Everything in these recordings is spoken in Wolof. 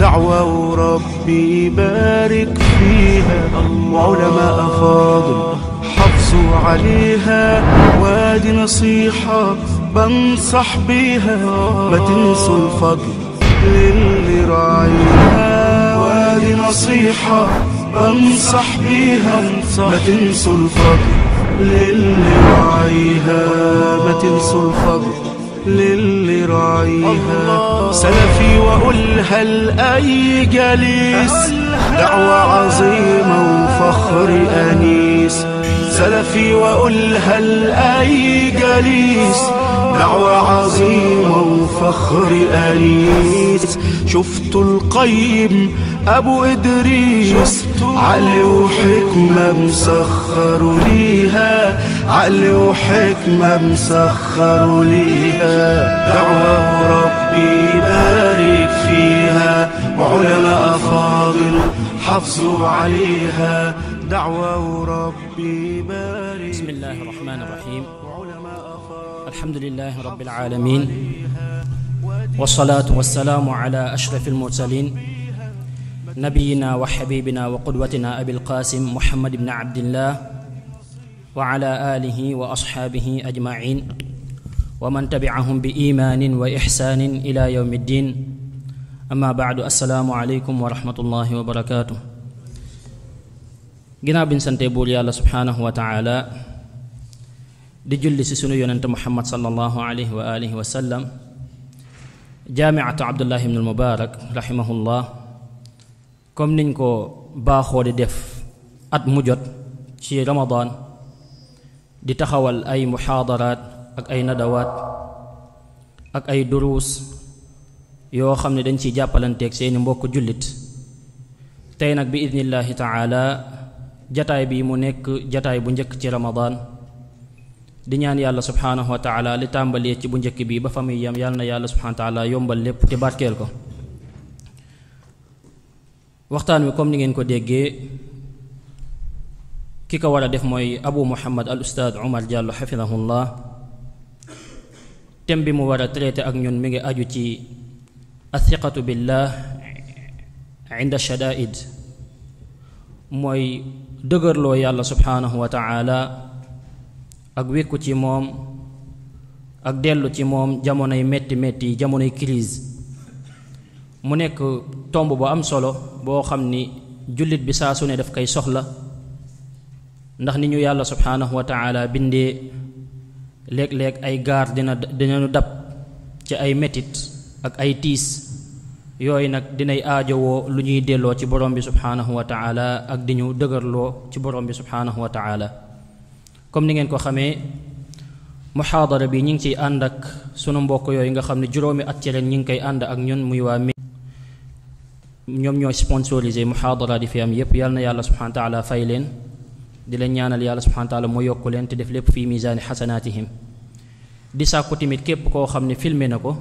دعوة ربي بارك فيها علماء فاضل حافظوا عليها وادي نصيحة بنصح بيها ما تنسوا الفضل للي راعيها وادي نصيحة بنصح بيها ما تنسوا الفضل للي راعيها ما تنسوا الفضل للي راعيها سلفي وألها لأي جليس دعوة عظيمة وفخر أنيس سلفي وألها لأي جليس دعوة عظيمة وفخر أنيس شفت القيم أبو إدريس علي وحكمة مسخر ليها عقل وحكمة مسخر ليها دعوة وربي يبارك فيها وعلماء فاضل حافظوا عليها دعوة وربي يبارك بسم الله الرحمن الرحيم الحمد لله رب العالمين والصلاة والسلام على أشرف المرسلين نبينا وحبيبنا وقدوتنا أبي القاسم محمد بن عبد الله wa ala alihi wa ashaabihi ajmain wa man tabiahum bi imaanin wa ixsaanin ila yawmi ddin amma baadu assalaamu aleykum wa rahmatullahi wa barakaatu ginnaaw biñ sante buur yàlla subhaanahu wa taala di julli si sunu yonente muhammad sallallahu alayhi wa alihi wa sallam jaamiatu abdullahi ibn al-mubaarak rahimahullah comme niñ ko baaxoo di def at mu ci ramadan di taxawal ay muxaadaraat ak ay nadawaat ak ay duruus yoo xam ne dañ ciy jàppalanteeg seeni mbokk jullit tey nag bi idnillahi taala jataay bi mu nekk jataay bu njëkk ci ramadaan di ñaan yàlla subhaanahu wa taala li tàmbalee ci bu njëkk bii ba fa muy yàlla na yàlla subhaanahu wa yombal lépp te barkeel ko waxtaan wi comme ni ngeen ko déggee ki ko war a def mooy abu muhammad al ustaad bi mu war a traité ak ñun mi ngi aju ci athiqatu billah inda shadaid mooy dëgërloo yàlla subhaanahu wa ak wékku ci moom ak dellu ci moom jamonoy metti metti jamonoy crise mu nekk tomb bu am solo boo xam ni jullit bi saa su ne daf koy soxla ndax ni ñu yàlla subhaanahu wa taala bindee léeg-léeg ay gaar dina dinañu dab ci ay metit ak ay tiis yooyu nag dinay aajowoo lu ñuy delloo ci borom bi subhaanahu wa taala ak di ñu dëgërloo ci borom bi subhaanahu wa taala comme ni ngeen ko xamee muxaadara bi ñu ngi ciy ànd ak sunu mbokk yooyu nga xam ne juróomi at ci ren ñu ngi koy ànd ak ñun muy waa mi ñoom ñooy sponsorisé muxaadara di fi am yépp yàlla na yàlla subhaanahu wa fay leen di leen ñaanal yàlla subhanahu wa taala mu yokku leen te def lépp fii misaani xasanaatihim di sàkku tamit képp koo xam ne filmé na ko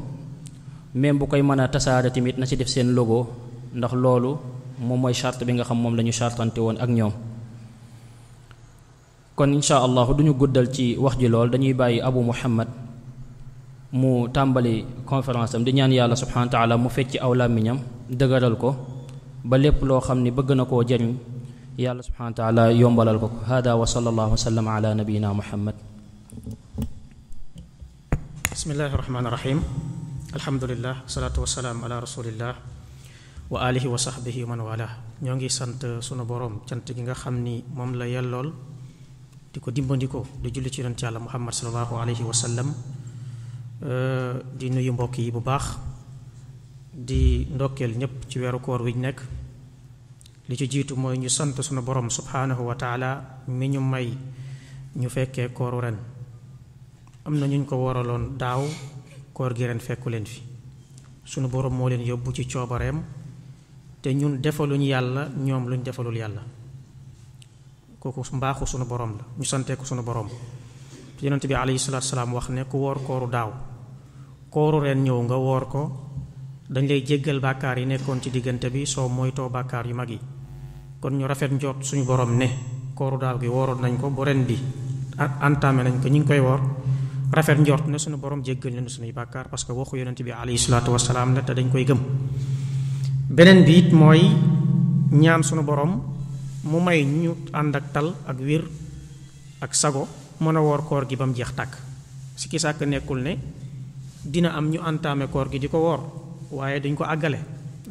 même bu koy mën a tasaare tamit na ci def seen logo ndax loolu moom mooy charte bi nga xam moom la ñu chartante woon ak ñoom kon insha allah du ñu guddal ci wax ji lool dañuy bàyyi abu muhammad mu tàmbali conférence am di ñaan yàlla subhanahu wa taala mu fecc aw làmmiñam dëgëral ko ba lépp loo xam ni bëgg na koo jariñ yàlla subhaanahu wa taala yombalal ko ko hada wa sallallahu wa sallam ala nabiyina muhammad bismillahi rahmaani rahim alhamdulillah salaatu wasalaam ala rasulillah wa alihi wa sahbihi wa man wala ñoo ngi sant sunu boroom cant gi nga xam ni moom la yellool di ko dimbandikoo di julli ci yonent yàlla muhammad salallahu alayhi wa sallam di nuyu mbokk yi bu baax di ndokkeel ñépp ci weeru koor wi ñu nekk li ci jiitu mooy ñu sant sunu borom subhaanahu wa taala mi ñu may ñu fekkee kooru ren am na ñu ko waraloon daaw koor gi ren fekku leen fi sunu boroom moo leen yóbbu ci coobareem te ñun defaluñ yàlla ñoom luñ defalul yàlla kooku mbaaxu sunu borom la ñu santee ko sunu boroom te yonent bi alayhi salaatu salaam wax ne ku woor kooru daaw kooru ren ñëw nga woor ko dañ lay jéggal bàkkaar yi nekkoon ci diggante bi soo moytoo bàkkaar yu mag yi kon ñu rafet njoot suñu borom ne kooru daaw gi wooroon nañ ko bu ren bi entamé nañ ko ñu ngi koy woor rafet njort ne suñu borom jéggal nañu suñuy bàkkaar parce que waxu yonent bi alayhi salaatu wasalaam la te dañ koy gëm beneen bi it mooy ñaan suñu boroom mu may ñu ànd ak tal ak wiir ak sago mën a woor koor gi ba mu jeex tàkk si kii sàkk nekkul ne dina am ñu entamé koor gi di ko woor waaye dañ ko àggale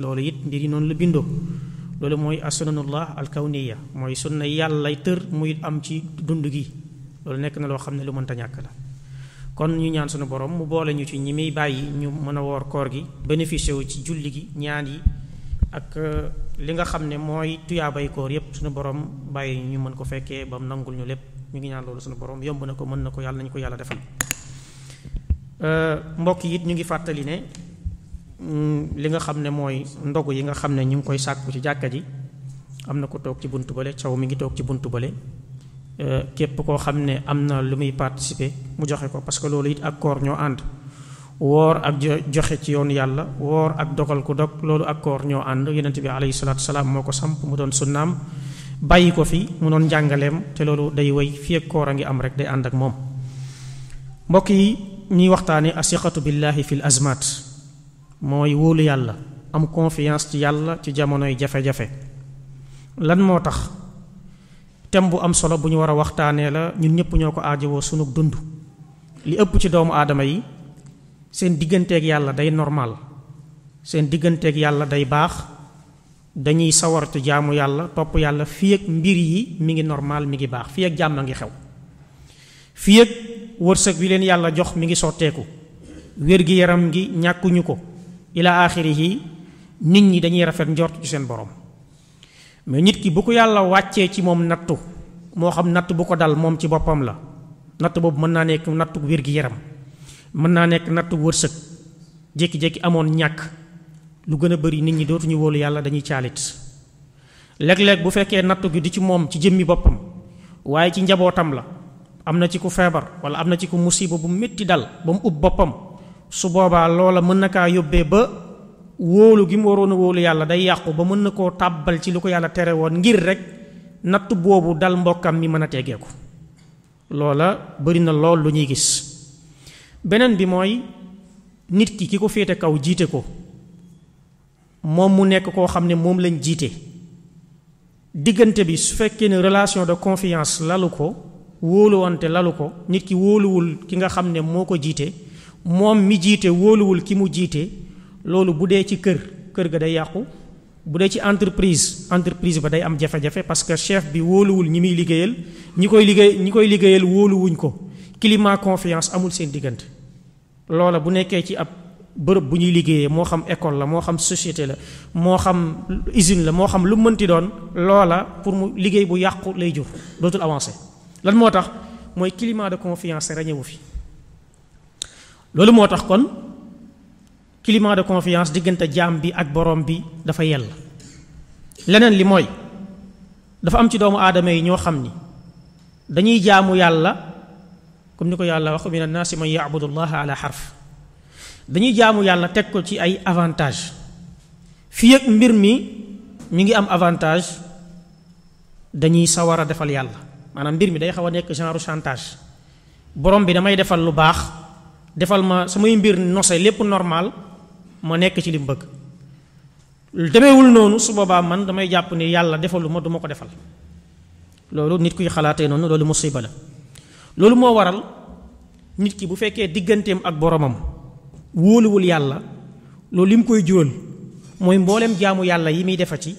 loolu it mbir yi noonu la bindoo loolu mooy asunanullah alkawniya mooy na yàlla yàllay tër muy am ci dund gi loolu nekk na loo xam ne lu mënta ñàkk la kon ñu ñaan sunu borom mu boole ñu ci ñi muy bàyyi ñu mën a wor koor gi bénéficié wu ci julli gi ñaan yi ak euh, li nga xam ne mooy tuyaabay koor yépp sunu borom bàyyi ñu mën ko fekkee ba mu nangul ñu lépp ñu ngi ñaan loolu sunu borom yomb na ko mën na ko yàlla nañu ko yàlla defal euh, mbokk it ñu ngi fàttali ne Mm, li nga xam ne mooy ndogu yi nga xam ne ñu ngi koy sàkku ci jàkka ji am na ko toog ci buntu bale caw mi ngi toog ci buntu bale euh, képp koo xam ne am na lu muy participer mu joxe ko parce que loolu it ak koor ñoo ànd woor ak joxe ci yoon yàlla woor ak dogal ku dog loolu ak koor ñoo ànd yonent bi alayhi salaatu salaam moo ko samp mu doon sunnaam bàyyi ko fi mu doon njàngaleem te loolu day woy fii ak koor a ngi am rek day ànd ak moom mbokk yi ñuy waxtaanee asiqatu billahi fil azmat mooy wóolu yàlla am confiance ci yàlla ci jamonoy jafe-jafe lan moo tax thème bu am solo bu ñu war a waxtaanee la ñun ñëpp ñoo ko aajowoo sunu dund li ëpp ci doomu aadama yi seen digganteeg yàlla day normal seen digganteeg yàlla day baax dañuy sawar ci jaamu yàlla topp yàlla fii ak mbir yi mi ngi normal mi ngi baax fii ak jàmm a ngi xew fii ak wërsëg wi leen yàlla jox mi ngi sotteeku wér-gi-yaram gi ñàkkuñu ko ila yi nit ñi dañuy rafet njort ci seen borom mais nit ki bu ko yàlla wàccee ci moom nattu moo xam nattu bu ko dal moom ci boppam la natt boobu mën naa nekk nattu wér-gi-yaram mën naa nekk nattu wërsëg jékki-jékki amoon ñàkk lu gën a bari nit ñi dootuñu wóolu yàlla dañuy caalit léeg-léeg bu fekkee nattu gi du ci moom ci jëmmi boppam waaye ci njabootam la am na ci ku feebar wala am na ci ku musiba bu métti dal ba mu ub boppam su boobaa loola mën na kaa yóbbee ba wóolu gi mu waroon a wóolu yàlla day yàqu ba mën na koo tàbbal ci lu ko yàlla tere woon ngir rek natt boobu dal mbokkam mi mën a teggeeku loola bari na lool lu ñuy gis beneen bi mooy nit ki ki ko féete kaw jiite ko moom mu nekk koo xam ne moom lañ jiite diggante bi su fekkee ne relation de confiance lalu ko wóoluwante lalu ko nit ki wóoluwul ki nga xam ne moo ko jiite moom mi jiite wóoluwul ki mu jiite loolu bu dee ci kër kër ga day yàqu bu dee ci entreprise entreprise ba day am jafe-jafe parce que chef bi wóoluwul ñi muy liggéeyal ñi koy liggéey ñi koy liggéeyal wóoluwuñ ko climat confiance amul seen diggante loola bu nekkee ci ab bërëb bu ñuy liggéeyee moo xam école la moo xam société la moo xam usine la moo xam lu mënti doon loola pour mu liggéey bu yàqu lay jur dootul avancé lan moo tax mooy climat de confiance ràññewu fi loolu moo tax kon climat de confiance diggante jaam bi ak borom bi dafa yell leneen li mooy dafa am ci doomu aadama yi ñoo xam ni dañuy jaamu yàlla comme ni ko yàlla wax min annaasi man yaabudu llaha ala xarf dañuy jaamu yàlla teg ko ci ay avantage fii ak mbir mi mi ngi am avantage dañuy sawar a defal yàlla maanaam mbir mi day xaw a nekk genre chantage borom bi damay defal lu baax defal ma may mbir nose lépp normal ma nekk ci li mu bëgg demeewul noonu su boobaa man damay jàpp ne yàlla defalu ma du ko defal loolu nit kuy xalaatee noonu loolu musiba la loolu moo waral nit ki bu fekkee digganteem ak boroomam wóoluwul yàlla loolu li mu koy jural mooy mboolem jaamu yàlla yi muy defa ci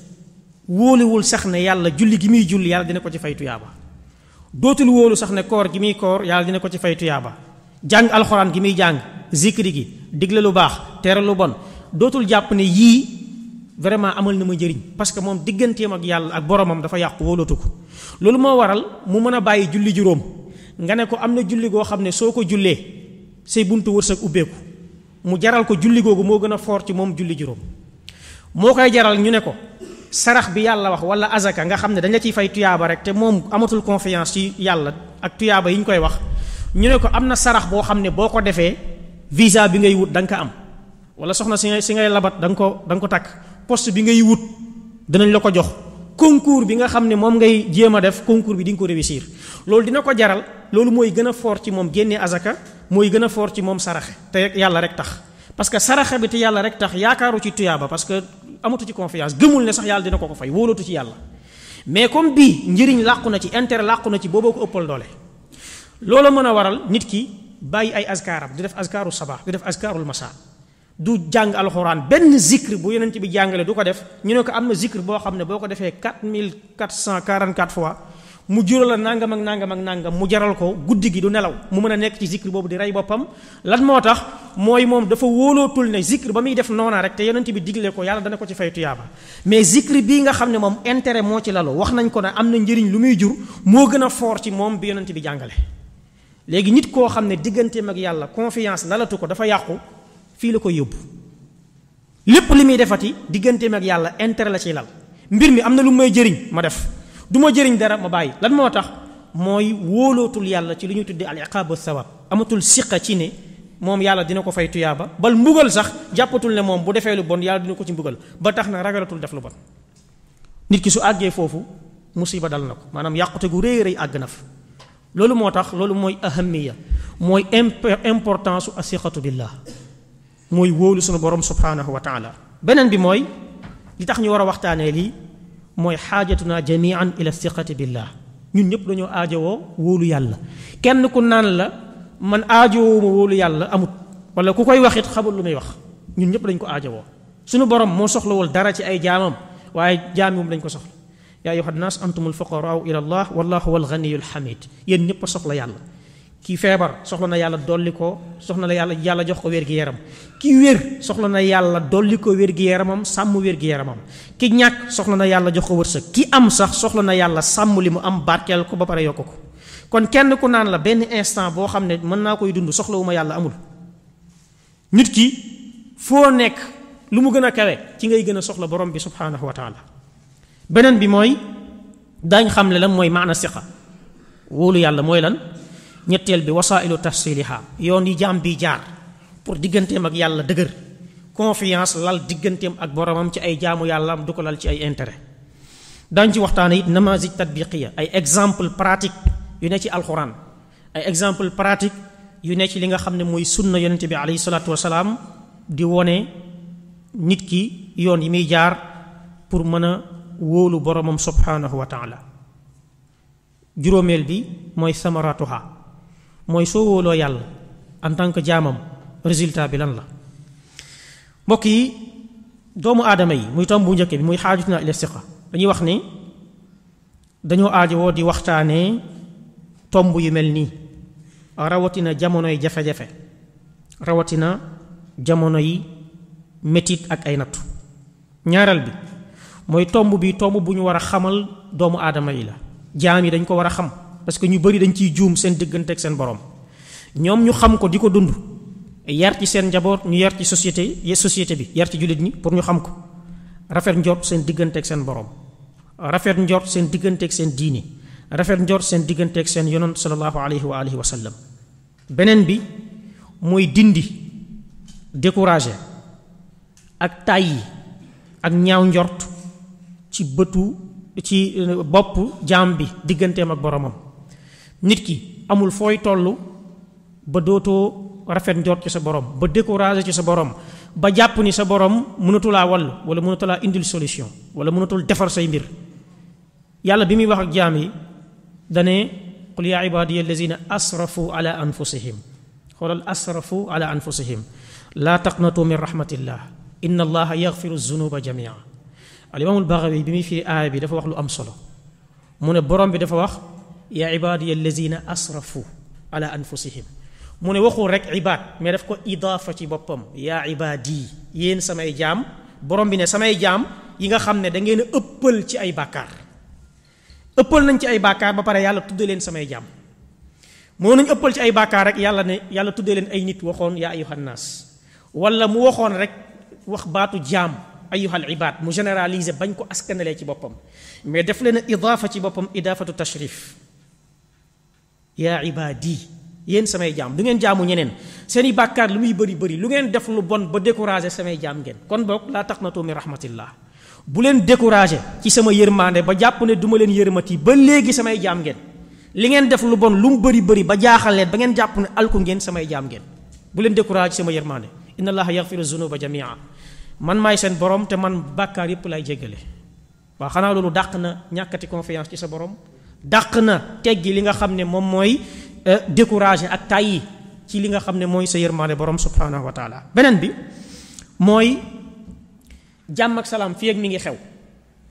wóoluwul sax ne yàlla julli gi muy julli yàlla dina ko ci fay tuyaaba dootul wóolu sax ne koor gi muy koor yàlla dina ko ci fay tuyaaba jàng alxuraan gi muy jàng zikri gi digle lu baax tere lu bon dootul jàpp ne yii vraiment amal na ma njëriñ parce que moom digganteem ak yàlla ak boromam dafa yàqu wóolatu ko loolu moo waral mu mën a bàyyi julli juróom nga ne ko am na julli goo xam ne soo ko jullee say buntu wërsëg ubbeeku mu jaral ko julli googu moo gën a foor ci moom julli juróom moo koy jaral ñu ne ko sarax bi yàlla wax wala azaka nga xam ne dañ la ciy fay tuyaaba rek te moom amatul confiance ci yàlla ak tuyaaba yi ñu koy wax ñu ne ko am na sarax boo xam ne boo ko defee visa bi ngay wut da nga ko am wala soxna si ngay si ngay labat da nga ko da nga ko takk post bi ngay wut danañ la ko jox concours bi nga xam ne moom ngay jéem a def concours bi di nga ko réussir loolu dina ko jaral loolu mooy gën a fort ci moom génnee azaka mooy gën a fort ci moom saraxe te yàlla rek tax parce que saraxe bi te yàlla rek tax yaakaaru ci tuyaaba parce que amatu ci confiance gëmul ne sax yàlla dina ko ko fay wóolatu ci yàlla mais comme bii njëriñ làqu na ci intérêt làqu na ci booboo ko ëppal doole. loolu mën a waral nit ki bàyyi ay askaaram di def askaaru sabaax di def askaarul masa du jàng alxuraan benn zikr bu yonent bi jàngale du ko def ñu ne ko am na zikr boo xam ne boo ko defee 4444 fois mu jural la nangam ak nangam ak nangam mu jaral ko guddi gi du nelaw mu mën a nekk ci zikr boobu di rey boppam lan moo tax mooy moom dafa wóolootul ne zikr ba muy def noona rek te yonent bi digle ko yàlla dana ko ci fay tuyaaba mais zikr bii nga xam ne moom intérêt moo ci lalu wax nañ ko ne am na njëriñ lu muy jur moo gën a fort ci moom bi yonent bi jàngale léegi nit koo xam ne digganteem ak yàlla confiance lalatu ko dafa yàqu fii la ko yóbbu lépp li muy defati digganteem ak yàlla intérêt la ciy lal mbir mi am na lu may jëriñ ma def du ma jëriñ dara ma bàyyi lan moo tax mooy wóolootul yàlla ci li ñu tuddee al iqaaba amatul siqa ci ne moom yàlla dina ko fay tuyaaba bal mbugal sax jàppatul ne moom bu defee lu bon yàlla dina ko ci mbugal ba tax na ragalatul def lu bon nit ki su àggee foofu musiba dal na ko maanaam yàqute gu rëy àgg na fa loolu moo tax loolu mooy ahamiya mooy importance su asiqatu billah mooy wóolu sunu borom subhanahu wa taala beneen bi mooy li tax ñu war a waxtaanee lii mooy xaajatuna jamian ila siqati billah ñun ñëpp dañoo aajowoo wóolu yàlla kenn ku naan la man aajowooma wóolu yàlla amut wala ku koy wax it lu muy wax ñun ñëpp dañ ko aajowoo sunu borom moo soxlawul dara ci ay jaamam waaye jaam moom dañ ko soxla yaa ayyuhan naas antumul fuqaraau ila allah wallahu wal ganiyul xamid yéen ñëpp a soxla yàlla kii feebar soxla na yàlla dolli ko soxla na yàlla yàlla jox ko wér-gi-yaram ki soxla na yàlla dolli ko wér-gi-yaramam sàmm wér-gi-yaramam ki ñàkk soxla na yàlla jox ko wërsëg ki am sax soxla na yàlla sàmm li mu am barkeel ko ba pare yokk ko kon kenn ku naan la benn instant boo xam ne mën naa koy dund soxlawuma yàlla amul nit ki foo nekk lu mu gën a kawe ci ngay gën a soxla borom bi subhaanahu wa taala beneen bi mooy daañ xam le lan mooy maana siqa wóolu yàlla mooy lan ñetteel bi wasailu tafsiliha yoon yi jaam bi jaar pour digganteem ak yàlla dëgër confiance lal digganteem ak boromam ci ay jaamu yàlla am du ko lal ci ay intérêt daañ ci waxtaane it namazij tatbiqiya ay exemple pratique yu ne ci alxuraan ay exemple pratique yu ne ci li nga xam ne mooy sunna yonente bi alayhi salaatu wasalaam di wone nit ki yoon yi muy jaar pour mën wóolu boromam subhaanahu wa taala juróomeel bi mooy samaratuha mooy soo wóoloo yàlla en tant que jaamam résultat bi lan la mbokk yi doomu aadama yi muy tomb bu njëkk bi muy xaajutuna ila siqa dañuy wax ni dañoo aajowoo di waxtaanee tomb yu mel nii rawatina jamonoy jafe-jafe rawatina jamono yi metit ak ay nattu ñaareel bi mooy tomb bii tomb bu ñu war a xamal doomu aadama yi la jaam yi dañ ko war a xam parce que ñu bëri dañ ciy juum seen diggante ak seen borom ñoom ñu xam ko di ko dund yar ci seen njaboot ñu yar ci société société bi yar ci jullit ñi pour ñu xam ko rafet njort seen diggante ak seen borom rafet njort seen diggante ak seen diini rafet njort seen diggante ak seen yonent sallallahu alayhi wa alihi wa sallam beneen bi mooy dindi découragé ak tàyyi ak ñaaw njort ci bëtu ci euh, bopp jaam bi digganteem ak boromam nit ki amul fooy toll ba dootoo rafet njoot ci sa borom ba découragé ci sa borom ba jàpp ni sa borom mënatulaa wall wala mënatulaa indil solution wala mënatul defar say mbir yàlla bi muy wax ak jaam yi dane qul yaa ibadiya allazina asrafu ala anfusihim xoolal asrafu ala anfusihim laa taqnatu min rahmatillah inna allaha yaxfiru zunuba jamia alimaamul Baxawi bi muy firi aaya bi dafa wax lu am solo mu ne borom bi dafa wax yaa ibaadiya allazina asrafu ala anfusihim mu ne waxul rek ibaad mais daf ko idaafa ci boppam yaa ibaadi yéen samay jaam borom bi ne samay jaam yi nga xam ne da ngeen a ëppal ci ay bàkkaar ëppal nañ ci ay bàkkaar ba pare yàlla tuddee leen samay jaam moo nañ ëppal ci ay bàkkaar rek yàlla ne yàlla tuddee leen ay nit waxoon yaa ayuhannaas walla mu waxoon rek wax baatu jaam ayyuhal ibaad mu généraliser bañ ko askanalee ci boppam mais def leen idaafa ci boppam idaafatu tashrif yaa ibaadi yéen samay jaam du ngeen jaamu ñeneen seen i bàkkaar lu muy bëri bëri lu ngeen def lu bon ba découragé samay jaam ngeen kon boog laa tax na taqnatu min rahmatillah bu leen découragé ci sama yërmande ba jàpp ne du ma leen yërmati ba léegi samay jaam ngeen li ngeen def lu bon lu mu bëri bëri ba jaaxal leen ba ngeen jàpp ne alku ngeen samay jaam ngeen bu leen découragé sama yërmande inna allaha yaxfiru zunuba jamia man may seen borom te man bàkkaar yépp lay jéggale waaw xanaa loolu dàq na ñàkkati confiance ci sa borom dàq na teggi li nga xam ne moom mooy euh, découragé ak tàyyi ci li nga xam ne mooy sa yërmaande borom subhaanahu wa taala beneen bi mooy jàmm ak salaam fii ak mi ngi xew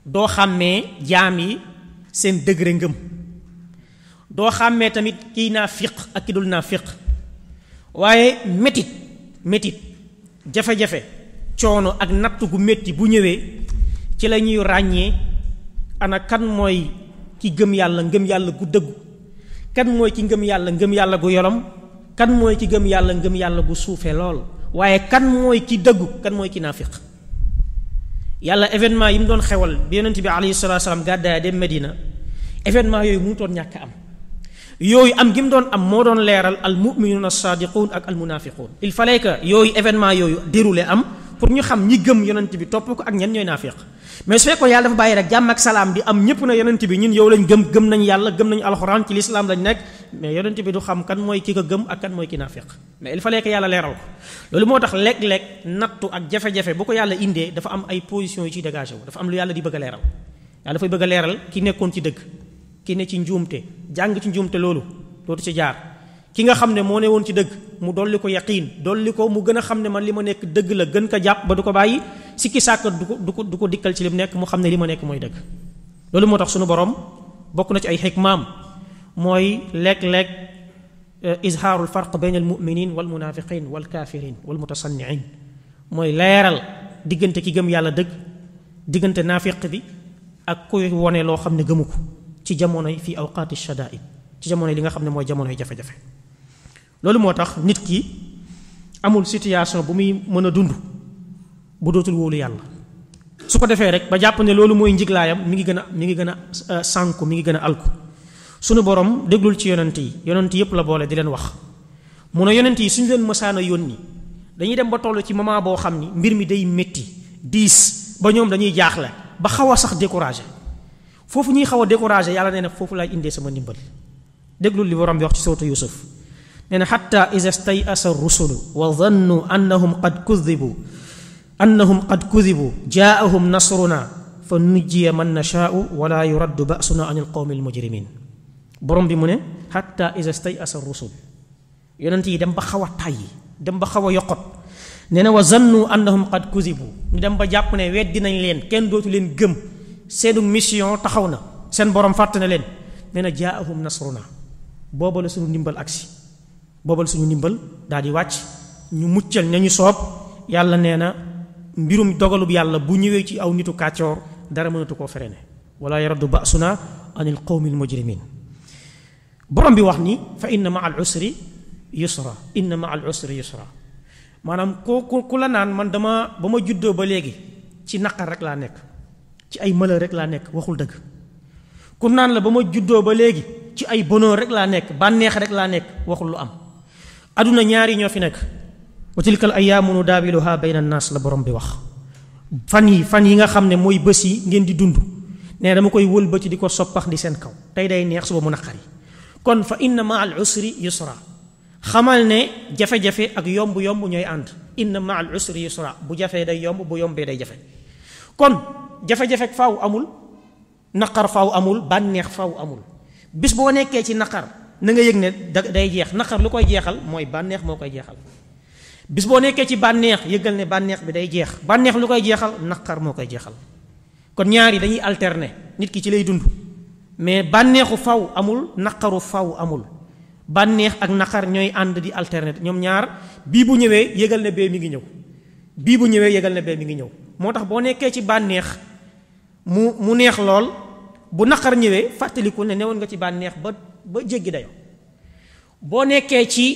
doo xàmmee jaam yi seen degré ngëm doo xàmmee tamit kii naa fiq ak ki dul naa fiq waaye métit métit jafe-jafe coono ak natt gu métti bu ñëwee ci la ñuy ràññee ana kan mooy ki gëm yàlla ngëm yàlla gu dëggu kan mooy ki ngëm yàlla ngëm yàlla gu yolom kan mooy ki gëm yàlla ngëm yàlla gu suufee lool waaye kan mooy ki dëggu kan mooy ki naafiq yàlla événement yi mu doon xewal bi yonent bi alayhi salaatu salaam gàddaay dem Medina événement yooyu mu doon ñàkk am yooyu am gi mu doon am moo doon leeral al mu'minuuna as-saadiquun ak al munaafiquun il fallait que yooyu événement yooyu déroulé am pour ñu xam ñi gëm yonent bi topp ko ak ñen ñooy naafiq mais su fekkoon yàlla dafa bàyyi rek jàmm ak salaam di am ñëpp na yonent bi ñun yow lañ gëm gëm nañ yàlla gëm nañu alxuraan ci lislaam lañ nekk mais yonent bi du xam kan mooy ki ko gëm ak kan mooy ki naafiq mais il fallait que yàlla leeral ko loolu moo tax léeg lekk nattu ak jafe-jafe bu ko yàlla indee dafa am ay position yu ci dégagé wu dafa am lu yàlla di bëgg a leeral yàlla dafay bëgg leeral ki nekkoon ci dëgg ki ne ci njuumte jàng ci njuumte loolu dootu ci jaar ki nga xam ne moo ne woon ci dëgg mu dolli ko yaqiin dolli ko mu gën a xam ne man li ma nekk dëgg la gën ko jàpp ba du ko bàyyi sikki sàkk du ko du ko du ko dikkal ci li mu nekk mu xam ne li ma nekk mooy dëgg loolu moo tax suñu borom bokk na ci ay xikmaam mooy léeg-léeg eh, izhaarul farq bayn al muminin wal munafiqin wal kafirin wal mutasanniin mooy leeral diggante ki gëm yàlla dëgg diggante naafiq bi ak kuy wone loo xam ne gëmu ko ci jamonoy fii awqaati shadaid ci jamonoy li nga xam ne mooy jamonoy jafe-jafe loolu moo tax nit ki amul situation bu muy mën a dund bu dootul wóolu yàlla su ko defee rek ba jàpp ne loolu mooy njiglaayam mi ngi gën a mi ngi gën a euh, sànku mi ngi gën a alku sunu borom déglul ci yonent yi yonent yëpp la boole di leen wax mu ne yonent yi suñu leen mësaan a yónni dañuy dem ba toll ci moment boo xam ni mbir mi day métti diis ba ñoom dañuy jaaxle ba xaw a sax décorage foofu ñuy xaw a découragé yàlla nee na foofu laay indee sama ndimbali déglul li borom bi ci sootu Yusuf nee na xatta ida stay asa rusulu wa dannu annahum qad kudibu jaa qad kudibu jaahum nasruna fa nujjiya man nashaau wala yuraddu basuna an alqawmi almujrimin borom bi mu ne xatta ida stay asa rusul yi dem ba xaw a tàyyi dem ba xaw a yoqot nee na wa zannu annahum qad kudibu ñu dem ba jàpp ne weddi nañ leen kenn dootu leen gëm seenu mission taxaw na seen borom fàtt na leen nee na jaahum nasruna booba la sunu ndimbal agsi boobal suñu ndimbal daal di wàcc ñu muccal ña ñu soob yàlla nee na mbirum dogalub yàlla bu ñëwee ci aw nitu kàccoor dara mënatu koo fere ne wala yaraddu ba'suna anil qawmil mujrimin borom bi wax ni fa inna ma al usri yusra inna ma al usri yusra maanaam koo ku la naan man dama ba ma juddoo ba léegi ci naqar rek laa nekk ci ay malheur rek laa nekk waxul dëgg ku naan la ba ma juddoo ba léegi ci ay bonheur rek laa nekk bànneex rek laa nekk waxul lu am aduna ñaari ñoo fi nekk wa tilkal ayyaamu nudaawiluhaa bayna naas la borom bi wax fan yi fan yi nga xam ne mooy bés yi ngeen di dund ne dama koy wëlbati di ko soppax di seen kaw tey day neex suba mu naqari kon fa inna ma al usri yusra xamal ne jafe-jafe ak yomb-yomb ñooy ànd inna ma al usri yusra bu jafee day yomb bu yombee day jafe kon jafe-jafe faaw amul naqar faw amul bànneex faw amul bis boo nekkee ci naqar na nga yëg ne da day jeex naqar lu koy jeexal mooy bànneex moo koy jeexal bis boo nekkee ci bànneex yëgal ne bànneex bi day jeex bànneex lu koy jeexal naqar moo koy jeexal kon ñaar yi dañuy alterner nit ki ci lay dund mais bànneexu faw amul naqaru faw amul bànneex ak naqar ñooy ànd di alterner ñoom ñaar bii bu ñëwee yëgal ne bee mi ngi ñëw bii bu ñëwee yëgal ne bee mi ngi ñëw moo tax boo nekkee ci bànneex mu mu neex lool bu naqar ñëwee fàttaliku ne newoon nga ci bànneex ba ba jéggi day boo nekkee ci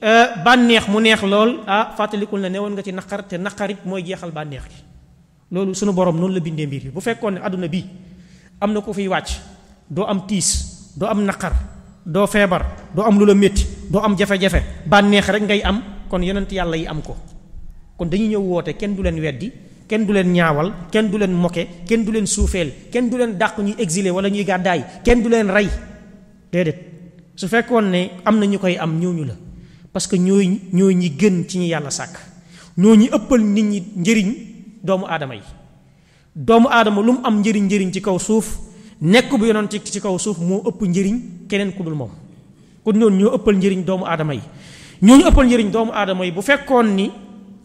euh, bànneex mu neex lool ah fàttalikul na ne woon nga ci naqar te naqarit mooy jeexal bànneex gi loolu sunu borom noonu la bindee mbir yi bu fekkoon ne àdduna bi am na ko fiy wàcc doo am tiis doo am naqar doo feebar doo am lu la métti doo am jafe-jafe bànneex rek ngay am kon yonent yàlla yi am ko kon dañuy ñëw woote kenn du leen weddi kenn du leen ñaawal kenn du leen moke kenn du leen suufeel kenn du leen dàq ñuy exile wala ñuy gàddaay kenn du leen rey déedéet su fekkoon ne am na ñu koy am ñooñu la parce que ñooy ñooy ñi gën ci ñi yàlla sàkk ñoo ñi ëppal nit ñi njëriñ doomu aadama yi doomu aadama lu mu am njëriñ njëriñ ci kaw suuf nekk bu yonent ci kaw suuf moo ëpp njëriñ keneen ku moom kon ñoon ñoo ëppal njëriñ doomu aadama yi ñooñu ëppal njëriñ doomu aadama yi bu fekkoon ni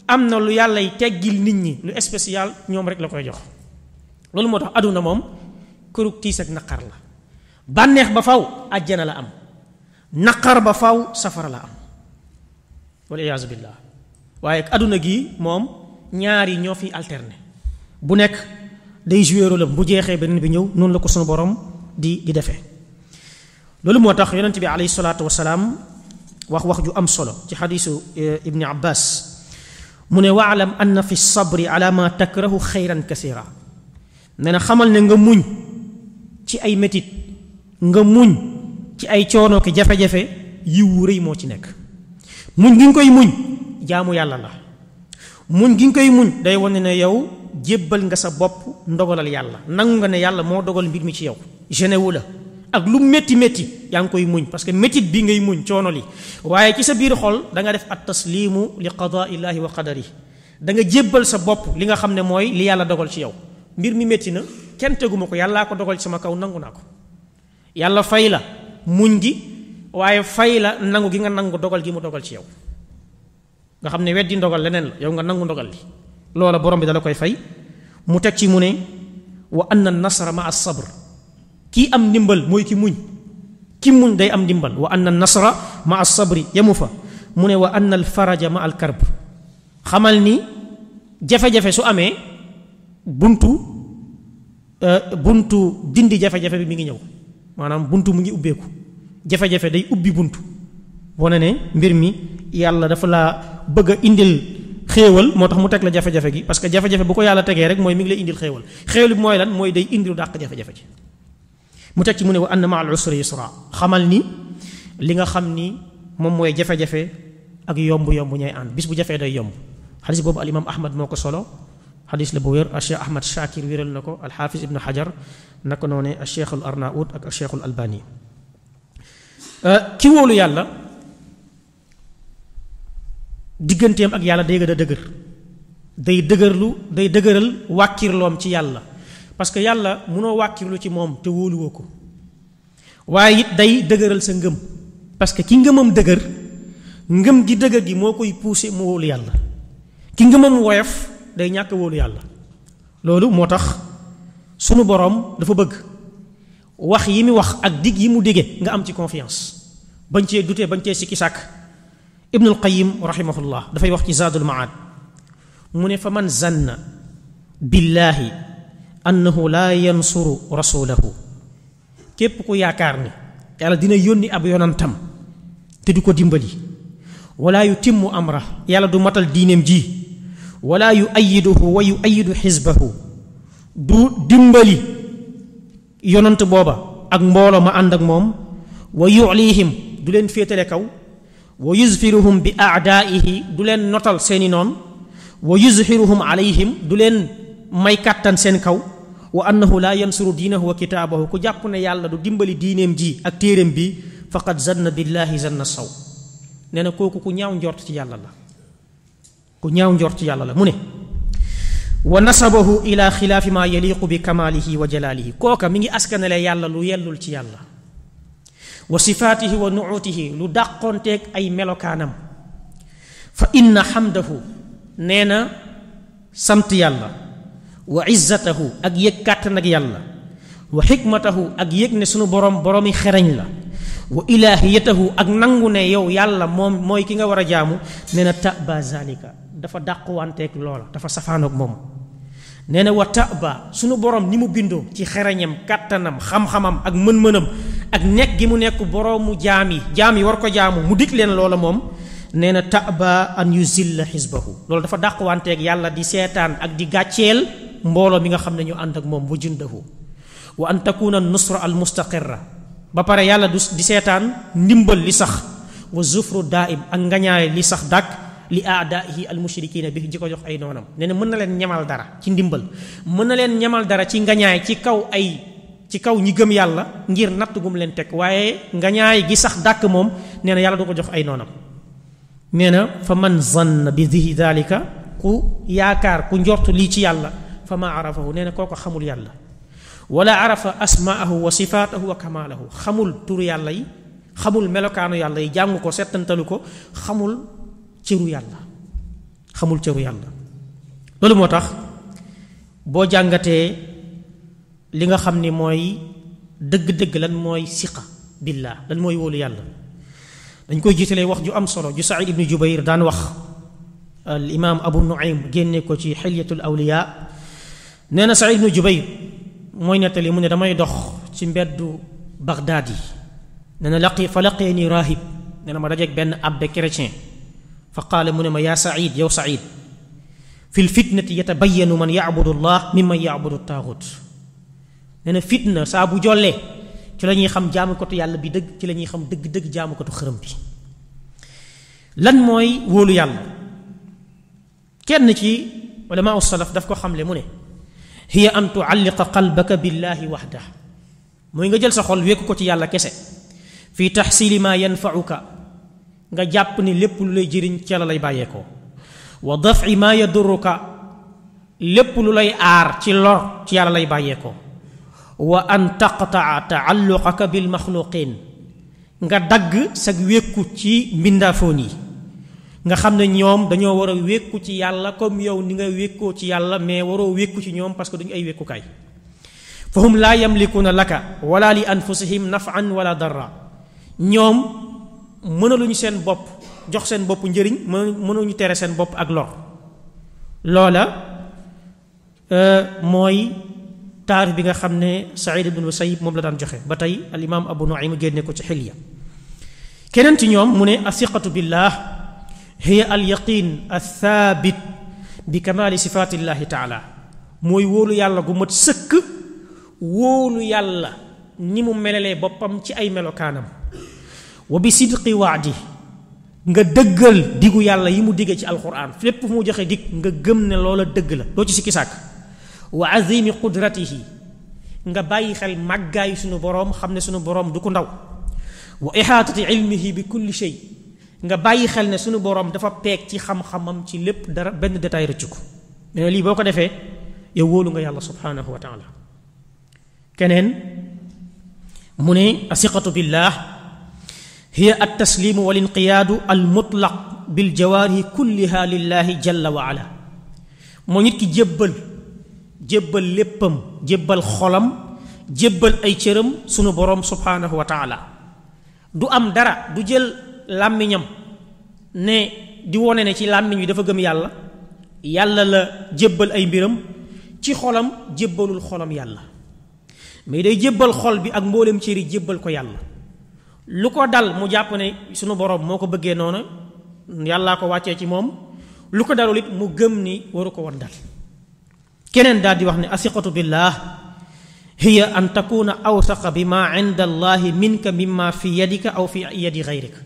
am na lu yàllay y teggil nit ñi lu spécial ñoom rek la koy jox loolu moo tax àdduna moom këru tiis ak naqar la bànneex ba faw àjjana la am naqar ba faw safara la am wal iyaazu billaah waaye àdduna gi moom ñaari ñoo fi alterné bu nekk day joué rôle bu jeexee beneen bi ñëw noonu la ko sunu borom di di defee loolu moo tax yonent bi alayhi salaatu wasalaam wax wax ju am solo ci xadiisu eh, ibni abbas mu ne waa waalam anna fi sabri ala ma takrahu xayran kasira nee na xamal ne nga muñ ci ay metit nga muñ ci ay coono ki jafe-jafe yiw wu rëy moo ci nekk muñ gi nga koy muñ jaamu yàlla la muñ gi nga koy muñ day wane ne yow jébbal nga sa bopp ndogalal yàlla nangu nga ne yàlla moo dogal mbir mi ci yow genewu la ak lu metti métti yaa ngi koy muñ parce que métit bi ngay muñ coono li waaye ci sa biir xol da nga def at taslimu li qadaa illaahi wa qadari da nga jébbal sa bopp li nga xam ne mooy li yàlla dogal ci yow mbir mi métti na kenn teguma ko yàllaa ko dogal sama kaw nangu naa ko yàlla fay la muñ gi waaye fay la nangu gi nga nangu dogal gi mu dogal ci yow nga xam ne weddi ndogal leneen la yow nga nangu dogal li loola borom bi dala koy fay mu teg ci mu ne wa anna nasra ma kii am ndimbal mooy ki muñ ki muñ day am ndimbal wa anna nasra ma as sabri yemu fa mu ne wa anna al faraja ma al karb xamal ni jafe-jafe su amee buntu euh, buntu dindi jafe-jafe bi mi ngi ñëw maanaam bunt mu ngi ubbeeku jafe-jafe day ubbi bunt wane ne mbir mi yàlla dafa laa bëgg a indil xéewal moo tax mu teg la jafe-jafe gi parce que jafe-jafe bu ko mooy mi ngi lay indil xéewal xéewal bi mooy lan mooy day indil dàq jafe mu teg ci mu ne wa anna ma'al usri yusra xamal ni li nga xam ni moom mooy jafe-jafe ak yomb-yomb ñooy ànd bis bu jafee day yomb xadis boobu al imam ahmad moo ko solo xadis la bu wér a cheikh ahmad shakir wéral na ko alxaafis ibnu xajar naka noo ne al cheikh al arnaut ak al cheikh al albani euh, ki wóolu yàlla digganteem ak yàlla da gën a dëgër day dëgërlu day dëgëral wàkkirloom ci yàlla parce que yàlla mënoo wàkkirlu ci moom te wóoluwoo ko waaye it day dëgëral sa ngëm parce que ki ngëmam dëgër ngëm gi dëgër gi moo koy poussé mu wóolu yàlla ki ngëmam woyof day ñàkk wóolu yàlla loolu moo tax sunu boroom dafa bëgg wax yi mu wax ak digg yi mu dige nga am ci confiance bañ cee dute bañ cee sikki sàkk ibnul qayim rahimahullah dafay wax ci zaadul maad mu ne fa man zanna billaahi annahu laa yansuru rasulahu képp ku yaakaar ni yàlla dina yónni ab yonantam te du ko dimbali wala yutimmu amra yàlla du matal diineem ji wala yu ayiduhu wa yu ayidu xisbahu du dimbali yonant booba ak mbooloo ma ànd ak moom wa yuliihim du leen féetale kaw wa yuzfiruhum bi aadaihi du leen notal seeni noon wa yuzhiruhum alayhim du leen may kàttan seen kaw wa annahu laa yansuru diinahu wa kitaabahu ku jàpp ne yàlla du dimbali diineem ji ak téereem bi faqad zanna billahi zanna saw nee na kooku ku ñaaw njort ci yàlla la ku ñaaw njort yàlla la mu ne wa nasabahu ila xilaafi ma yaliqu bi kamaalihi wa jalaalihi kooka mi ngi askanale yàlla lu yellul ci yàlla wa sifaatihi wa nuutihi lu dàqoonteeg ay melokaanam fa inna xamdahu nee na sant yàlla wa izzatahu ak yëg kàttan yàlla wa xikmatahu ak yëg ne sunu borom boroomi xereñ la wa ilaahiyatahu ak nangu ne yow yàlla moom mooy ki nga war a jaamu nee na taba zalika dafa dàquwanteeg loola dafa safaanoog moom nee na wa sunu borom ni mu bindoo ci xereñam kàttanam xam-xamam ak mën-mënam ak nekk gi mu nekk boroomu jaam yi jaam yi war ko jaamu mu dig leen loola moom nee na taba an yuzilla xisbahu loolu dafa dàquwanteeg yàlla di seetaan ak di gàcceel mbooloo mi nga xam ne ñu ànd ak moom bu jundahu wa an takuna nusra al mustaqirra ba pare yàlla du di seetaan ndimbal li sax wa zufru daaim ak ngañaay li sax dàq li aadaihi al mushrikina bi ji ko jox ay noonam nee na mën na leen ñamal dara ci ndimbal mën na leen ñamal dara ci ngañaay ci kaw ay ci kaw ñi gëm yàlla ngir natt gum leen teg waaye ngañaay gi sax dàkk moom nee na yàlla du ko jox ay noonam nee na fa man zann bi dihi dalika ku yaakaar ku njort lii ci yàlla fa ma arafahu nee na kooko xamul yàlla wala arafa asmaahu wa sifaatahu wa kamaalahu xamul tur yàlla yi xamul melokaanu yàlla yi jàngu ko settantalu ko xamul cëru yàlla xamul cëru yàlla loolu moo tax boo jàngatee li nga xam ni mooy dëgg-dëgg lan mooy siqa billaa lan mooy wóolu yàlla dañ koy jiitalee wax ju am solo ju Saïd ibnu Jubayr daan wax al imaam Abu Nuaym génne ko ci xilyatul awliyaa nee na Saïd ibnu Jubayr mooy nettali mu ne damay dox ci mbeddu Bagdaad yi nee na laqi fa laqee ni rahib nee na ma dajeeg benn abbe chrétien fa qaala mu ne ma yaa said yow said fi l fitnati yatabayanu man yabudu llah mimman yabudu taaxut nee na fitna saa bu jollee ci la ñuy xam jaamukatu yàlla bi dëgg ci lañuy xam dëgg-dëgg jaamukatu xërëm bi lan mooy woolu yàlla kenn ci ulamaa salaf daf ko xamle ne hiya an waxda mooy nga jël sa xol wékku ko ci yàlla kese fi taxsili ma yanfauka nga jàpp ni lépp lu lay jëriñ ca la lay bàyyeekoo wa dafi maa yadurruka lépp lu lay aar ci lor ci yàlla lay bàyyeekoo wa an taqtaa taalluqaka bil maxluqin nga dagg sag wékku ci mbindaafoon yi nga xam ne ñoom dañoo war a wékku ci yàlla comme yow ni nga wékkoo ci yàlla mais waroo wékku ci ñoom parce que duñu ay wékkukaay fa hum laa na laka wala li anfusihim nafan wala darra ñoom mënaluñu seen bopp jox seen bopp njëriñ mënuñu tere seen bopp ak lor loola euh, mooy taarif bi nga xam ne Saïd ibn Musayyib moom la daan joxe ba tey al imaam Abu Nuaym génne ko ci xilya keneen ci ñoom mu ne asiqatu billah hiya al yaqin al thabit bi kamaali sifaatillahi taala mooy wóolu yàlla gu mat sëkk wóolu yàlla ni mu melalee boppam ci ay melokaanam wa bi sidqi waadi nga dëggal diggu yàlla yi mu diggee ci alquran fépp fu mu joxe dig nga gëm ne loola dëgg la doo ci sikki sàkk wa azimi qudratihi nga bàyyi xel màggaayu suñu boroom xam ne suñu boroom du ko ndaw wa ihaatati ilmihi bi kulli shay nga bàyyi xel ne suñu boroom dafa peeg ci xam-xamam ci lépp dara benn détail rëccu ko mais lii boo ko defee yow wóolu nga yàlla subhanahu wa taala keneen mu ne asiqatu billah hiya at taslimu wal inqiyaadu al mutlaq bil jawaarihi kulliha lillahi jalla wa ala moo nit ki jébbal jébbal léppam jébbal xolam jébbal ay cëram sunu borom subhaanahu wa taala du am dara du jël làmmiñam ne di wone ne ci làmmiñ wi dafa gëm yàlla yàlla la jébbal ay mbiram ci xolam jébbalul xolam yàlla mais day jébbal xol bi ak mboolem cëri jébbal ko yàlla lu ko dal mu jàpp ne sunu borom moo ko bëggee noonu yàllaa ko wàccee ci moom lu ko dalul it mu gëm ni waru ko woon dal keneen daal di wax ne asiqatu billah hiya an takuna awsaqa bi ma inda allahi minka mimma fi yadika aw fi yadi xayrika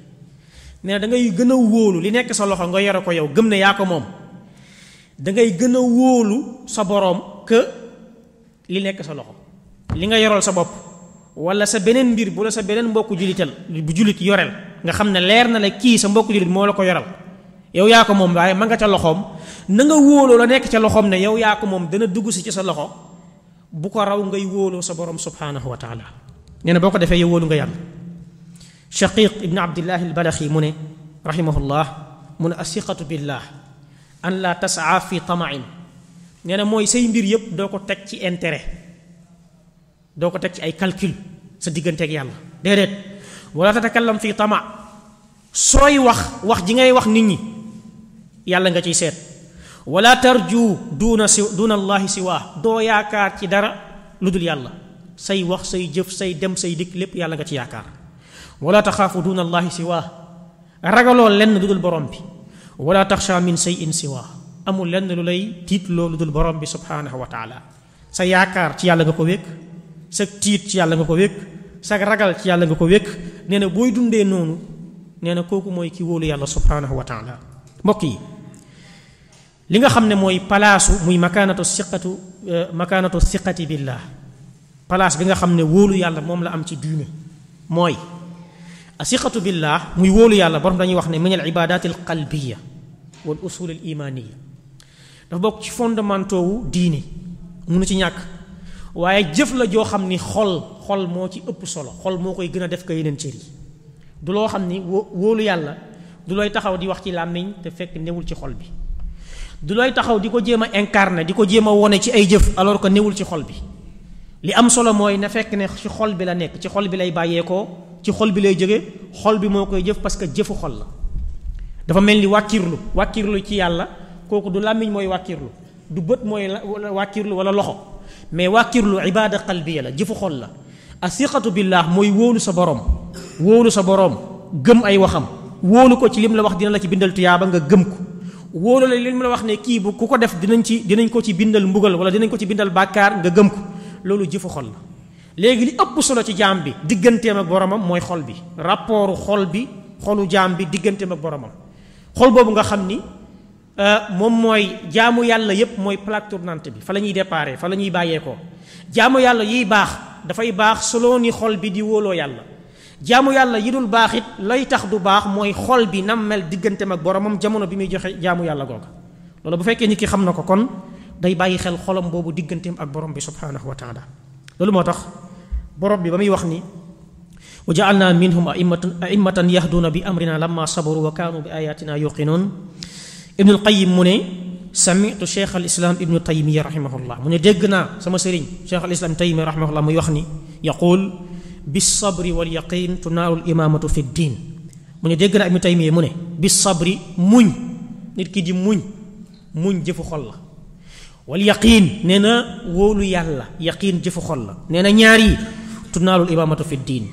nee na da ngay gën a wóolu li nekk sa loxo nga yore ko yow gëm ne yaa ko moom dangay ngay gën a wóolu sa boroom que li nekk sa loxo li nga yoral sa bopp wala sa beneen mbir bu la sa beneen mbokku jullital bu jullit yorel nga xam ne leer na la kii sa mbokku jullit moo la ko yoral yow yaa ko moom waaye ma nga ca loxoom na nga wóoloo la nekk ca loxoom ne yow yaa ko moom dana dugg si ci sa loxo bu ko raw ngay wóoloo sa borom subhaanahu wa taala nee na boo ko defee yow wóolu nga yàlla shaqiq ibn abdillahi albalaxi mu ne rahimahullah mu ne asiqatu billah an la tasaa fi tamain nee na mooy say mbir yëpp doo ko teg ci intérêt doo ko teg ci ay calcul sa digganteek yàlla déedéet wala tatakallam fii tama sooy wax wax ji ngay wax nit ñi yàlla nga ciy seet wala tarju duuna si duuna si waa doo yaakaar ci dara lu dul yàlla say wax say jëf say dem say dikk lépp yàlla nga ci yaakaar wala taxaafu duuna si waa ragaloo lenn lu dul borom bi wala taxsha min sayin siwa amul lenn lu lay tiit loolu dul borom bi subhaanahu wa taala sa yaakaar ci yàlla nga ko wékk sa tiit ci yàlla nga ko wékk sa ragal ci yàlla nga ko wékk nee na booy dundee noonu nee na kooku mooy ki wóolu yàlla subhaanahu wa mbokk yi li nga xam ne mooy palaasu muy makaanatu siqatu eh, makaanatu siqati billah palaas bi nga xam ne wóolu yàlla moom la am ci diine mooy asiqatu billah muy wóolu yàlla borom dañuy wax ne min al ibadat al qalbiya wal usul al dafa bokk ci fondementaux wu munu ci ñàkk waaye jëf la joo xam ni xol xol moo ci ëpp solo xol moo koy gën a def ko yeneen cër yi du loo xam ni wóolu yàlla du looy taxaw di wax ci làmmiñ te fekk newul ci xol bi du looy taxaw di ko jéem a incarné di ko jéem a wone ci ay jëf alors que newul ci xol bi li am solo mooy na fekk ne ci xol bi la nekk ci xol bi lay bàyyeekoo ci xol bi lay jóge xol bi moo koy jëf parce que jëfu xol la dafa mel ni wàkkirlu wàkkirlu ci yàlla kooku du làmmiñ mooy wàkkirlu du bët mooy wàkkirlu walla loxo mais wàkkirlu ibaada qalbiya la jëfu xol la asiqatu billah mooy wóolu sa boroom wóolu sa boroom gëm ay waxam wóolu ko ci lim la wax dina la ci bindal tuyaaba nga gëm ko wóolu la lim la wax ne kii bu ku ko def dinañ ci dinañ ko ci bindal mbugal wala dinañ ko ci bindal bàkkaar nga gëm ko loolu jëfu xol la léegi li ëpp solo ci jaam bi digganteem ak boromam mooy xol bi rapportu xol bi xolu jaam bi digganteem ak boromam xol boobu nga xam ni Euh, moom mooy jaamu yàlla yépp mooy plaque tournante bi fa la ñuy déparé fa la ñuy bàyyeekoo jaamu yàlla yi baax dafay baax selon ni xol bi di wóoloo yàlla jaamu yàlla yi dul baax it lay tax du baax mooy xol bi nam mel digganteem ak boromam jamono bi muy joxe jaamu yàlla googa loolu bu fekkee nit ki xam na ko kon day bàyyi xel xolam boobu digganteem ak borom bi subhaanahu wa taala loolu moo tax borom bi ba muy wax ni wa ja'alna minhum a'immatan a'immatan yahduuna bi amrina lamma sabaru wa kaanu bi ayatina yuqinuun ibnul qayim mu ne samitu cheikh al islam ibnu taymiya rahimahullah mu ne dégg naa sama sëriñ cheikh al islam taymiya rahimahullah muy wax ni yaqul bis sabri wal yaqin tunaalul imaamatu fi diin mu ne dégg naa ibnu taymiya mu ne bis sabri muñ nit di muñ muñ jëfu xol la wal yaqiin nee na wóolu yàlla yaqiin jëfu xol la nee na ñaari tu tunaalul imaamatu fi diin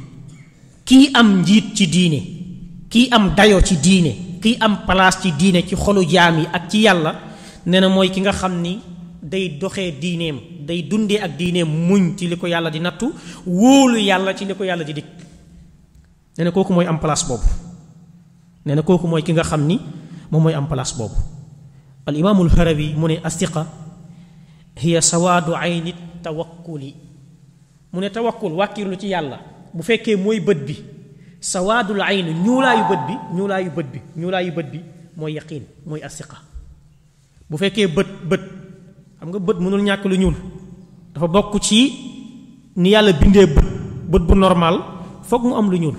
kii am njiit ci diine kii am dayo ci diine kiy am place ci diine ci xolu jaam yi ak ci yàlla nee na mooy ki nga xam ni day doxe diineem day dundee ak diineem muñ ci li ko yàlla di nattu wóolu yàlla ci li ko yàlla di dikk nee na kooku mooy am place boobu nee na kooku mooy ki nga xam ni moom mooy am place boobu al imaamul harawi mu ne astiqa hiya sawaadu ayni tawakkuli mu ne tawakkul wàkkiirlu ci yàlla bu fekkee mooy bët bi sawaadul ayn ñuulaayu bët bi ñuulaayu bët bi ñuulaayu bët bi mooy yaqiin mooy asiqa bu fekkee bët bët xam nga bët mënul ñàkk lu ñuul dafa bokk ci ni yàlla bindee bët bu normal foog mu am lu ñuul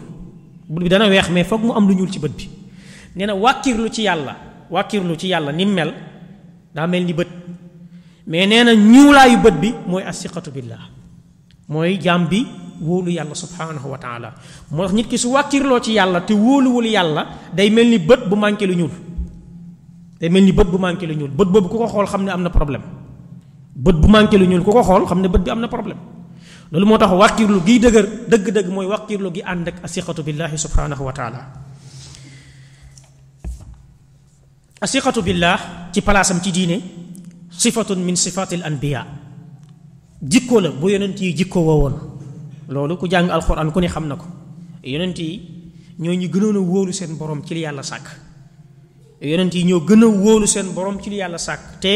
bët bi dana weex mais foog mu am lu ñuul ci bët bi nee na ci yàlla wàkkirlu ci yàlla nim mel daa mel ni bët mais nee na ñuulaayu bët bi mooy asiqatu billah mooy jaam bi wóolu yàlla subhaanahu wa taala moo tax nit ki su wàkkirloo ci yàlla te wóoluwul yàlla day mel ni bët bu manqué lu ñuul day mel ni bët bu manqué lu ñuul bët boobu ku ko xool xam ne am na problème bët bu manqué lu ñuul ku ko xool xam ne bët bi am na problème loolu moo tax wàkkirlu giy dëgër dëgg-dëgg mooy wàkkirlu gi ànd ak asiqatu billahi subhaanahu wa taala asiqatu billah ci palaasam ci diine sifatun min sifatil anbiya jikko la bu yonent yi jikko loolu ku jàng alxuraan ku ne xam na ko yonent yi ñoo ñu gënoon a wóolu seen boroom ci li yàlla sàkk yonent yi ñoo gën a wóolu seen boroom ci li yàlla sàkk te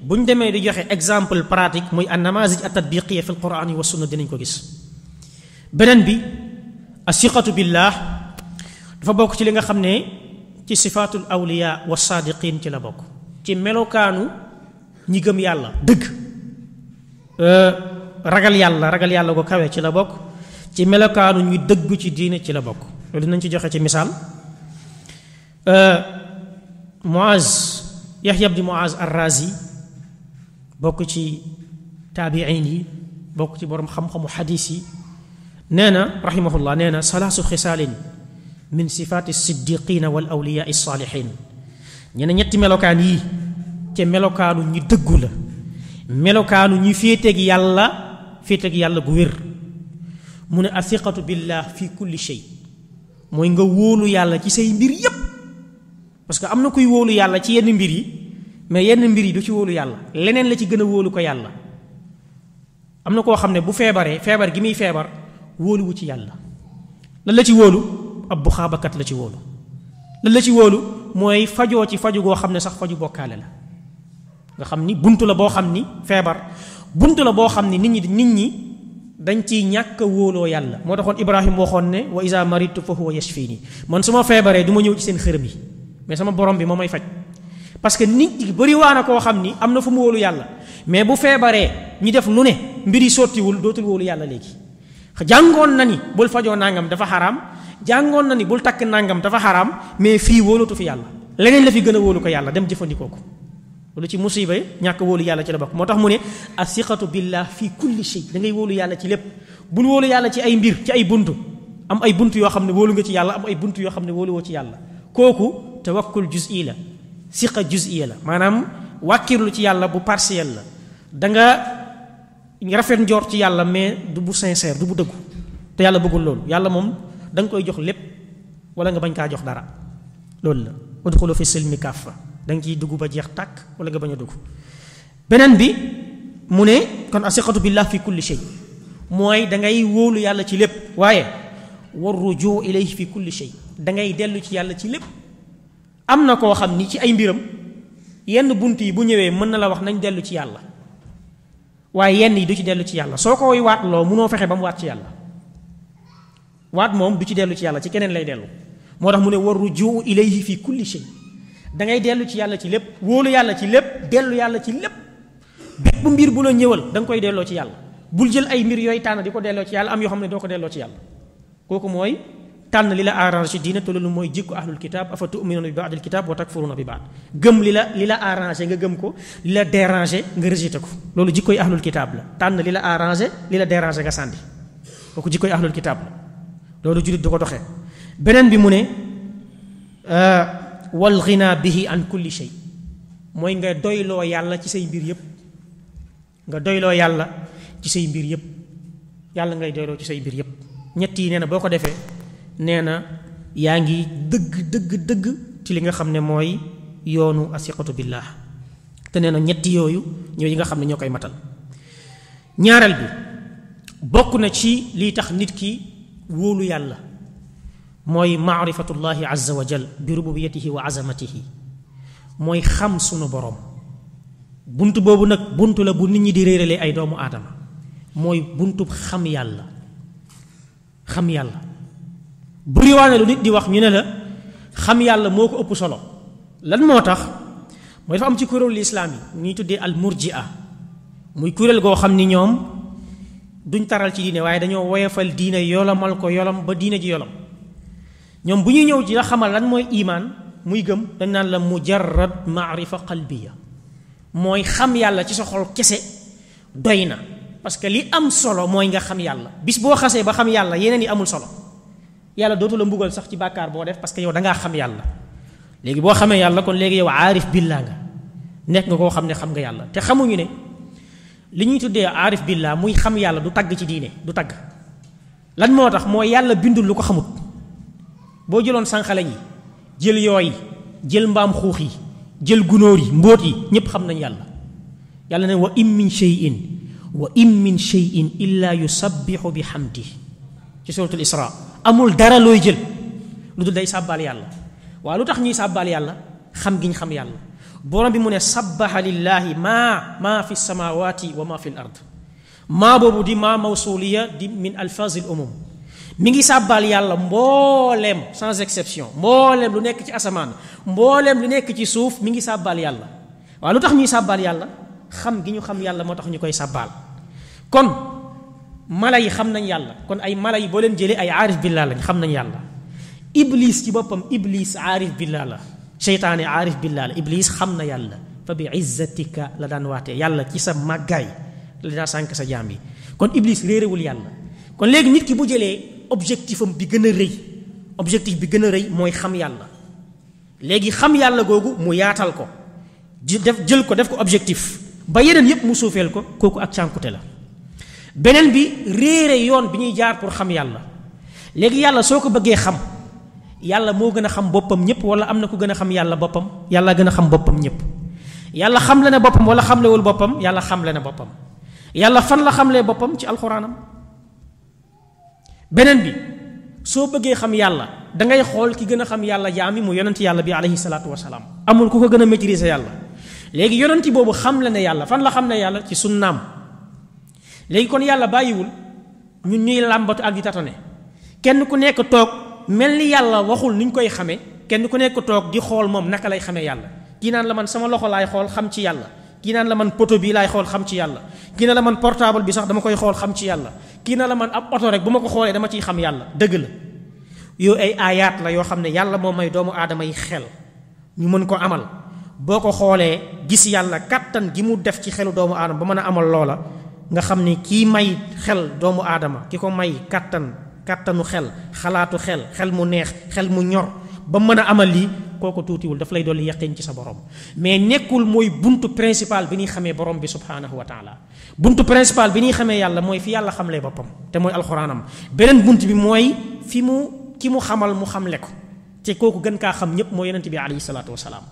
bu ñu demee di joxe exemple pratique muy an namaazij at tatbiqiya fi alquran yi wa sunna dinañ ko gis beneen bi asiqatu billah dafa bokk ci li nga xam ne ci sifaatul awliya wa saadiqin ci la bokk ci melokaanu ñi gëm yàlla dëgg euh, ragal yàlla ragal yàlla gu kawe ci la bokk ci melokaanu ñuy dëggu ci diine ci la bokk loolu dinañ ci joxe ci misaal euh, Muaz Yaxya ibn Muaz ar-Razi bokk ci taabiin yi bokk ci borom xam-xamu xadiis yi nee na raximahullah nee na salaasu xisaalin min sifaati siddiqina wal awliyaa saalihin ñu ne ñetti melokaan yii te melokaanu ñi dëggu la melokaanu ñi féeteeg yàlla féeteeg yàlla gu wér mu ne asiqatu billah fi kulli shay mooy nga wóolu yàlla ci say mbir yëpp parce que am na kuy wóolu yàlla ci yenn mbir yi mais yenn mbir yi du ci wóolu yàlla leneen la ci gën a wóolu ko yàlla am na koo xam ne bu feebaree feebar gi muy feebar wóoluwu ci yàlla la la ci wóolu ab bu xaabakat la ci wóolu lan la ci wóolu mooy fajoo ci faju goo xam ne sax faju bokkaale la nga xam ni bunt la boo xam ni feebar bunt la boo xam ne nit ñi di nit ñi dañ ciy ñàkk a wóoloo yàlla moo taxoon Ibrahim waxoon ne wa iza maritu fa fii yashfini man su ma feebaree du ma ñëw ci seen xërëm bi mais sama borom bi moo may faj parce que nit ñi bëri waa na koo xam ni am na fu mu wóolu yàlla mais bu feebaree ñu def lu ne mbir yi sottiwul dootul wóolu yàlla léegi jàngoon na ni bul fajoo nàngam dafa xaraam jàngoon na ni bul takk nangam dafa xaraam mais fii wóolatu fi yàlla leneen la fi gën a wóolu ko yàlla dem jëfandikoo ko loolu ci musiba yi ñàkk wóolu yàlla ci la bokk moo tax mu ne asiqatu billah fi kulli shay da ngay wóolu yàlla ci lépp bul wóolu yàlla ci ay mbir ci ay buntu am ay buntu yoo xam ne wóolu nga ci yàlla am ay buntu yoo xam ne wóolu woo ci yàlla kooku tawakkul juz'i la siqa juz'iyya la maanaam wàkkirlu ci yàlla bu partiel la da nga rafet njoor ci yàlla mais du bu sincère du bu dëggu te yàlla bëggul loolu yàlla moom danga koy jox lépp wala nga bañ kaa jox dara loolu la udxulu fi silmi kaffa da ciy dugg ba jeex tàkk wala nga bañ a dugg beneen bi mu ne kon asiqatu billah fi kulli shay mooy da ngay wóolu yàlla ci lépp waaye war rujuu ilayhi fi kulli shay da ngay dellu ci yàlla ci lépp am na koo xam ni ci ay mbiram yenn bunt yi bu ñëwee mën na la wax nañ dellu ci yàlla waaye yenn yi du ci dellu ci yàlla soo koy waat loo mënoo fexe ba mu waat ci yàlla waat moom du ci dellu ci yàlla ci keneen lay dellu moo tax mu ne war rujuu ilayhi fi kulli shay da ngay dellu ci yàlla ci lépp wóolu yàlla ci lépp dellu yàlla ci lépp bépp mbir bu la ñëwal da nga koy delloo ci yàlla bul jël ay mbir yooyu tànn di ko delloo ci yàlla am yoo xam ne doo ko delloo ci yàlla kooku mooy tànn li la arrangé diina te loolu mooy jikko ahlul kitab afa tuminuuna bi baadil kitab wa takfuruuna bi baad gëm la li la arrangé nga gëm ko li la dérangé nga rejeté ko loolu jikkoy ahlul kitab la tànn li la arrangé li la dérangé nga sànni kooku jikkoy ahlul kitab la loolu jullit du ko doxee beneen bi mu ne euh, wal ghina bihi an kulli shay mooy nga doyloo yàlla ci say mbir yëpp nga doyloo yàlla ci say mbir yëpp yàlla ngay doyloo ci say mbir yëpp ñetti yi nee na boo ko defee nee na yaa ngi dëgg dëgg dëgg ci li nga xam ne mooy yoonu asiqatu billah te nee na ñetti yooyu ñoo yi nga xam ne ñoo koy matal ñaareel bi bokk na ci li tax nit ki wóolu yàlla mooy maarifatullahi azza wa jal bi rububiyatihi wa azamatihi mooy xam sunu borom bunt boobu nag bunt la bu nit ñi di réeralee ay doomu aadama mooy buntu xam yàlla xam yàlla buriwaane lu nit di wax ñu ne la xam yàlla moo ko ëpp solo lan moo tax mooy dafa am ci kuréelu lislaam yi ñuy tuddee al murjia muy kuréel goo xam ni ñoom duñ taral ci diine waaye dañoo woyofal diine yolomal ko yolam ba diine ji yolam ñoom bu ñuy ñëw ci la xamal lan mooy imaan muy gëm dañ naan la mujarrad maarifa qalbiya mooy xam yàlla ci sa xol kese doy na parce que li am solo mooy nga xam yàlla bis boo xasee ba xam yàlla yeneen yi amul solo yàlla dootu la mbugal sax ci bàkkaar boo def parce que yow dangaa xam yàlla léegi boo xamee yàlla kon léegi yow aarif billaa nga nekk nga koo xam ne xam nga yàlla te xamuñu ne li ñuy tuddee aarif billaa muy xam yàlla du tagg ci diine du tagg lan moo tax moo yàlla bindul lu ko xamut boo jëloon sànqale ñi jël yooy jël mbaam xuux yi jël gunóor yi mbóot yi ñépp xam nañ yàlla yàlla ne wa im min shay'in wa im min shay'in illa yusabbixu bi ci suratul isra amul dara looy jël lu dul day yàlla waaye lu tax ñuy sàbbaal yàlla xam gi xam yàlla borom bi mu ne sabbaha lillahi maa maa fi samawati wa maa fi l ard maa boobu di maa mawsuliya di min alfaazil umum mi ngi sàbbaal yàlla mbooleem sans exception mbooleem lu nekk ci asamaan mbooleem lu nekk ci suuf mi ngi sàbbaal yàlla waaw lu tax ñuy sàbbaal yàlla xam gi ñu xam yàlla moo tax ñu koy sàbbaal kon mala yi xam nañ yàlla kon ay mala yi boo leen jëlee ay aarif billaa lañ xam nañ yàlla iblis ci boppam iblis aarif billaa la seytaane aarif billaa la iblis xam na yàlla fa bi izzatika la daan waatee yàlla ci sa màggaay la daa sànk sa jaam yi kon iblis réerewul yàlla kon léegi nit ki bu jëlee objectif am bi gën a rëy objectif bi gën a rëy mooy xam yàlla léegi xam yàlla googu mu yaatal ko def jël ko def ko objectif ba yeneen yépp mu suufeel ko kooku ak cànkute la beneen bi réere yoon bi ñuy jaar pour xam yàlla léegi yàlla soo ko bëggee xam yàlla moo gën a xam boppam ñëpp wala am na ku gën a xam yàlla boppam yàlla gën a xam boppam ñëpp yàlla xam la ne boppam wala xamlewul boppam yàlla xam la ne boppam yàlla fan la xamlee boppam ci alxuraanam beneen bi soo bëggee xam yàlla dangay xool ki gën a xam yàlla jaami mu yonent yàlla bi aleyhi salaatu wasalaam amul ku ko gën a maîtriser yàlla léegi yonent boobu xam la ne yàlla fan la xam ne yàlla ci sunnaam léegi kon yàlla bàyyiwul ñun ñuy làmbatu ak di tatone kenn ku nekk toog mel ni yàlla waxul ni ñu koy xamee kenn ku nekk toog di xool moom naka lay xamee yàlla diinaan la man sama loxo laay xool xam ci yàlla kii naan la man poto bii laay xool xam ci yàlla kii na la man portable bi sax dama koy xool xam ci yàlla kii na la man ab oto rek bu ma ko xoolee dama ciy xam yàlla dëgg la yooyu ay aayaat la yoo xam ne yàlla moo may doomu aadama yi xel ñu mën ko amal boo ko xoolee gis yàlla kàttan gi mu def ci xelu doomu aadama ba mën a amal loola nga xam ni kii may xel doomu aadama ki ko may kàttan kàttanu xel xalaatu xel xel mu neex xel mu ñor ba mën a amal lii kooku tuutiwul daf lay dolli yaqin ci sa borom mais nekkul mooy buntu principal bi ñuy xamee borom bi subhaanahu wa taala buntu principal bi ñuy xamee yàlla mooy fi yàlla xamlee boppam te mooy alxuraanam beneen bunt bi mooy fi mu ki mu xamal mu xamle ko te kooku gën kaa xam ñëpp mooy yonent bi alayhi salaatu wasalaam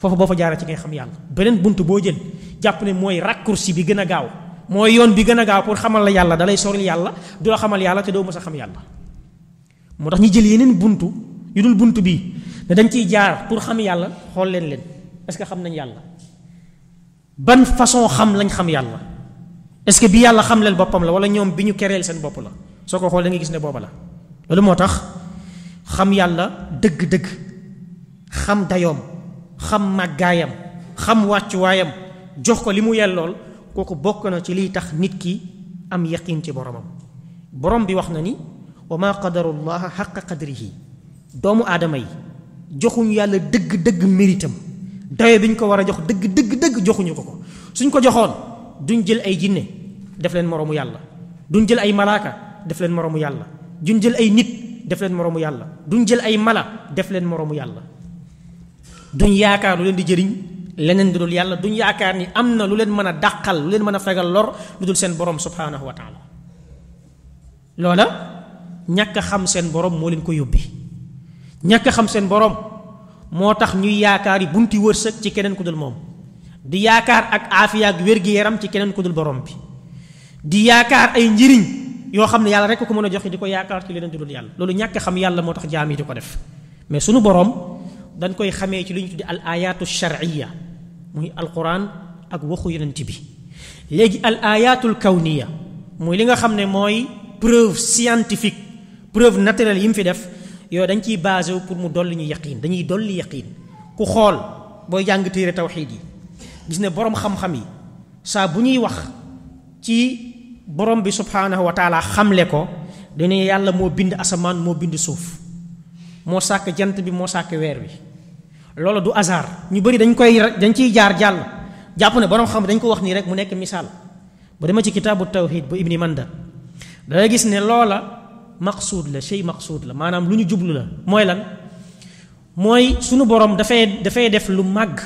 foofu boo fa ngay xam yàlla beneen bunt boo jël jàpp ne mooy raccourci bi gën a gaaw mooy yoon bi gën a gaaw pour xamal la yàlla dalay soril yàlla du la xamal yàlla te doo mës a xam yàlla jël yeneen buntu yu dul bunt bi ne dañ ciy jaar pour xam yàlla xool leen leen est que xam nañ yàlla ban façon xam lañ xam yàlla est-ce que bi yàlla xam leen boppam la wala ñoom bi ñu kereel seen bopp la soo ko xool da nga gis ne booba la loolu moo tax xam yàlla dëgg-dëgg xam dayoom xam màggaayam xam wàccuwaayam jox ko li mu yellool kooku bokk na ci liy tax nit ki am yaqiin ci boromam borom bi wax na ni wa maa qadarullaha xaqa qadrihi doomu aadama yi joxuñu yàlla dëgg dëgg méritam dayo bi ñu ko war a jox dëgg dëgg dëgg joxuñu ko ko suñ ko joxoon duñ jël ay jinne def leen moroomu yàlla duñ jël ay malaaka def leen moroomu yàlla duñ jël ay nit def leen moroomu yàlla duñ jël ay mala def leen moroomu yàlla duñ yaakaar lu leen di jëriñ leneen lu dul yàlla duñ yaakaar ni am na lu leen mën a dàqal lu leen mën a fegal lor lu dul seen borom subhaanahu wa taala loola ñàkk xam seen borom moo leen ko yóbbee ñàkk a xam seen borom moo tax ñuy yaakaar yi bunti wërsëg ci keneen ku dul moom di yaakaar ak aafiya ak wér-gi-yaram ci keneen ku dul borom bi di yaakaar ay njëriñ yoo xam ne yàlla rek ko mën a joxe di ko yaakaar ci leneen dul yàlla loolu ñàkk xam yàlla moo tax jaam yi di ko def mais sunu borom dañ koy xamee ci li ñu tuddi al ayatu shar'iyya muy alquran ak waxu yonent bi léegi al ayatul kawniya muy li nga xam ne mooy preuve scientifique preuve naturelle yi mu fi def yow dañ ciy basé wu pour mu dolli ñu yaqiin dañuy dolli yaqiin ku xool booy jàng téere tawxiid yi gis ne boroom xam-xam yi saa bu ñuy wax ci borom bi subhaanahu wa taala xamle ko dañu yàlla moo bind asamaan moo bind suuf moo sàkk jant bi moo sàkk weer wi loolu du hasard ñu bëri dañ koy rek dañ ciy jaar jàll jàpp ne borom xam dañ ko wax nii rek mu nekk misaal ba dama ci kitaabu tawxiid bu ibni manda dangay gis ne loola maqsuud la shay maqsuud la maanaam lu ñu jublu la mooy lan mooy sunu borom dafay dafay def lu màgg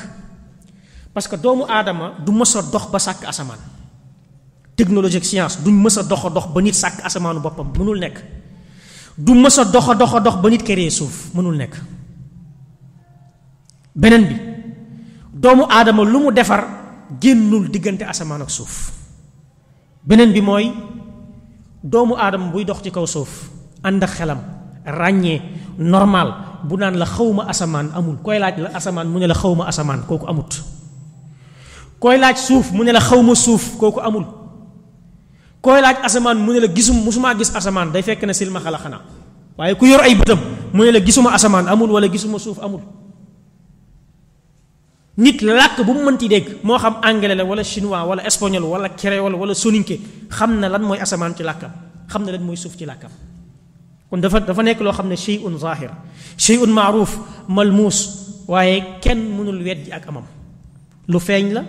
parce que doomu aadama du mës a dox ba sàkk asamaan technologie ak science duñ mës a dox dox ba nit sàkk asamaanu boppam mënul nekk du mës a dox dox dox ba nit créé suuf mënul nekk beneen bi doomu aadama lu mu defar génnul diggante asamaan ak suuf beneen bi mooy doomu aadama buy dox ci kaw suuf ànd xelam ràññee normal bu daan la xawma asamaan amul koy laaj la asamaan mu ne la xawma asamaan kooku amut koy laaj suuf mu ne la xawma suuf kooku amul koy laaj asamaan mu ne la gisum musuma gis asamaan day fekk ne silmaxa la xanaa waaye ku yor ay bëtam mu ne la gisuma asamaan amul wala gisuma suuf amul nit làkk bu mu mënti dégg moo xam anglais la wala chinois wala espagnol wala créole wala soninke xam na lan mooy asamaan ci làkkam xam na lan mooy suuf ci làkkam kon dafa dafa nekk loo xam ne on shay'un zahir shay'un ma'ruf malmuus waaye kenn mënul wet ji ak amam lu feeñ la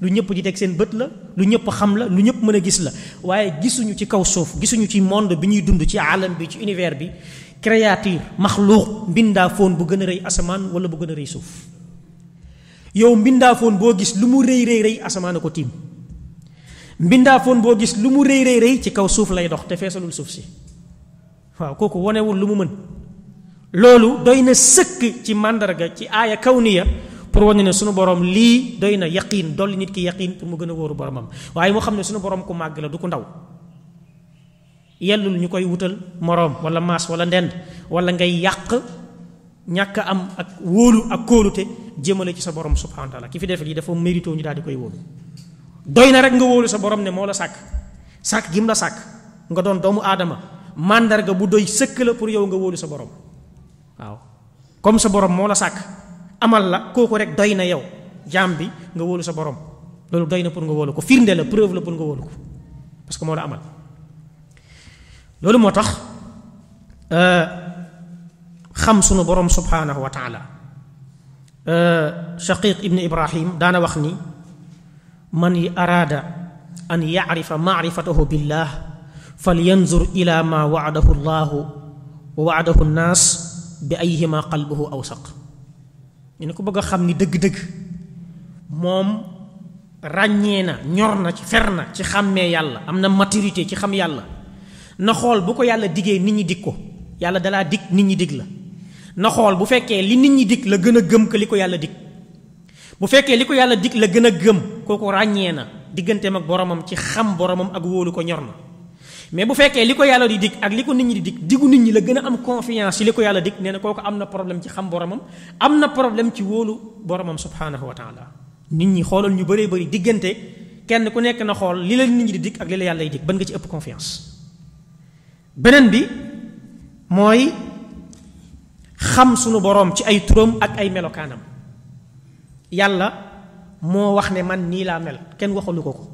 lu ñëpp di teg seen bët la lu ñëpp xam la lu ñëpp mën a gis la waaye gisuñu ci kaw suuf gisuñu ci monde bi ñuy dund ci alam bi ci univers bi créature maxluuq mbindaa foon bu gën a rëy asamaan wala bu gën a rëy suuf yow mbindaafoon boo gis lu mu rëy rëy rëy asamaan ko tiim mbindaafoon boo gis lu mu rëy rëy rëy ci kaw suuf lay dox te feesalul suuf si waaw kooku wonewul lu mu mën loolu doy na sëkk ci màndarga ci aaya kawniya pour wane ne sunu borom lii doy na yaqiin dolli nit ki yaqiin pour mu gën a wóoru boromam waaye moo xam ne sunu borom ku màgg la du ko ndaw yellul ñu koy wutal moroom wala maas walla ndend wala ngay yàq ñàkk am ak wóolu ak kóolute jëmale ci sa borom subhanahu wa ki fi def lii dafa mérito ñu daal di koy wóolu doy na rek nga wóolu sa borom ne moo la sàkk sàkk gim la sàkk nga doon doomu aadama màndarga bu doy sëkk la pour yow nga wóolu sa borom waaw comme sa borom moo la sàkk amal la kooku rek doy na yow jaam bi nga wóolu sa borom loolu doy na pour nga wóolu ko firnde la preuve la pour nga wóolu ko parce que moo la amal loolu moo tax. Euh, xam suñu boroom subhaanahu wa taala euh, shaqiq ibn daana wax ni man araada an yacrifa macrifatahu billah falyanzur ila ma wacdahu llahu wa wacdahu nnaas bi ayhima qalbuhu awsaq ñu ne ko bëgg a xam ni dëgg-dëgg moom ràññee na ñor na fer na ci xàmmee yàlla am na maturité ci xam yàlla na xool bu ko yàlla diggee nit ñi dig ko yàlla dalaa dig nit ñi digg la na xool bu fekkee li nit ñi dig la gën a gëm que li ko yàlla dig bu fekkee li ko yàlla dig la gën a gëm kooku ràññee na digganteem ak boromam ci xam boromam ak wóolu ko ñor na mais bu fekkee li ko yàlla di dig ak li ko nit ñi di dig digu nit ñi la gën a am confiance ci li ko yàlla dig nee na kooku am na problème ci xam boromam am na problème ci wóolu boromam subhaanahu wa taala nit ñi xoolal ñu bëree bëri diggante kenn ku nekk na xool li nit ñi di ak li la yàlla di dig ban beneen bi xam sunu boroom ci ay turam ak ay melokaanam yàlla moo wax ne man nii laa mel kenn waxalu ko ko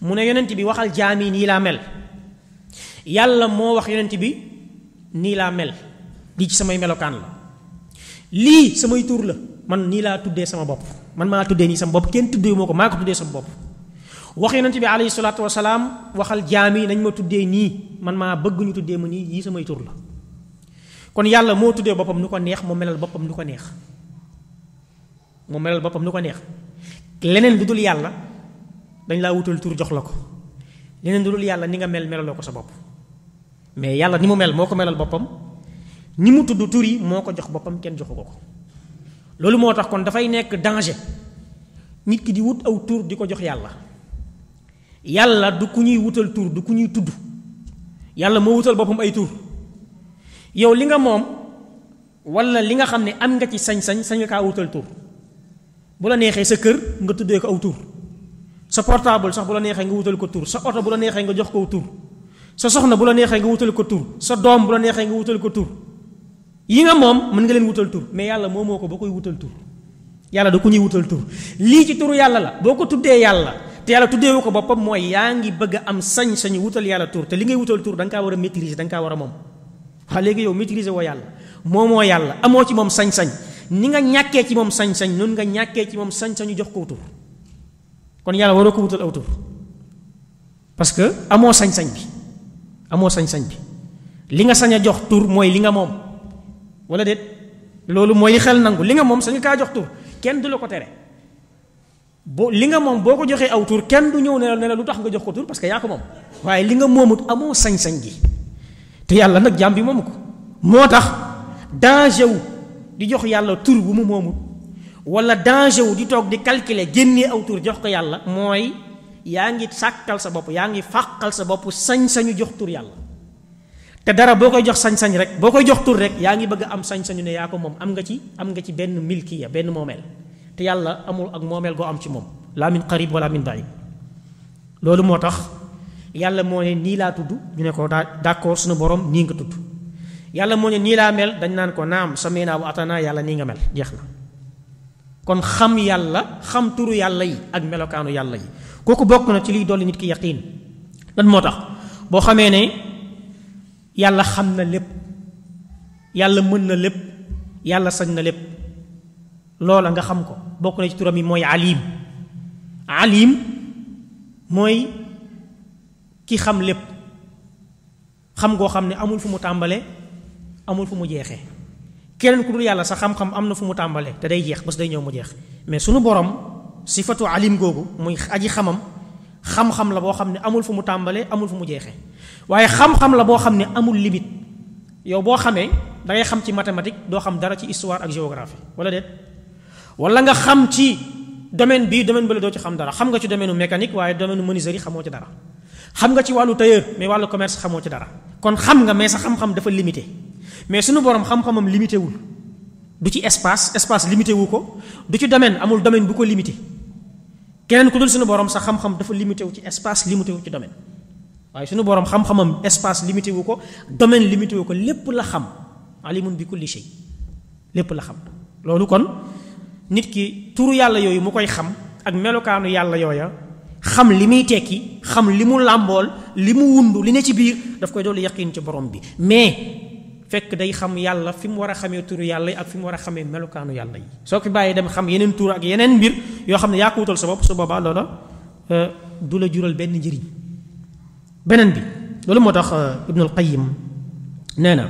mu ne yonent bi waxal jaami nii laa mel yàlla moo wax yonent bi nii laa mel lii ci samay melokaan la lii samay tur la man nii laa tuddee sama bopp man maa tuddee nii sama bopp kenn tuddee moo ko maa ko tuddee sama bopp wax yonent bi alayhi salaatu wasalaam waxal jaami lañ ma tuddee nii man maa bëgg ñu tuddee ma nii yii samay tur la kon yàlla moo tuddee boppam nu ko neex mu melal boppam nu ko neex mu melal boppam nu ko neex leneen lu dul yàlla dañ laa wutal tur jox la ko leneen lu dul yàlla ni nga mel melaloo ko sa bopp mais yàlla ni mu mel moo ko melal boppam ni mu tudd tur yi moo ko jox boppam kenn joxu ko ko loolu moo tax kon dafay nekk danger nit ki di wut aw tur di ko jox yàlla yàlla du ku ñuy wutal tur du ku ñuy tudd yàlla moo wutal boppam ay tur yow li nga moom wala li nga xam ne am nga ci sañ-sañ sañ nga kaa wutal tur bu la neexee sa kër nga tuddee ko aw tur sa portable sax bu la neexee nga wutal ko tur sa bu la neexee nga jox ko tur sa bu la neexee nga wutal ko tur sa doom bu la neexee nga wutal ko tur yi nga moom mën nga leen wutal tur mais yàlla moomoo ko ba koy wutal tur yàlla da ku ñuy wutal tur lii ci turu yàlla la boo ko tuddee yàlla te yàlla tuddeewu ko boppam mooy yaa ngi bëgg am sañ-sañu wutal yàlla tur te li ngay wutal tur da nga war a maîtriser da nga war a moom xa léegi yow maîtriser woo yàlla moo yàlla amoo ci moom sañ-sañ ni nga ñàkkee ci moom sañ-sañ noonu nga ñàkkee ci moom sañ-sañu jox ko tur kon yàlla waroo ko wutal aw tur parce que amoo sañ-sañ bi amoo sañ-sañ bi li nga sañ a jox tur mooy li nga moom wala déet loolu mooy li xel nangu li nga moom sañ kaa jox tur kenn du la ko tere boo li nga moom boo ko joxee aw tur kenn du ñëw ne la lu tax nga jox ko tur parce que yaa ko moom waaye li nga moomut amoo sañ-sañ gi te yàlla nag jaam bi moomu ko moo tax danger wu di jox yàlla tur bu mu moomul wala danger wu di toog di calculer génnee aw tur jox ko yàlla mooy yaa ngi sàkkal sa bopp yaa ngi fàqal sa bopp sañ-sañu jox tur yàlla te dara boo koy jox sañ-sañ rek boo koy jox tur rek yaa ngi bëgg am sañ-sañu ne yaa ko moom am nga ci am nga ci benn milkiya benn moomeel te yàlla amul ak moomeel goo am ci moom la min qarib wala min baid loolu moo tax yàlla moo ne nii laa tudd ñu ne ko d'accord suñu borom nii nga tudd yàlla moo ne nii laa mel dañ naan ko naam samina wa atana yàlla nii nga mel jeex na kon xam yàlla xam turu yàlla yi ak melokaanu yàlla yi kooku bokk na ci liy dolli nit ki yaqiin lan moo tax boo xamee ne yàlla xam na lépp yàlla mën na lépp yàlla sañ na lépp loola nga xam ko bokk na ci turam yi mooy alim alim mooy ci xam lépp xam ngoo xam ne amul fu mu tàmbale amul fu mu jeexee keneen ku dul yàlla sa xam-xam am na fu mu tàmbalee te day jeex bés day ñëw mu jeex mais suñu borom sifatu alim googu muy aji xamam xam-xam la boo xam ne amul fu mu tàmbalee amul fu mu jeexee waaye xam-xam la boo xam ne amul limite yow boo xamee da ngay xam ci mathématique doo xam dara ci histoire ak géographie wala déet wala nga xam ci domaine bii domaine bële doo ci xam dara xam ci domaine mécanique waaye domaine menuiserie xamoo ci dara xam nga ci wàllu tailleur mais wàllu commerce xamoo ci dara kon xam nga mais sa xam-xam dafa limité mais suñu borom xam-xamam limité wul du ci espace espace limité wu ko du ci domaine amul domaine bu ko limité keneen ku dul suñu borom sa xam-xam dafa limité wu ci espace limité wu ci domaine waaye suñu borom xam-xamam espace limité ko domaine limité wu ko lépp la xam alimun bi kulli shay lépp la xam loolu kon nit ki turu yàlla yooyu mu koy xam ak melokaanu yàlla yooya. xam li muy tekki xam li mu làmbool li mu wund li ne ci biir daf koy dolli yaqiin ci borom bi mais fekk day xam yàlla fi mu war a xamee turu yàlla yi ak fi mu war a xamee melokaanu yàlla yi soo ko bàyyi dem xam yeneen tur ak yeneen mbir yoo xam ne yaa ko wutal sa bopp su boobaa euh, du la jural benn njëriñ beneen bi loolu moo tax euh, Ibnul Qayyim nee na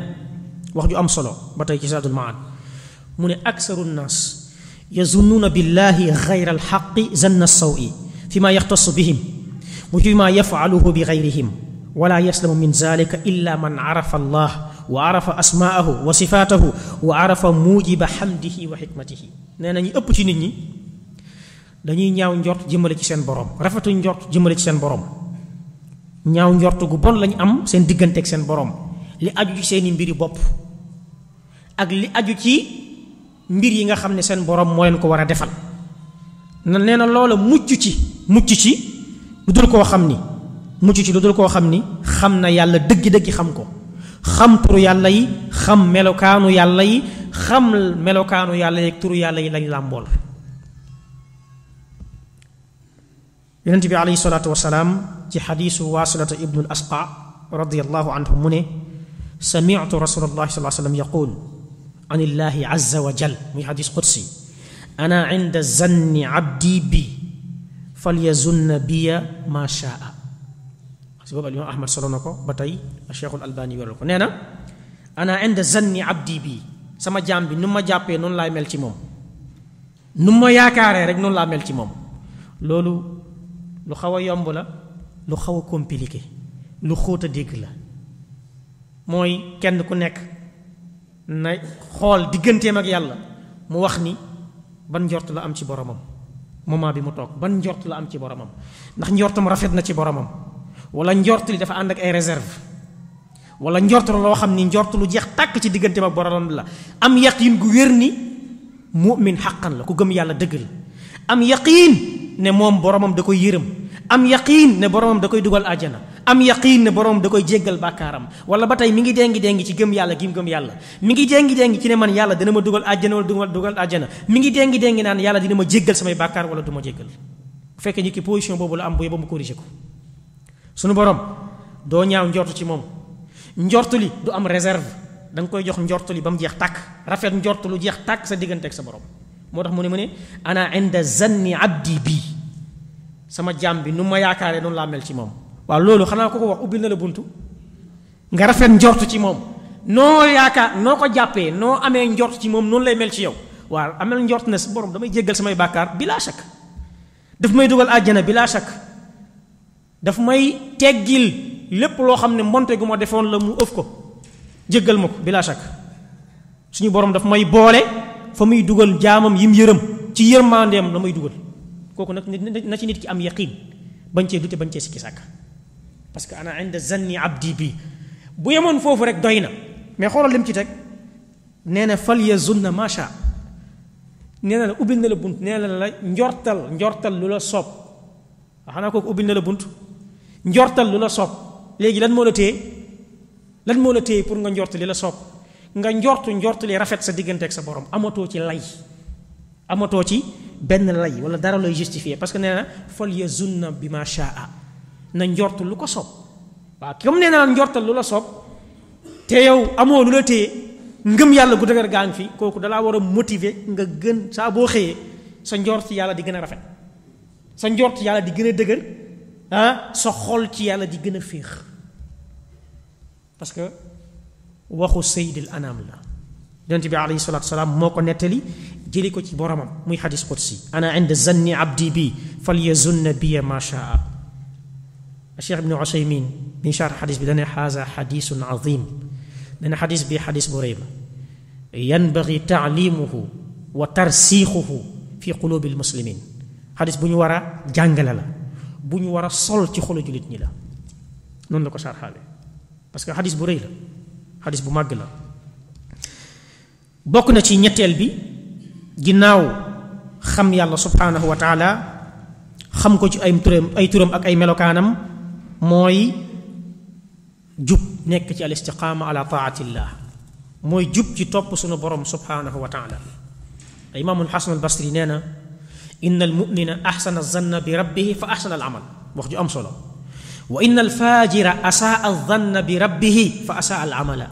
wax ju am solo ba tey ci Zaadul Maad mu ne aksaru nnaas yazunnuuna billahi gayra alxaqi zanna sawi fi ma yaxtas bihim wa fi ma yafaluhu bi gayrihim wala yaslamu min zalika illa man arafa allah wa arafa asmaahu wa sifaatahu wa arafa muujiba xamdihi wa xikmatihi nee na ñu ëpp ci nit ñi dañuy ñaaw njort jëmale ci seen boroom rafetu njort jëmale ci seen borom ñaaw njort gu bon lañu am seen diggante ak seen borom li aju ci seeni mbiri bopp ak li aju ci mbir yi nga xam ne seen boroom moo leen ko war a defal na nee na loola mucc ci mucc ci lu dul koo xam ni mucc ci lu koo xam ni xam na yàlla dëggi-dëggi xam ko xam turu yàlla yi xam melokaanu yàlla yi xam melokaanu yàlla yi turu yàlla yi lañ làmbool yonent bi aleyhi salaatu wasalaam ci xadiisu waasilata ibnu asqa radiallahu anhu mu ne samitu rasulallahi salaa sallam yaqul an illahi azza qudsi ana inda zanni abdi bi falyazunna biya ma shaa si boobu alimaam ahmad solo na ko ba tey cheikhul albani wéral ko nee na ana inda zanni abdi bi sama jaam bi nu ma jàppee noonu laay mel ci moom nu ma yaakaaree rek noonu laa mel ci moom loolu lu xaw a yomb la lu xaw a compliqué lu xóot a dégg la mooy kenn ku nekk na xool digganteem ak yàlla mu wax ni ban njort la am ci boromam moment bi mu toog ban njort la am ci boromam ndax njortam rafet na ci boromam wala njort li dafa ànd ak ay réserve wala njort la loo xam ni njort lu jeex tàkk ci diggante ak boromam la am yaqiin gu wér ni mu'min xaqan la ku gëm yàlla dëgg la am yaqiin ne moom boromam da koy yërëm am yaqiin ne boromam da koy dugal àjjana am yaqiin na borom da koy jéggal bàkkaaram wala ba tey mi ngi déngi déngi ci gëm yàlla gim gëm yàlla mi ngi déngi déngi ci ne man yàlla dina ma dugal àjjana wala dugal dugal àjjana mi ngi déngi déngi naan yàlla dina ma jéggal samay bàkkaar wala du ma jéggal bu fekkee nit ki position boobu la am bu yóbbu mu corrigé ko sunu borom doo ñaaw njortu ci moom njort li du am réserve da koy jox njort li ba mu jeex tàkk rafet njort lu jeex tàkk sa diggante sa borom moo tax mu ne mu ne ana inda zanni abdi bii sama jaam bi nu ma yaakaaree noonu laa mel ci moom waaw loolu xanaa ko ko wax ubbi na la buntu nga rafet njort ci moom noo yaakaar noo ko jàppee noo amee njort ci moom noonu lay mel ci yow waaw amel njort na sa borom damay jéggal samay bàkkaar bilaa shakk daf may dugal àjjana bilaa shakk daf may teggil lépp loo xam ne mbonte gu ma defoon la mu ëf ko jéggal ma ko bilaa shakk suñu borom daf may boole fa muy dugal jaamam yim yërëm ci yërmandeem la may dugal kooku nag na na ci nit ki am yaqiin bañ cee dute bañ cee sikki sàkk parce que ana inda zanni abdi bi bu yemoon foofu rek doy na mais xoolal lim ci teg nee na fal yazunna macha nee na la ubbil na la bunt nee na la njortal njortal lu la soob xanaa kooku ubbil na la bunt njortal lu la sob léegi lan moo la téye lan moo la téye pour nga njort li la soob nga njortu njort li rafet sa diggante ak sa borom amatoo ci lay amatoo ci benn lay wala dara lay justifier parce que nee na fal yazunna bi ma shaa na njortu lu ko soob waaw comme nee na la njortal lu la sob te yow amoo lu la téye ngëm yàlla gu dëgër gaa ngi fi kooku dalaa war a motiver nga gën saa boo xëyee sa njort yàlla di gën a rafet sa njort yàlla di gën a dëgër ah sa xol ci yàlla di gën a féex parce que waxu sayyidil anam la yonent bi alayhi salaatu salaam moo ko nettali jëli ko ci boromam muy xadis qudsi ana inda zanni abdi bi falyazunna biya ma shaa cheikh ibnu usaymin mi sharh bi dane xaasa xadisun azim dane xadis bi xadis bu rëy ba yanbagi taalimuhu wa bu ñu war a jàngale la bu ñu war a sol ci xolu jullit ñi la noonu que xadis bu rëy la bu màgg la bokk na ci ñetteel bi ginnaaw xam yàlla subhaanahu wa taala xam ko ci ay ay turam ak ay melokaanam mooy jub nekk ci al istiqaama ala taatillah mooy jub ci topp sunu borom subhaanahu wa taala imaamul xasan al basri nee na inna al mumina axsana zanna bi fa amal wax ju am solo wa inna al faajira asaa al zanna bi rabbihi fa asaa al amala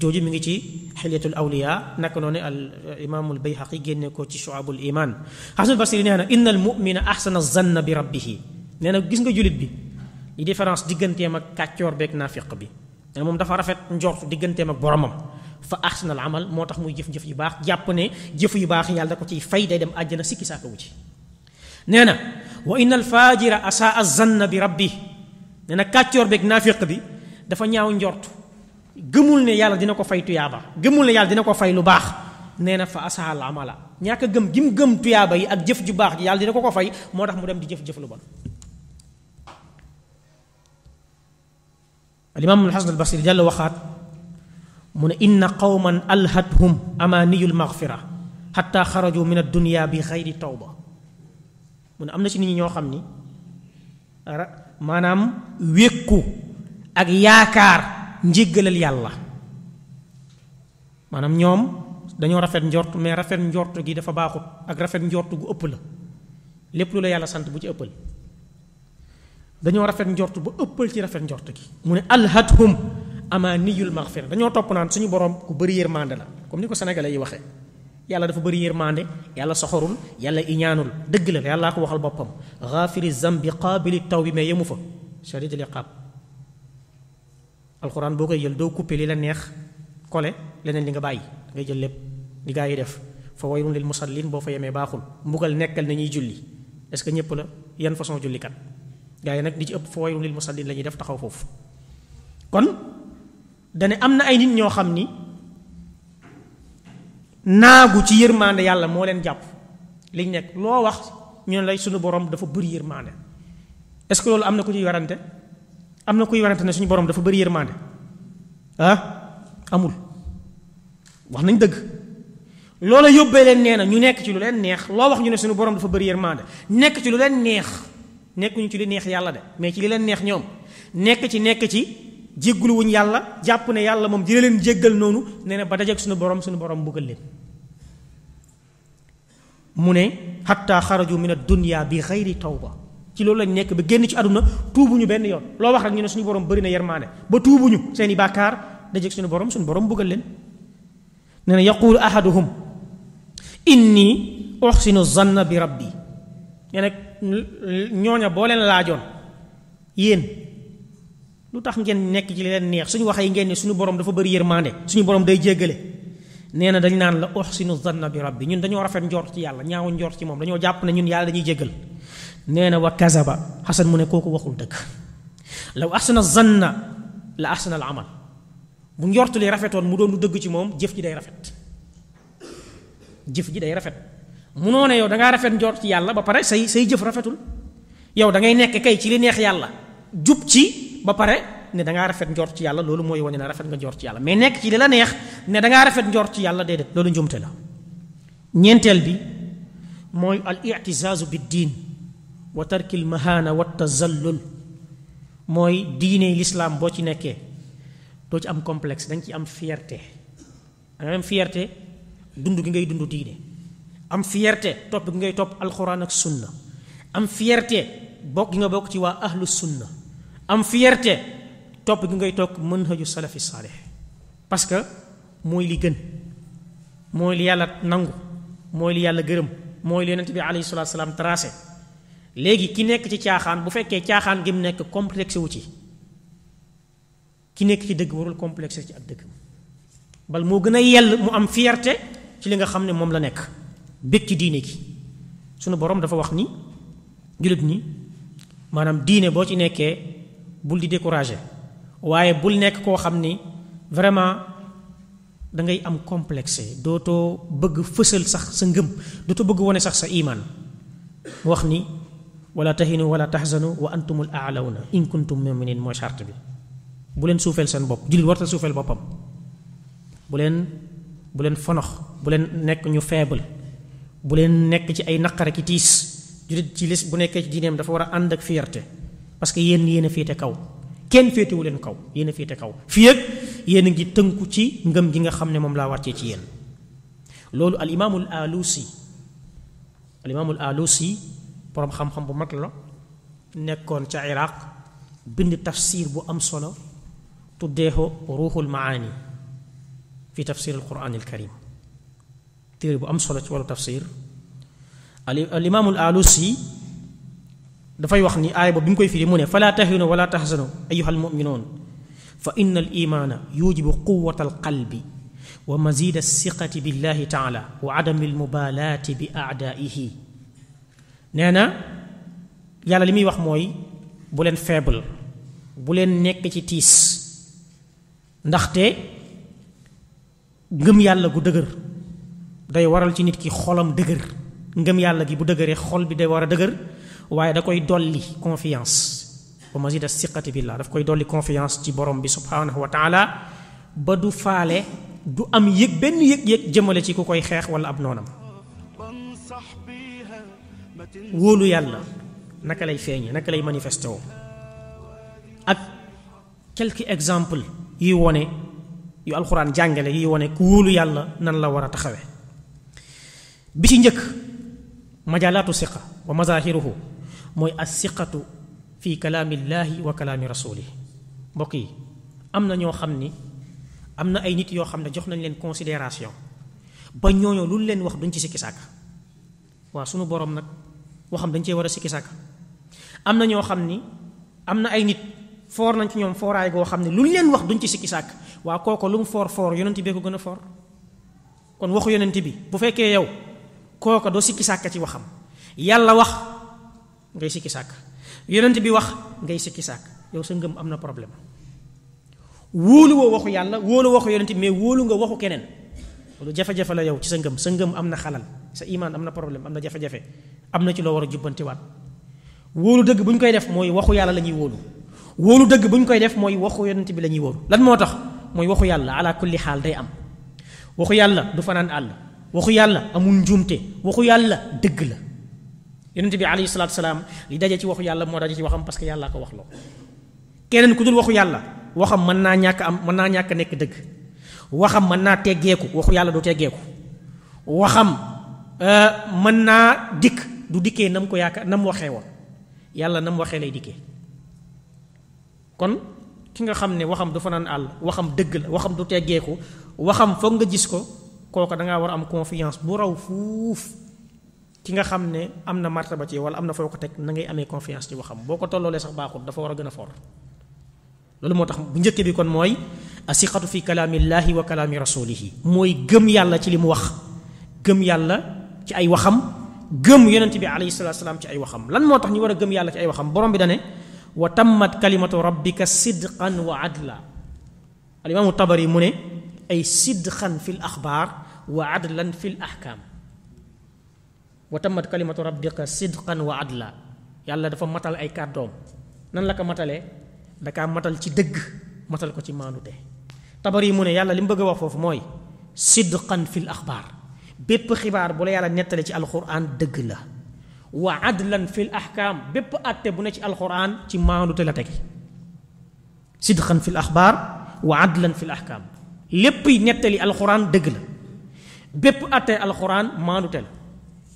jooju mi ngi ci xilyatul awliya naka noonu al imaamul bayhaqi génne ko ci shuabul iman xasanul basri nee na inna al mumina axsana zanna bi rabbihi nee na gis nga julit bi di différence digganteem ak kàccoor beeg naafiq bi ne moom dafa rafet njort digganteem ak boromam fa ahsanal amal moo tax muy jëf-jëf yu baax jàpp ne jëf yu baax yàlla da ko ciy fay day dem àjjana sikki saaka wu ci na wa inna al fajira asaa zanna bi rabbi nee na kàccoor beeg naafiq bi dafa ñaaw njort gëmul ne yàlla dina ko fay tuyaaba gëmul ne dina ko fay lu baax nee na fa asaal amala ñàkk gëm gim gëm tuyaaba yi ak jëf ju baax ji yàlla dina ko ko fay moo tax mu dem di jëf-jëf lu bon alimaam alxasan albasri jàll waxaat mu ne inna qawman alhathum amaaniyul maxfira xatta xaraju min addunia bi xayri tawba mu ne am na ci nit ñi ñoo xam ni maanaam wékku ak yaakaar njéggalal yàlla maanaam ñoom dañoo rafet njort mais rafet njort gi dafa baaxut ak rafet njort gu ëpp la lépp lu la yàlla sant bu ci ëppal dañoo rafet njort ba ëppal ci rafet njort gi mu ne alhathum amaniyul maghfira dañoo topp naan suñu borom ku bëri yërmande la comme ni ko sénégalais yi waxee yàlla dafa bëri yërmande yàlla soxorul yàlla iñaanul dëgg la yàllaa ko waxal boppam ghafiri zambi qaabili taw bi mais yemu fa shadidil iqaab alquran boo koy jël doo coupé li la neex kole leneen li nga bàyyi ngay jël lépp li yi def fa waylun lil musallin boo fa yemee baaxul mbugal nekkal na ñuy julli est que ñëpp la yan façon jullikat gaa nag di ci ëpp fooy lil musallin la ñuy def taxaw foofu kon dane am na ay nit ñoo xam ni naagu ci yërmande yàlla moo leen jàpp liñ nekk loo wax ñu ne lay suñu borom dafa bëri yërmande est-ce que loolu am na ku ñuy warante am na kuy warante ne suñu borom dafa bëri yërmande ah amul wax nañ dëgg loola yóbbee leen nee na ñu nekk ci lu leen neex loo wax ñu ne suñu borom dafa bëri yërmande nekk ci lu leen neex nekkuñu ci li neex yàlla de mais ci li leen neex ñoom nekk ci nekk ci jéggulu wuñ yàlla jàpp ne yàlla moom dina leen jéggal noonu nee na ba dajeeg suñu borom suñu borom mbugal leen mu ne xatta xaraju min ad-dunya bi xayri tawba ci loolu lañ nekk ba génn ci àdduna tuubuñu benn yoon loo wax rek ñu ne borom bëri na yermaane ba tuubuñu seeni bàkkaar dajeeg suñu borom suñu borom mbugal leen nee na yaqulu ahaduhum inni uxsinu zanna bi rabbi nee nag ñooña boo leen laajoon yéen lu tax ngeen nekk ci leen neex suñu waxee ngeen ne suñu borom dafa bëri yërmande suñu borom day jéggale nee na dañ naan la uhsinu zanna bi rabbi ñun dañoo rafet njort ci yàlla ñaawu njort ci moom dañoo jàpp na ñun yàlla dañuy jéggal nee na wa kazaba xasan mu ne koo ko waxul dëgg law ahsana zanna la ahsana al amal bu njortu li rafetoon mu doon lu dëgg ci moom jëf ji day rafet jëf ji day rafet munoo ne yow da ngaa rafet njort ci yàlla ba pare say say jëf rafetul yow da ngay nekk kay ci li neex yàlla jub ci ba pare ne da ngaa rafet njort ci yàlla loolu mooy wane ne rafet nga njort ci yàlla mais nekk ci li la neex ne da ngaa rafet njort ci yàlla déedéet loolu njumte la ñeenteel bi mooy al i'tizaazu bi diin wa tarkil mahaana wa tazallul mooy diine lislaam boo ci nekkee doo ci am complexe da nga ci am fierté da nga am fierté dund gi ngay dund diine am fierté topp gi ngay topp alxuraan ak sunna am fierté bokk gi nga bokk ci waa ahlu sunna am fierté topp gi ngay toog manhaju salafi saalih parce que mooy li gën mooy li yàlla nangu mooy li yàlla gërëm mooy leen yonent bi alayhi salaatu salaam tracé léegi ki nekk ci caaxaan bu fekkee caaxaan gi mu nekk complexe wu ci ki nekk ci dëgg warul complexe ci ak dëgg bal moo gën a yell mu am fierté ci li nga xam ne moom la nekk bég ci diine ki sunu borom dafa wax ni jullit ñi maanaam diine boo ci nekkee bul di découragé waaye bul nekk koo xam ni vraiment da ngay am complexe dootoo bëgg fësal sax sa ngëm dootoo bëgg wone sax sa imaan wax ni wala tahinu wala tahzanu wa antumul aalawna in kuntum muminin mooy charte bi bu leen suufeel seen bopp jullit warta suufeel boppam bu leen bu leen fonox bu leen nekk ñu faible bu leen nekk ci ay naqare ki tiis jullit ci lis bu nekkee ci diineem dafa war a ànd ak fierté parce que yéen yéen a féete kaw kenn féetewu leen kaw yéen féete kaw fii ak yéen ngi tënku ci ngëm gi nga xam ne moom laa wàccee ci yéen loolu al imaamul alusi al imaamul alusi boroom xam-xam bu mag la nekkoon ca iraq bind tafsir bu am solo tuddeexu ruuxul maani fi tafsir al quraan al karim téere bu am solo ci wàllu tafsir al imaamul alusi dafay wax ni aay boobu bi mu koy firi mu ne fala tahinu wala tahzanu ayyuhal mu'minuun fa inna al imaana yujibu quwwata al qalbi wa mazida siqati billahi taala wa adami almubaalaati bi aadaihi nee na yàlla li muy wax mooy bu leen faible bu leen nekk ci tiis ndaxte ngëm yàlla gu dëgër day waral ci nit ki xolam dëgër ngëm yàlla gi bu dëgëree xol bi day war a dëgër waaye da koy dolli confiance ba mazida siqati billah daf koy dolli confiance ci borom bi subhanahu wa taala ba du faale du am yëg benn yëg-yëg jëmale ci ku koy xeex wala ab noonam wóolu yàlla naka lay feeñee naka lay manifesté woo ak quelques exemple yuy wone yu alxuraan jàngale yuy wone ku wóolu yàlla nan la war a taxawe bi ci njëkk majaalaatu siqa wa mazaahiruhu mooy as siqatu fi kalaamillaahi wa kalaami rasuuli mbokk yi am na ñoo xam ni am na ay nit yoo xam ne jox nañ leen considération ba ñooñoo lu leen wax duñ ci sikki sàkk waa sunu boroom nag waxam dañ cee war a sikki sàkk am na ñoo xam ni am na ay nit foor nañ ci ñoom fooraay goo xam ne lu leen wax duñ ci sikki sàkk waa kooku lu mu foor foor yonent bee ko gën a foor kon waxu yonent bi bu fekkee yow kooka doo sikki sàkk ci waxam yàlla wax ngay sikki sàkk yonent bi wax ngay sikki sàkk yow sa ngëm am na problème wóolu woo waxu yàlla wóolu waxu yonent bi mais wóolu nga waxu keneen loolu jafe la yow ci sa ngëm am na xalal sa imaan am na problème am na jafe-jafe ci loo war a jubbantiwaat wóolu dëgg bu ñu koy def mooy waxu yàlla la ñuy wóolu wóolu dëgg bu koy def mooy waxu yonent bi la ñuy wóolu lan moo tax mooy waxu yàlla ala kulli xaal day am waxu yàlla du fanaan àll waxu yàlla amul njuumte waxu yàlla dëgg la yonent bi alayhi salaatu salaam li daje ci waxu yàlla moo daje ci waxam parce que yàllaa ko wax loo keneen ku dul waxu yàlla waxam mën naa ñàkk am mën naa ñàkk nekk dëgg waxam mën naa teggeeku waxu yàlla teggeeku waxam euh, mën naa dikk du dikkee nam ko yaakaar nam waxee woon yàlla nam waxee lay dikkee kon ki nga xam ne waxam dafa naan àll waxam dëgg la waxam du teggeeku waxam foog nga gis ko kooka dangaa war a am confiance bu raw fuuf ki nga xam ne am na martaba ci wala am na foo ko teg na ngay amee confiance ci waxam boo ko tolloolee sax baaxul dafa war a gën a for loolu moo tax bu njëkk bi kon mooy a asiqatu fi kalaamillaahi wa kalaami rasulihi mooy gëm yàlla ci li mu wax gëm yàlla ci ay waxam gëm yonent bi alayhi salaatu salaam ci ay waxam lan moo tax ñu war a gëm yàlla ci waxam borom bi dane wa tammat kalimatu rabbika sidqan wa adla alimaamu tabari mu ne ay sidqan fil axbaar wa adlan fil ahkaam wa tammat kalimatu rabbika sidqan wa adla yàlla dafa matal ay kàddoom nan la ko matale da matal ci dëgg matal ko ci tabar yi mu ne yàlla li mu bëgg a wax foofu mooy sidqan fil axbaar bépp xibaar bu la yàlla nettale ci alxuraan dëgg la wa adlan fil ahkaam bépp àtte bu ne ci alxuraan ci maandute la tege sidqan fil axbaar wa adlan fil ahkaam lépp nettali alxuraan dëgg la bépp attee alxuraan maandu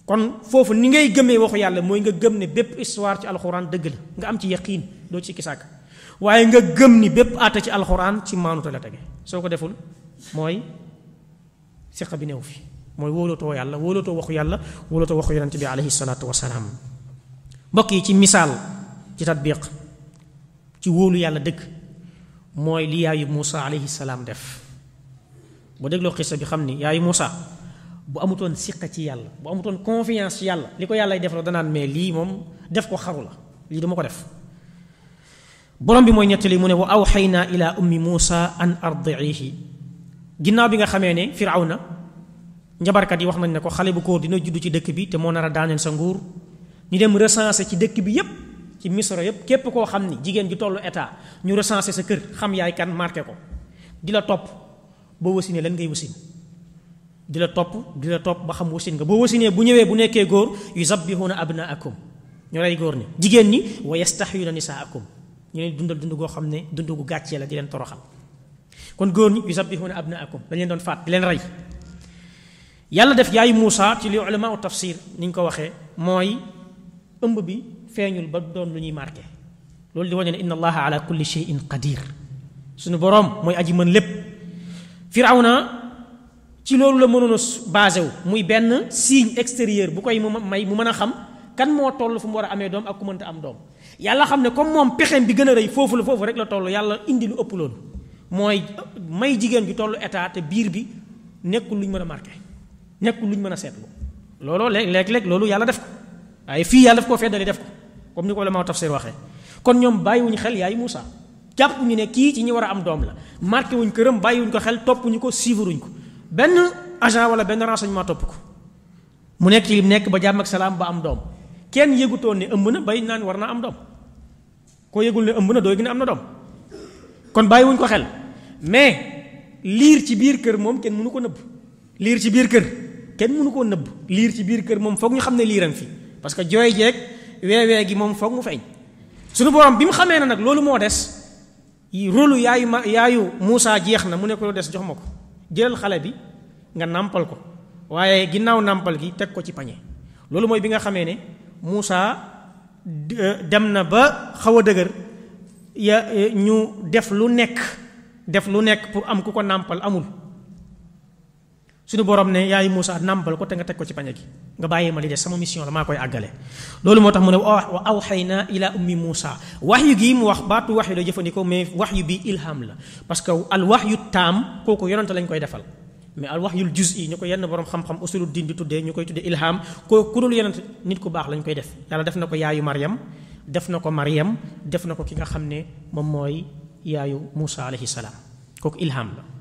kon foofu ni ngay gëmee waxu yàlla mooy nga gëm ne bépp histoire ci alxuraan dëgg la nga am ci yaqiin doo ci kisàkk waaye nga gëm ni bépp atte ci alxuraan ci maandu te la tege soo ko deful mooy siqa bi new fi mooy wóolootoo yàlla wóolootoo waxu yàlla wóolootoo waxu yonent bi aleyhi salaatu wasalaam mbokk yi ci misaal ci tatbiq ci wóolu yàlla dëkk mooy li yaayu Muusa aleyhi salaam def boo dégloo xissa bi xam ni yaayu Moussa bu amutoon siqa ci yàlla bu amutoon confiance ci yàlla li ko yàlla def la danaan mais lii moom def ko xaru la lii dama ko def borom bi mooy ñettali mu ne wa awxaynaa ila ummi Moussa an ardiihi ginnaaw bi nga xamee ne na njabarkat yi wax nañ ne ko xale bu góor dina juddu ci dëkk bi te moo nar a daaneel sa nguur ñu dem recensé ci dëkk bi yépp ci misra yépp képp koo xam ni jigéen ju tollu état ñu recensé sa kër xam yaay kan ko di boo wasinee lan ngay wasin di la topp di la topp ba xam wasin nga boo wasinee bu ñëwee bu nekkee góor yuzabbihuna abnaakum ñoo rey góor ñi jigéen ñi wa yastahyuna nisaakum ñu leen dundal dund goo xam ne dund gu gàccee la di leen toroxal kon góor ñi yuzabbihuna abnaakum dañ leen doon faat di leen rey yàlla def yaayu Muusa ci li ulama tafsir ni ñu ko waxee mooy ëmb bi feeñul ba doon lu ñuy marqué loolu di wane ne inna allaha ala kulli shay'in mooy aji mën lépp firawna ci loolu la mënoon a basé wu muy benn signe extérieur bu koy mu may mu mën a xam kan moo toll fu mu war a amee doom ak ku mënta am doom yàlla xam ne comme moom pexeem bi gën a rëy foofu la foofu rek la toll yàlla indi lu ëpp loolu mooy may jigéen bi toll état te biir bi nekkul lu ñu mën a marqué nekkul lu mën a seetlu looloo léeg-léeg loolu yàlla def ko waaye fii yàlla daf koo feddali def ko comme ni ko la maa tafsir waxee kon ñoom bàyyiwuñu xel yaay Moussa. jàpp ñu ne kii ci ñu war a am doom la marqué wuñ këram bàyyiwuñ ko xel topp ñu ko suivruñ ko benn agent wala benn renseignement topp ko mu nekk ci nekk ba jàmm ak salaam ba am doom kenn yëgutoon ne ëmb na bay naan war naa am doom koo yëgul ne ëmb na doo yëg ne am na doom kon bàyyiwuñ ko xel mais liir ci biir kër moom kenn mënu ko nëbb liir ci biir kër kenn mënu koo nëbb liir ci biir kër moom foog ñu xam ne liiram fi parce que jooy jeeg wee gi moom foog mu feeñ suñu borom bi mu xamee ne nag loolu moo des rôlu yaayu ma yaayu Moussa jeex na mu ne ko des jox ma ko jëlal xale bi nga nàmpal ko waaye ginnaaw nàmpal gi teg ko ci pañe loolu mooy bi nga xamee ne Moussa euh, dem na ba xaw a dëgër ya euh, ñu def lu nekk def lu nekk pour am ku ko nàmpal amul suñu borom ne yaay Moussa nàmpal ko te nga teg ko ci pañe gi nga bàyyi ma li des sama mission la maa koy àggale loolu moo tax mu ne wa awxayna ila ummi wax yu gi mu wax baatu waxyu la jëfandikoo mais wax yu bi ilham la parce que al waxyu taam kooku yonante lañ koy defal mais al waxyul juz'i ñu ko yenn borom xam-xam usulu diin di tuddee ñu koy tuddee ilham kooku ku dul yonante nit ku baax lañ koy def yàlla def na ko yaayu Maryam def na ko Maryam def na ko ki nga xam ne moom mooy yaayu Moussa alayhi salaam kooku ilham la.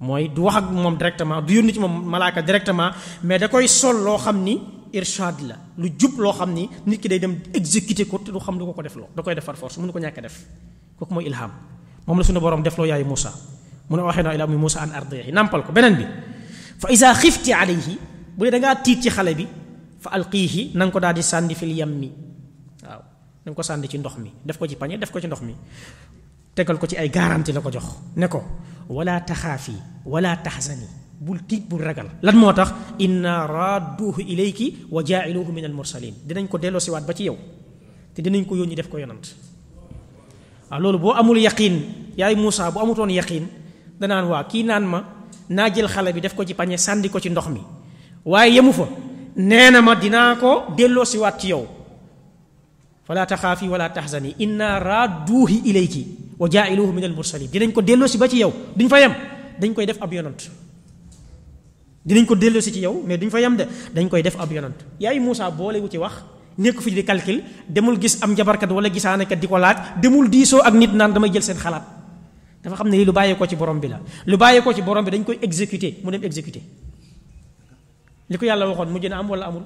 mooy du wax ak moom directement du yónni ci moom malaaka directement mais da koy sol loo xam ni irshad la lu jub loo xam ni nit ki day dem exécuter ko te du xam lu ko ko def loo da koy defar force mënu ko ñàkk def kooku mooy ilham moom la suñu borom def loo yaayu Moussa mu ne waxee naa ilaa ummi Moussa an ardihi nampal ko beneen bi fa isa xifti alayhi bu dee da ngaa tiit ci xale bi fa alqiihi na nga ko daal di sànni fil yammi waaw na ko sànni ci ndox mi def ko ci pañe def ko ci ndox mi tegal ko ci ay garanti la ko jox ne ko wala taxaafi wala taxsani bul tiit bul ragal lan moo tax inna radduhu ilayki wa jaa'iluhu min al mursalin dinañ ko delloo siwaat ba ci yow te dinañ ko yónni def ko yonant loolu boo amul yaqiin yaay Moussa bu amutoon yaqiin danaan waa kii naan ma naa jël xale bi def ko ci pañe sànni ko ci ndox mi waaye yemu fa nee na ma dinaa ko delloo siwaat ci yow fala taxaafi wala taxsani inna radduuhi ilayki wa jaa'iluhu min al mursalin dinañ ko delloosi ba ci yow duñ fa yem dañ koy def ab yonant dinañ ko delloosi ci yow mais duñ fa yem de dañ koy def ab yonant yaay Moussa boolewu ci wax nekk fi di calcul demul gis am jabarkat wala gisaanekat di ko laaj demul diisoo ak nit naan damay jël seen xalaat dafa xam ne lii lu bàyyeekoo ci borom bi la lu bàyyeekoo ci borom bi dañ koy exécuter mu dem exécuter li ko yàlla waxoon mujj na am wala amul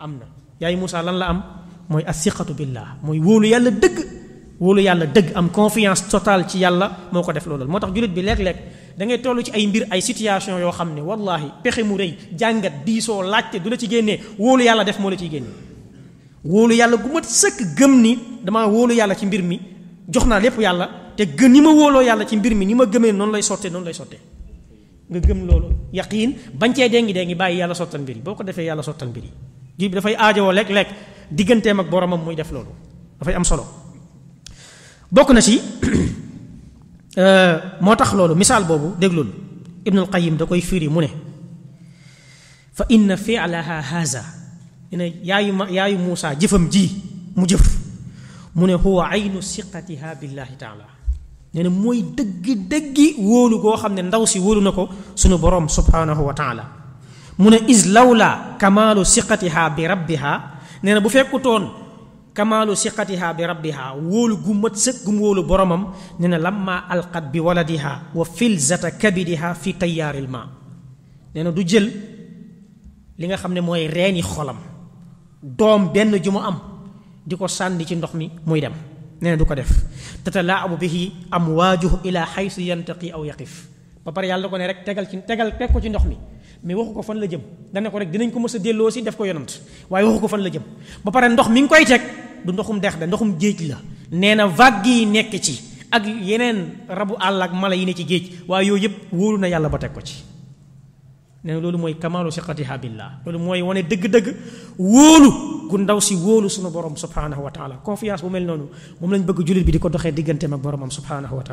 am na yaay Moussa lan la am mooy asiqatu billah mooy wóolu yàlla dëgg wóolu yàlla dëgg am confiance totale ci yàlla moo ko def loolu moo tax jullit bi léeg lekk dangay ngay toll ci ay mbir ay situation yoo xam ne wallahi pexe mu rëy jàngat diisoo laajte du la ci génnee wóolu yàlla def moo la ciy génne wóolu yàlla gu mat sëkk gëm ni damaa woolu yàlla ci mbir mi jox naa lépp yàlla te gën ni ma wóoloo yàlla ci mbir mi ni ma gëmee noonu lay sottee noonu lay sottee nga gëm loolu yaqiin bañ cee dee ngi bàyyi yàlla sottal mbir yi boo ko defee yàlla sottal mbir yi jullit bi dafay aajowoo lekk lekk digganteem ak boromam muy def loolu dafay am solo bokk na ci euh, moo tax loolu misaal boobu déglul ibnul qayim da koy firi mu ne fa inna fi'laha haza ne yaayu ma Muusa jëfam ji mu jëf mu ne huwa aynu siqatiha billahi taala nee na mooy dëgg-dëggi wóolu goo xam ne ndaw si wóolu na ko suñu boroom subhanahu wa taala mu ne is lawla kamaalu siqatiha bi rabbiha nee na bu fekkutoon kamaalu siqatiha bi rabbiha wóolu gu mat sëkk gu wóolu boromam ne na lamma alqat bi waladiha wa filzata kabidiha fi tayyaaril ma nee na du jël li nga xam ne mooy reeni xolam doom benn ju am di ko sànni ci ndox mi muy dem nee du ko def tatalaabu bihi amwaajuhu ila xaysu yantaqi aw yaqif ba pare yàlla ko ne rek tegal ci tegal teg ko ci ndox mi mais waxu ko fan la jëm dane ko rek dinañ ko mës a delloo si def ko yonant waaye waxu ko fan la jëm ba pare ndox mi du ndoxum dex da ndoxum géej la nee na vague yi nekk ci ak yeneen rabu àll ak mala yi ne ci géej waaye yooyu yëpp wóolu na yàlla ba teg ko ci nee loolu mooy kamaalu siqatiha billah loolu mooy wane dëgg-dëgg wóolu gu ndaw si wóolu sunu borom subhanahu wa confiance bu mel noonu moom lañ bëgg jullit bi di ko doxee digganteem ak boromam subhanahu wa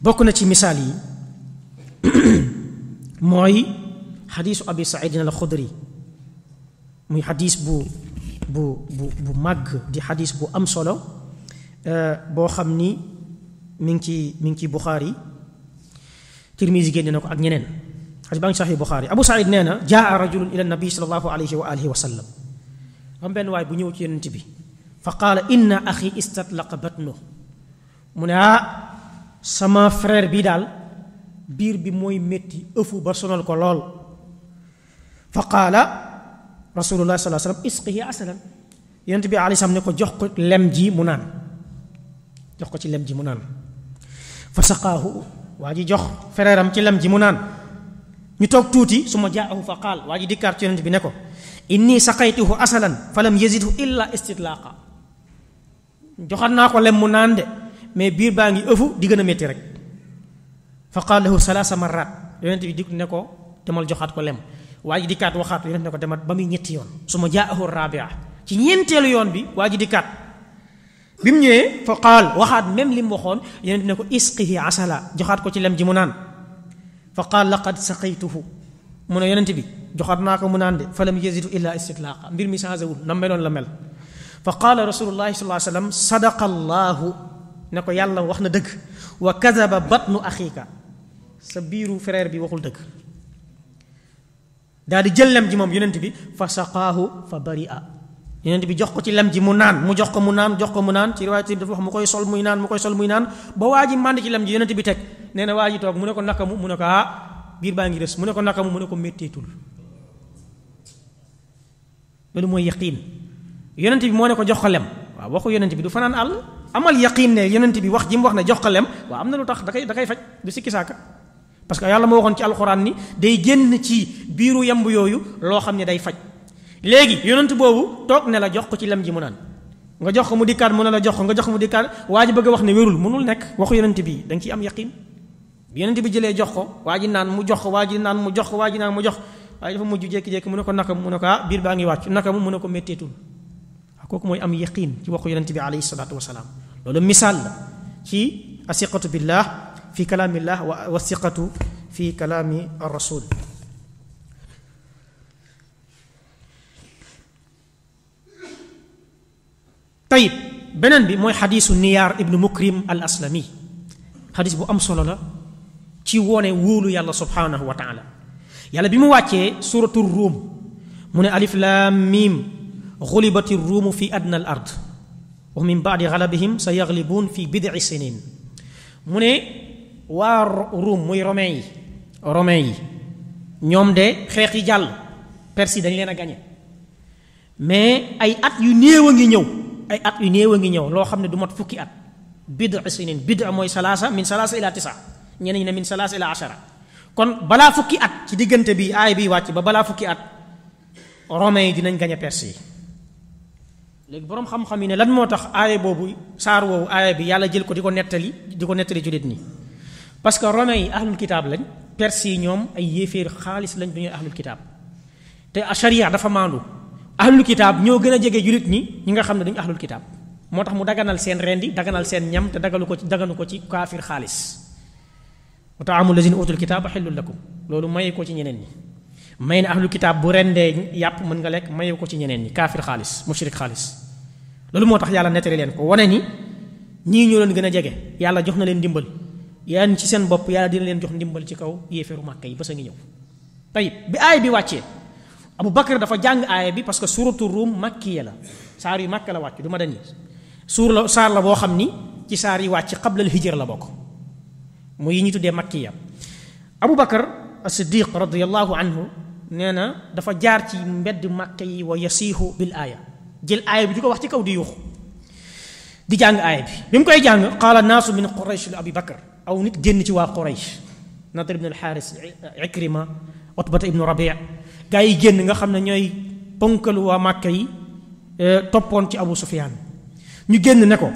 bokk na ci misaal yi mooy xadiisu abi saidin al muy xadiis bu bu bu bu màgg di xadis bu am solo euh, boo xam ni mi ngi ci mi ngi ci Buxaari Tirmisi génne na ko ak ñeneen xadis baa ngi saxi Buxaari Abu Saïd nee na jaa rajulun ila nabi sallallahu alayhi wa alihi am benn waay bu ñëw ci yonent bi fa qaala inna axi istatlaqa batnu mu ne ah, sama frère bi daal biir bi mooy metti ëfu ba sonal ko lool fa qaala rasulullah sallallahu alayhi wa sallam isqihi bi alayhi salaam ne ko jox ko lem ji mu naan jox ko ci lem ji mu naan fa saqaahu waa ji jox fereeram ci lem ji mu naan ñu toog tuuti su ma jaahu fa qaal waa ji dikkaat ci yonent bi ne ko inni saqaytuhu asalan fa lam yazidhu illa istitlaqa joxat naa ko lem mu naan de mais biir baa ngi ëfu di gën a métti rek fa qaal lahu salaasa marrat yonent bi dik ne ko demal joxaat ko lem waa ji dikkaat waxaat yonent na ko demat ba muy ñetti yoon su ma jaahu rabia ci ñeenteelu yoon bi waa ji dikkaat bi mu ñëwee fa qaal waxaat même li mu waxoon yonent ne ko isqihi asala joxaat ko ci lem ji mu naan fa qaal laqad saqaytuhu mu ne yonent bi joxaat naa ko mu naan de fa lam yazidu illa istitlaqa mbir mi changé wul na meloon la mel fa qaala rasulullahi sallallahu alayhi wasallam sadaqa allahu ne ko yàlla wax na dëgg wa kadaba batnu axika sa biiru frère bi waxul dëgg daal di jël lem ji moom yonent bi fa saqaahu fa bari a yonent bi jox ko ci lem ji mu naan mu jox ko mu naan jox ko mu naan ci riwaayat dafa wax mu koy sol muy naan mu koy sol muy naan ba waa ji mànd ci lem ji yonent bi teg nee na waa ji toog mu ne ko nakamu mu ne ah biir baa ngi des mu ne ko nakamu mu ne ko métteetul loolu mooy yaqiin yonent bi moo ne ko jox ko lem waaw waxu yonent bi du fanaan àll amal yaqiin ne yonent bi wax ji mu wax ne jox ko lem waa am na lu tax da koy da kay faj du sikki saaka parce que yàlla moo waxoon ci alxuraan ni day génn ci biiru yamb yooyu loo xam ne day faj léegi yonent boobu toog ne la jox ko ci lam ji mu naan nga jox ko mu dikkaat mu ne la jox ko nga jox ko mu dikkaat waa ji bëgg wax ne wérul mënul nekk waxu yonent bi da nga ciy am yaqin yonent bi jëlee jox ko waa ji naan mu jox ko waa ji naan mu jox ko waa ji naan mu jox waaye dafa mujj jékki-jékki mu ne ko nakam mu ne ko ah biir baa ngi wàcc nakam mu ne ko métteetul kooku mooy am yaqin ci waxu yonent bi alayhi salaatu wasalaam loolu misaal la ci asiqatu billah fi kalaamillah wa siqatu fi kalaami rasul tayib beneen bi mooy xadiisu niyaar ibnu mukrim al aslami xadiis bu am solo la ci wone wóolu yàlla subhaanahu wa taala yàlla bi mu wàccee suratu ruum mu ne alif laam miim xulibati ruumu fi adna al ard wa min baadi xalabihim sa yaglibuun fi bidci sinin mu ne waa Ruum muy romain yi romain yi ñoom de xeex yi jàll persi dañ leen a gañe mais ay at yu néew a ngi ñëw ay at yu néew a ngi ñëw loo xam ne du mat fukki at bid'a sinin bid'a mooy salaasa min salaasa ila tisa ñeneen ñi ne min salaasa ila ashara kon balaa fukki at ci diggante bi aay bi wàcc ba balaa fukki at romain yi dinañ gañe perse yi léegi boroom xam-xam yi ne lan moo tax aaya boobu saar woowu aaya bi yàlla jël ko di ko nettali di ko nettali jullit nii parce que romains yi ahlul kitaab lañ perse yi ñoom ay yéeféer xaalis lañ du ñuy ahlul kitaab te sharia dafa maandu ahlul kitaab ñoo gën a jege jullit ñi ñi nga xam ne dañu ahlul kitaab moo tax mu daganal seen rendi daganal seen ñam te dagalu ko ci daganu ko ci kaafir xaalis tax amul taamu lazina utul kitaab xillul ko loolu maye ko ci ñeneen ñi may na ahlul kitaab bu rendee yàpp mën nga lekk maye ko ci ñeneen ñi kaafir xaalis mushrik xaalis loolu moo tax yàlla nettali leen ko wane ni ñii ñoo leen gën a jege yàlla jox na leen dimbal yaan ci seen bopp yàlla dina leen jox ndimbal ci kaw yéeféeru màkka yi ba sa ngi ñëw tayib bi aaya bi wàccee Abu Bakar dafa jàng aaya bi parce que suuratu Ruum makkiya la saar yu màkk la wàcc du ma dañi suur la saar la boo xam ni ci saar yi wàcc xablal hijra la bokk mu yi ñu tuddee makkiya Abu Bakar as-Siddiq radiyallahu anhu nee na dafa jaar ci mbedd màkk yi wa yasiixu bil aaya jël aaya bi di ko wax ci kaw di yuuxu di jàng aaya bi bi mu koy jàng qaala naasu min quraysh li abi bakar aw nit génn ci waa quraysh nadr ibnu alxaaris ikrima otbata ibnu rabi gaa yi génn nga xam ne ñooy ponkalu waa màkka yi eh, toppoon ci abu sufyaan ñu génn ne ko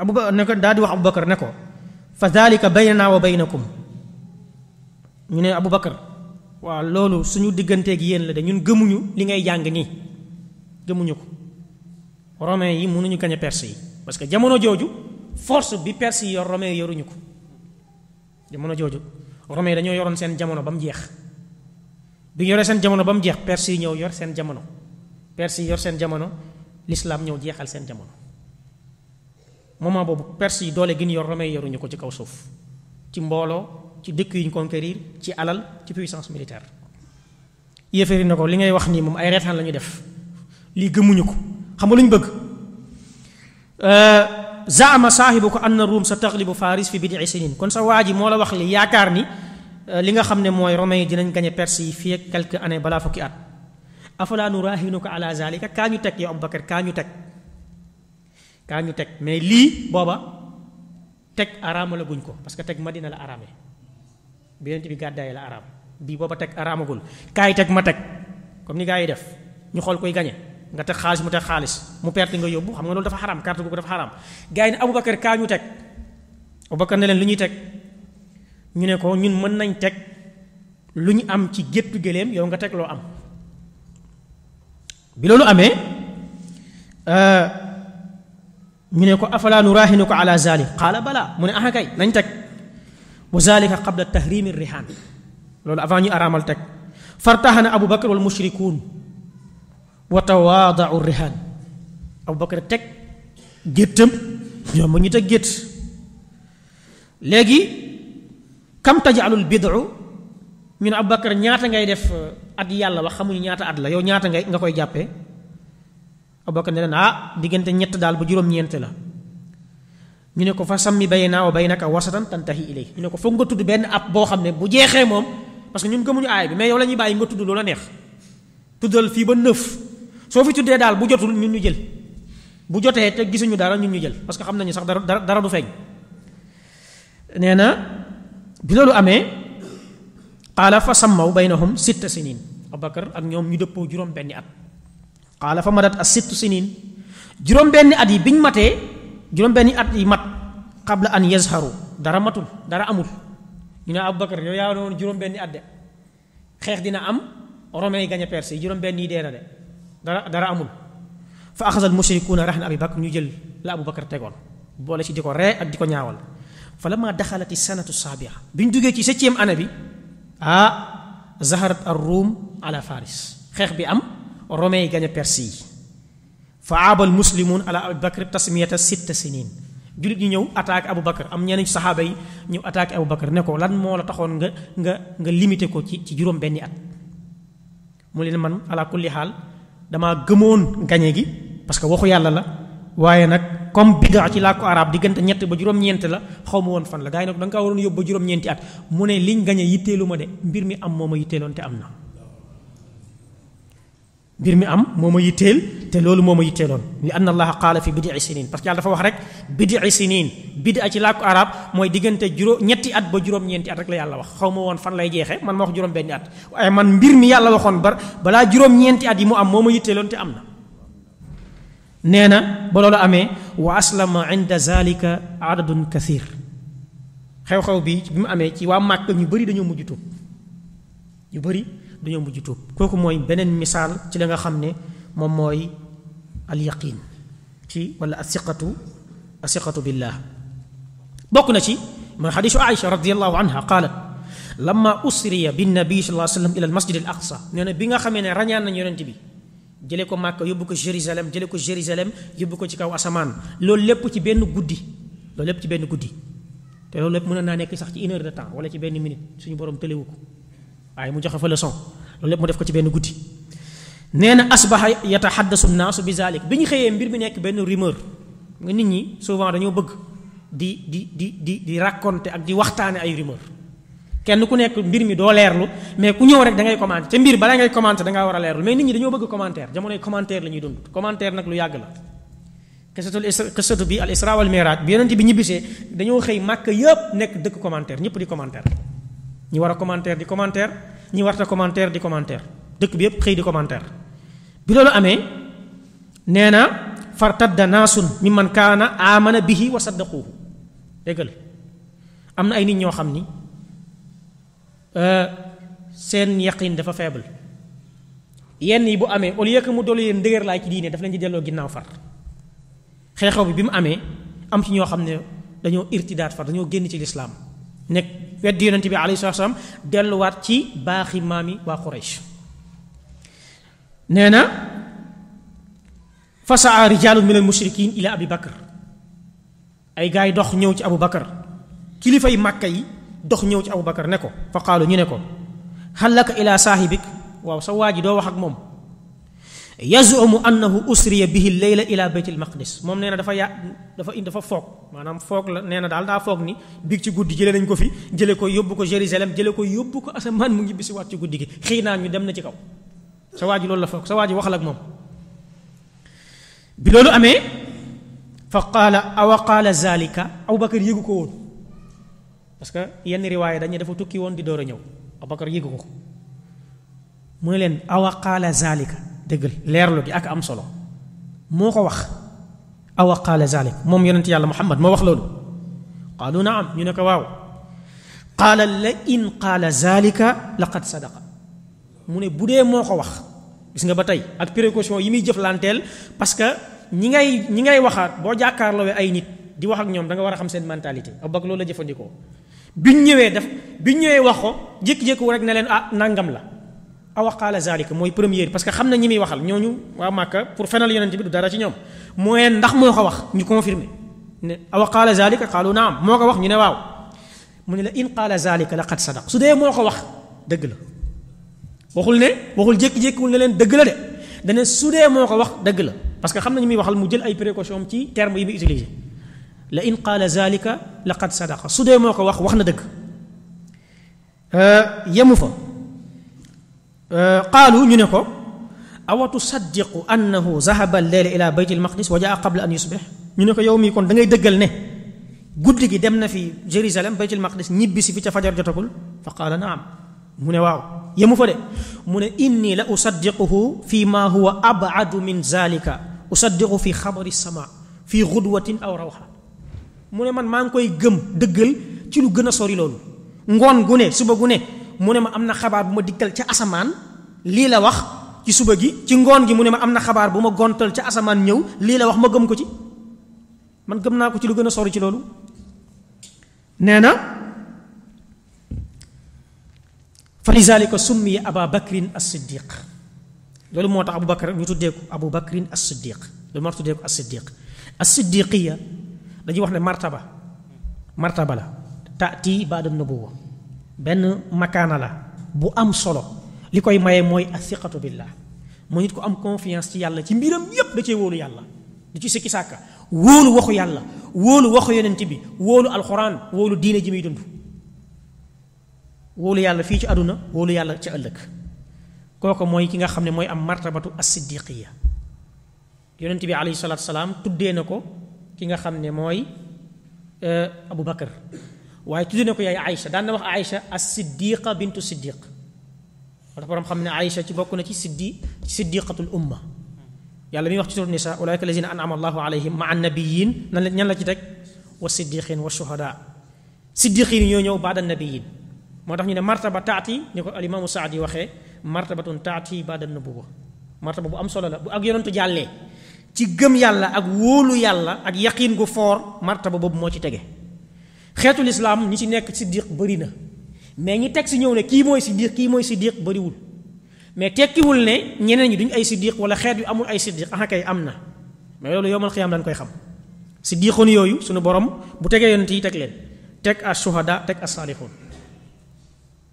abu ne ko daal wax abu bakar ne ko fa dalika baynana wa baynakum ñu ne abu bakar waaw loolu suñu digganteeg yéen la de ñun gëmuñu li ngay jàng nii gëmuñu ko romain yi mënuñu gañe perse yi parce que jamono jooju force bi perse yi yor romain yoruñu ko jamono jooju romain dañoo yoroon seen jamono ba mu jeex bi ñu seen jamono ba mu jeex perse yi ñëw yor seen jamono perse yi yor seen jamono lislaam ñëw jeexal seen jamono moment boobu perse yi doole gi ñu yor romain yoruñu ko ci kaw suuf ci mbooloo ci dëkk yu ñu ci alal ci puissance militaire yéefari na ko li ngay wax nii moom ay reetaan la def lii gëmuñu ko xam nga lu ñu bëgg euh, zaama saahibu ko na ruum sa taxlibu faris fi bidi sinin kon sa waa ji moo la wax li yaakaar ni euh, li nga xam ne mooy romain yi dinañ gañe perse yi fii ak quelques années balaa fukki at afala nurahinuka ala zalika kaa ñu teg yow Aboubacar kaa ñu teg kaa ñu teg mais lii booba teg araama la ko parce que teg madina la araame bi yonent bi la araam bii booba teg araamagul yi teg ma teg comme ni gaa yi def ñu xool koy gañe nga teg xaalis mu teg xaalis mu perte nga yóbbu xam nga loolu dafa xaraam carte googu dafa xaraam gars yi ne Aboubacar kaa ñu teg Aboubacar ne lu ñuy teg ñu ne ko ñun mën nañ teg lu ñu am ci géttu gëléem yow nga teg loo am loolu amee euh, ñu ne ko afala nurahinu ko ala zalik qaala balaa mu ne aha kay nañ teg wa zalika qabla tahrimi rihaan loolu avant ñu araamal teg fartaxana Aboubacar wal mushrikuun wa tawaadaau rihaan Abubakar teg géttam ñoom ñu teg gétt léegi kam tajaalul bid'u ñu ne Abubakar ñaata ngay def uh, at yàlla wax xamuñu ñaata at la yow ñaata ngay nga koy jàppee Abubakar ne leen ah diggante ñett daal bu juróom-ñeent la ñu ne ko fa sammi baynaa wa baynaka wasatan tantahi ilay ñu ne ko foog nga tudd benn ab boo xam ne bu jeexee moom parce que ñun gëmuñu aay bi mais yow la ñuy bàyyi nga tudd loola neex tuddal fii ba nëf soo fi tuddee daal bu jotul ñun ñu jël bu jotee te gisuñu dara ñu ñu jël parce que xam nañu sax dara dara du feeñ nee na bi loolu amee qaala fa sammaw baynahum sitta sinin abubakar ak ñoom ñu dëppoo juróom benni at qaala fa madat as sittu sinin juróom benni at yi biñ matee juróom benni at yi mat qabla an yazharu dara matul dara amul ñu ne abubakar yow yaa woon juróom benni at de xeex dina am romain yi gañe perse yi juróom benni yi dee na de dara dara amul fa axasal mushrikuuna raxna abi bakr ñu jël la abu bakar tegoon boole ci di ko ree ak di ko ñaawal fa lama daxalati sanatu saabia bi ñu duggee ci septième année bi ah zaharat ar ruum ala faris xeex bi am romain yi gañ a perse yi fa aabal muslimuun ala abi bakr tasmiyata sitta sinin jullit ñi ñëw attaque abou bakar am ñeneen saxaaba yi ñëw attaque abou bakar ne lan moo la taxoon nga nga nga limité ko ci ci juróom benni at mu leen man ala kulli damaa gëmoon gañe gi parce que waxu yàlla la waaye nag comme bidaa ci làkku araab diggante ñett ba juróom-ñeent la xaw ma woon fan la gars yi nag da nga kaa waroon yóbbu ba juróom-ñeenti at mu ne liñ gañe yitteelu ma de mbir mi am moo ma yitteeloon te am na mbir mi am moo ma yitteel te loolu moo ma yitteeloon li anna allaha qaala fi bid'i sinin parce que yàlla dafa wax rek bid'i sinin bid'a ci làkku arab mooy diggante juróom ñetti at ba juróom-ñeenti at rek la yàlla wax xaw ma woon fan lay jeexe man ma wax juróom benni at waaye man mbir mi yàlla waxoon bar balaa juróom-ñeenti at yi mu am moo ma yitteeloon te am na nee na ba loolu amee wa aslama inda zalika adadun kathir xew-xew bi bi mu amee ci waa màkk ñu bëri dañoo mujj tuub ñu dañoo mujj tuub kooku mooy beneen misaal ci la nga xam ne moom mooy al yaqiin ci wala asiqatu asiqatu billah bokk na ci mooy xadiisu Aïcha radiyallahu anha qaalat lamma usriya binnabi sallallahu alayhi wa sallam ila al masjid al aqsa nee na bi nga xamee ne rañaan nañ yonent bi jëlee ko Màkka yóbbu ko Jérusalem jëlee ko Jérusalem yóbbu ko ci kaw asamaan loolu lépp ci benn guddi loolu lépp ci benn guddi te loolu lépp mën naa nekk sax ci une heure de wala ci benn minute suñu borom tëlewu ko waaye mu joxe fa leçon loolu lépp mu def ko ci benn guddi nee na asbaha yataxaddasu naasu bi zalik bi ñu xëyee mbir mi nekk benn rumeur nga nit ñi souvent dañoo bëgg di di di di di raconter ak di waxtaane ay rumeur kenn ku nekk mbir mi doo leerlu mais ku ñëw rek da ngay commenter te mbir balaa ngay commenter da war a leerlu mais nit ñi dañoo bëgg commentaire jamonoy commentaire la ñuy dund commentaire nag lu yàgg la xisatul xisatu bi al isra wal miraaj bi yonent bi ñibbisee dañoo xëy màkk yëpp nekk dëkk commentaire ñëpp di commentaire ñi war a commentaire di commentaire ñi warta commentaire di commentaire dëkk bi yépp xëy di commentaire bi loolu amee nee na fartadda naasun mi man kaana amana bihi wa saddaquhu déggal am na ay nit ñoo xam ni euh, seen yaqin dafa faible yenn yi bu amee au lieu que mu dolli leen dëgër laay ci diine daf leen ci delloo ginnaaw far xew bi bi mu amee am ci ñoo xam ne dañoo irtidaat far dañoo génn ci lislaam nekk weddi yonent bi alayhi salaatu salaam delluwaat ci baaxi maami waa Quraysh nee na fasaa rijaalun minal mushrikiin ila abi ay gaa yi dox ñëw ci abu bakar kilifa yi màkka yi dox ñëw ci abu bakar ne ko fa qaalu ñu ne ko hal laka ila saahibik waaw sa waa ji doo wax ak moom yazumu annahu usriya bihi leyla ila beytil maqdis moom nee na dafa yaa dafa dafa foog maanaam foog la nee na daal daa foog ni biig ci guddi jëlee nañ ko fi jële ko yóbbu ko Jérusalem jële ko yóbbu ko asamaan mu ñibbi si waat ci guddi gi xëy naa ñu dem na ci kaw sa waa ji loolu la foog sa waa ji wax la moom bi loolu amee fa qaala awa qaala zalika Abubakar yéegu ko woon parce que yenn riwaaya dañu dafa tukki woon di door a ñëw Abubakar yëgu ko mu ne leen awa qaala dëggal leerloo gi ak am solo moo ko wax awa qaala zalik moom yonent yàlla muhammad moo wax loolu qaalu naam ñu ne ko waaw qaala la in qaala zalika laqad sadaqa mu ne bu dee moo ko wax gis nga ba tey ak précaution yi muy jëflanteel parce que ñi ngay ñi ngay waxaat boo jàkkaarloowee ay nit di wax ak ñoom danga war a xam seen mentalité Abu Bakar loolu la jëfandikoo biñ ñëwee def biñ ñëwee wax ko jékki-jékki rek ne leen ah nangam la awa qaala zalika mooy premier parce que xam na ñi muy waxal ñooñu waa Màkka pour fenal yonent bi du dara ci ñoom mooy ndax moo ko wax ñu confirmer ne awa qaala zalika qaalu naam moo ko wax ñu ne waaw mu ne la in qaala zalika laqad sadaq su dee moo ko wax dëgg la waxul ne waxul jékki-jékkiwul ne leen dëgg la su dee moo ko wax dëgg la parce que xam na ñu waxal mu jël ay précaution ci terme yi muy utilisé la in qaala zalika laqad sadaqa su dee moo ko wax wax na dëgg euh, yemu fa Euh, qaalu ñu ne ko awa tusaddiqu annahu zahaba al-layla ila bayt al-maqdis wa jaa qabla an yusbih ñu ne ko yow mi kon dangay dëggal ne guddi gi dem na fi Jérusalem bayt al-maqdis ñibbi si fi ca fajar jotagul fa qaala naam mu ne waaw yemu fa de mu ne inni la usaddiquhu fi ma huwa abadu min zalika usaddiqu fi xabari sama fi xudwatin aw rawxa mu ne man maa ngi koy gëm dëggal ci lu gën a sori loolu ngoon gu suba gune mu ne ma am na xabaar bu ma dikkal ca asamaan lii la wax ci suba gi ci ngoon gi mu ne ma am na xabaar bu ma gontal ca asamaan ñëw lii la wax ma gëm ko ci man gëm naa ko ci lu gën a sori ci loolu nee na fa lizalika summiya aba bakrin as-siddiq loolu moo tax abu bakar ñu tuddee ko abu bakrin as-siddiq loolu moo tax tuddee ko as-siddiq as-siddiqiya dañuy wax ne martaba martaba la taati baada nubuwa benn makaana la bu am solo li koy maye mooy asiqatu billah mooy nit ko am confiance ci yàlla ci mbiram yépp da cee wóolu yàlla du ci sikki sàkka wóolu waxu yàlla wóolu waxu yonent bi wóolu alxuraan wóolu diine ji muy dund wóolu yàlla fii ci àdduna wóolu yàlla ca ëllëg kooku mooy ki nga xam ne mooy am martabatu as-siddiqiya yonent bi alayhi salaatu salaam tuddee na ko ki nga xam ne mooy euh, Abu Bakar waaye tudde na ko yaay Aïcha daan na wax Aïcha as siddiqa bintu siddiq wala borom xam ne Aïcha ci bokk na ci siddi siddiqatul umma yàlla mi wax ci surat nisa ulaika allazina an'ama allahu alayhim ma annabiyin nan la ñan la ci teg wa siddiqin wa shuhada siddiqin ñoo ñëw baada nabiyin moo tax ñu ne martaba taati ni ko alimaamu saadi waxee martabatun taati baada nubuwa martaba bu am solo la bu ak yonentu jàllee ci gëm yàlla ak wóolu yàlla ak yaqiin gu foor martaba boobu moo ci tege xeetu lislaam ñi ci nekk siddiq bari na mais ñi teg si ñëw ne kii mooy siddiq kii mooy siddiq bëriwul mais tekkiwul ne ñeneen ñi duñ ay siddiq wala xeet yu amul ay siddiq ah kay am na mais loolu yowmal xiyaam lañ koy xam siddiqoon yooyu suñu borom bu tegee yonent yi teg leen teg as shuhada teg as saalixoon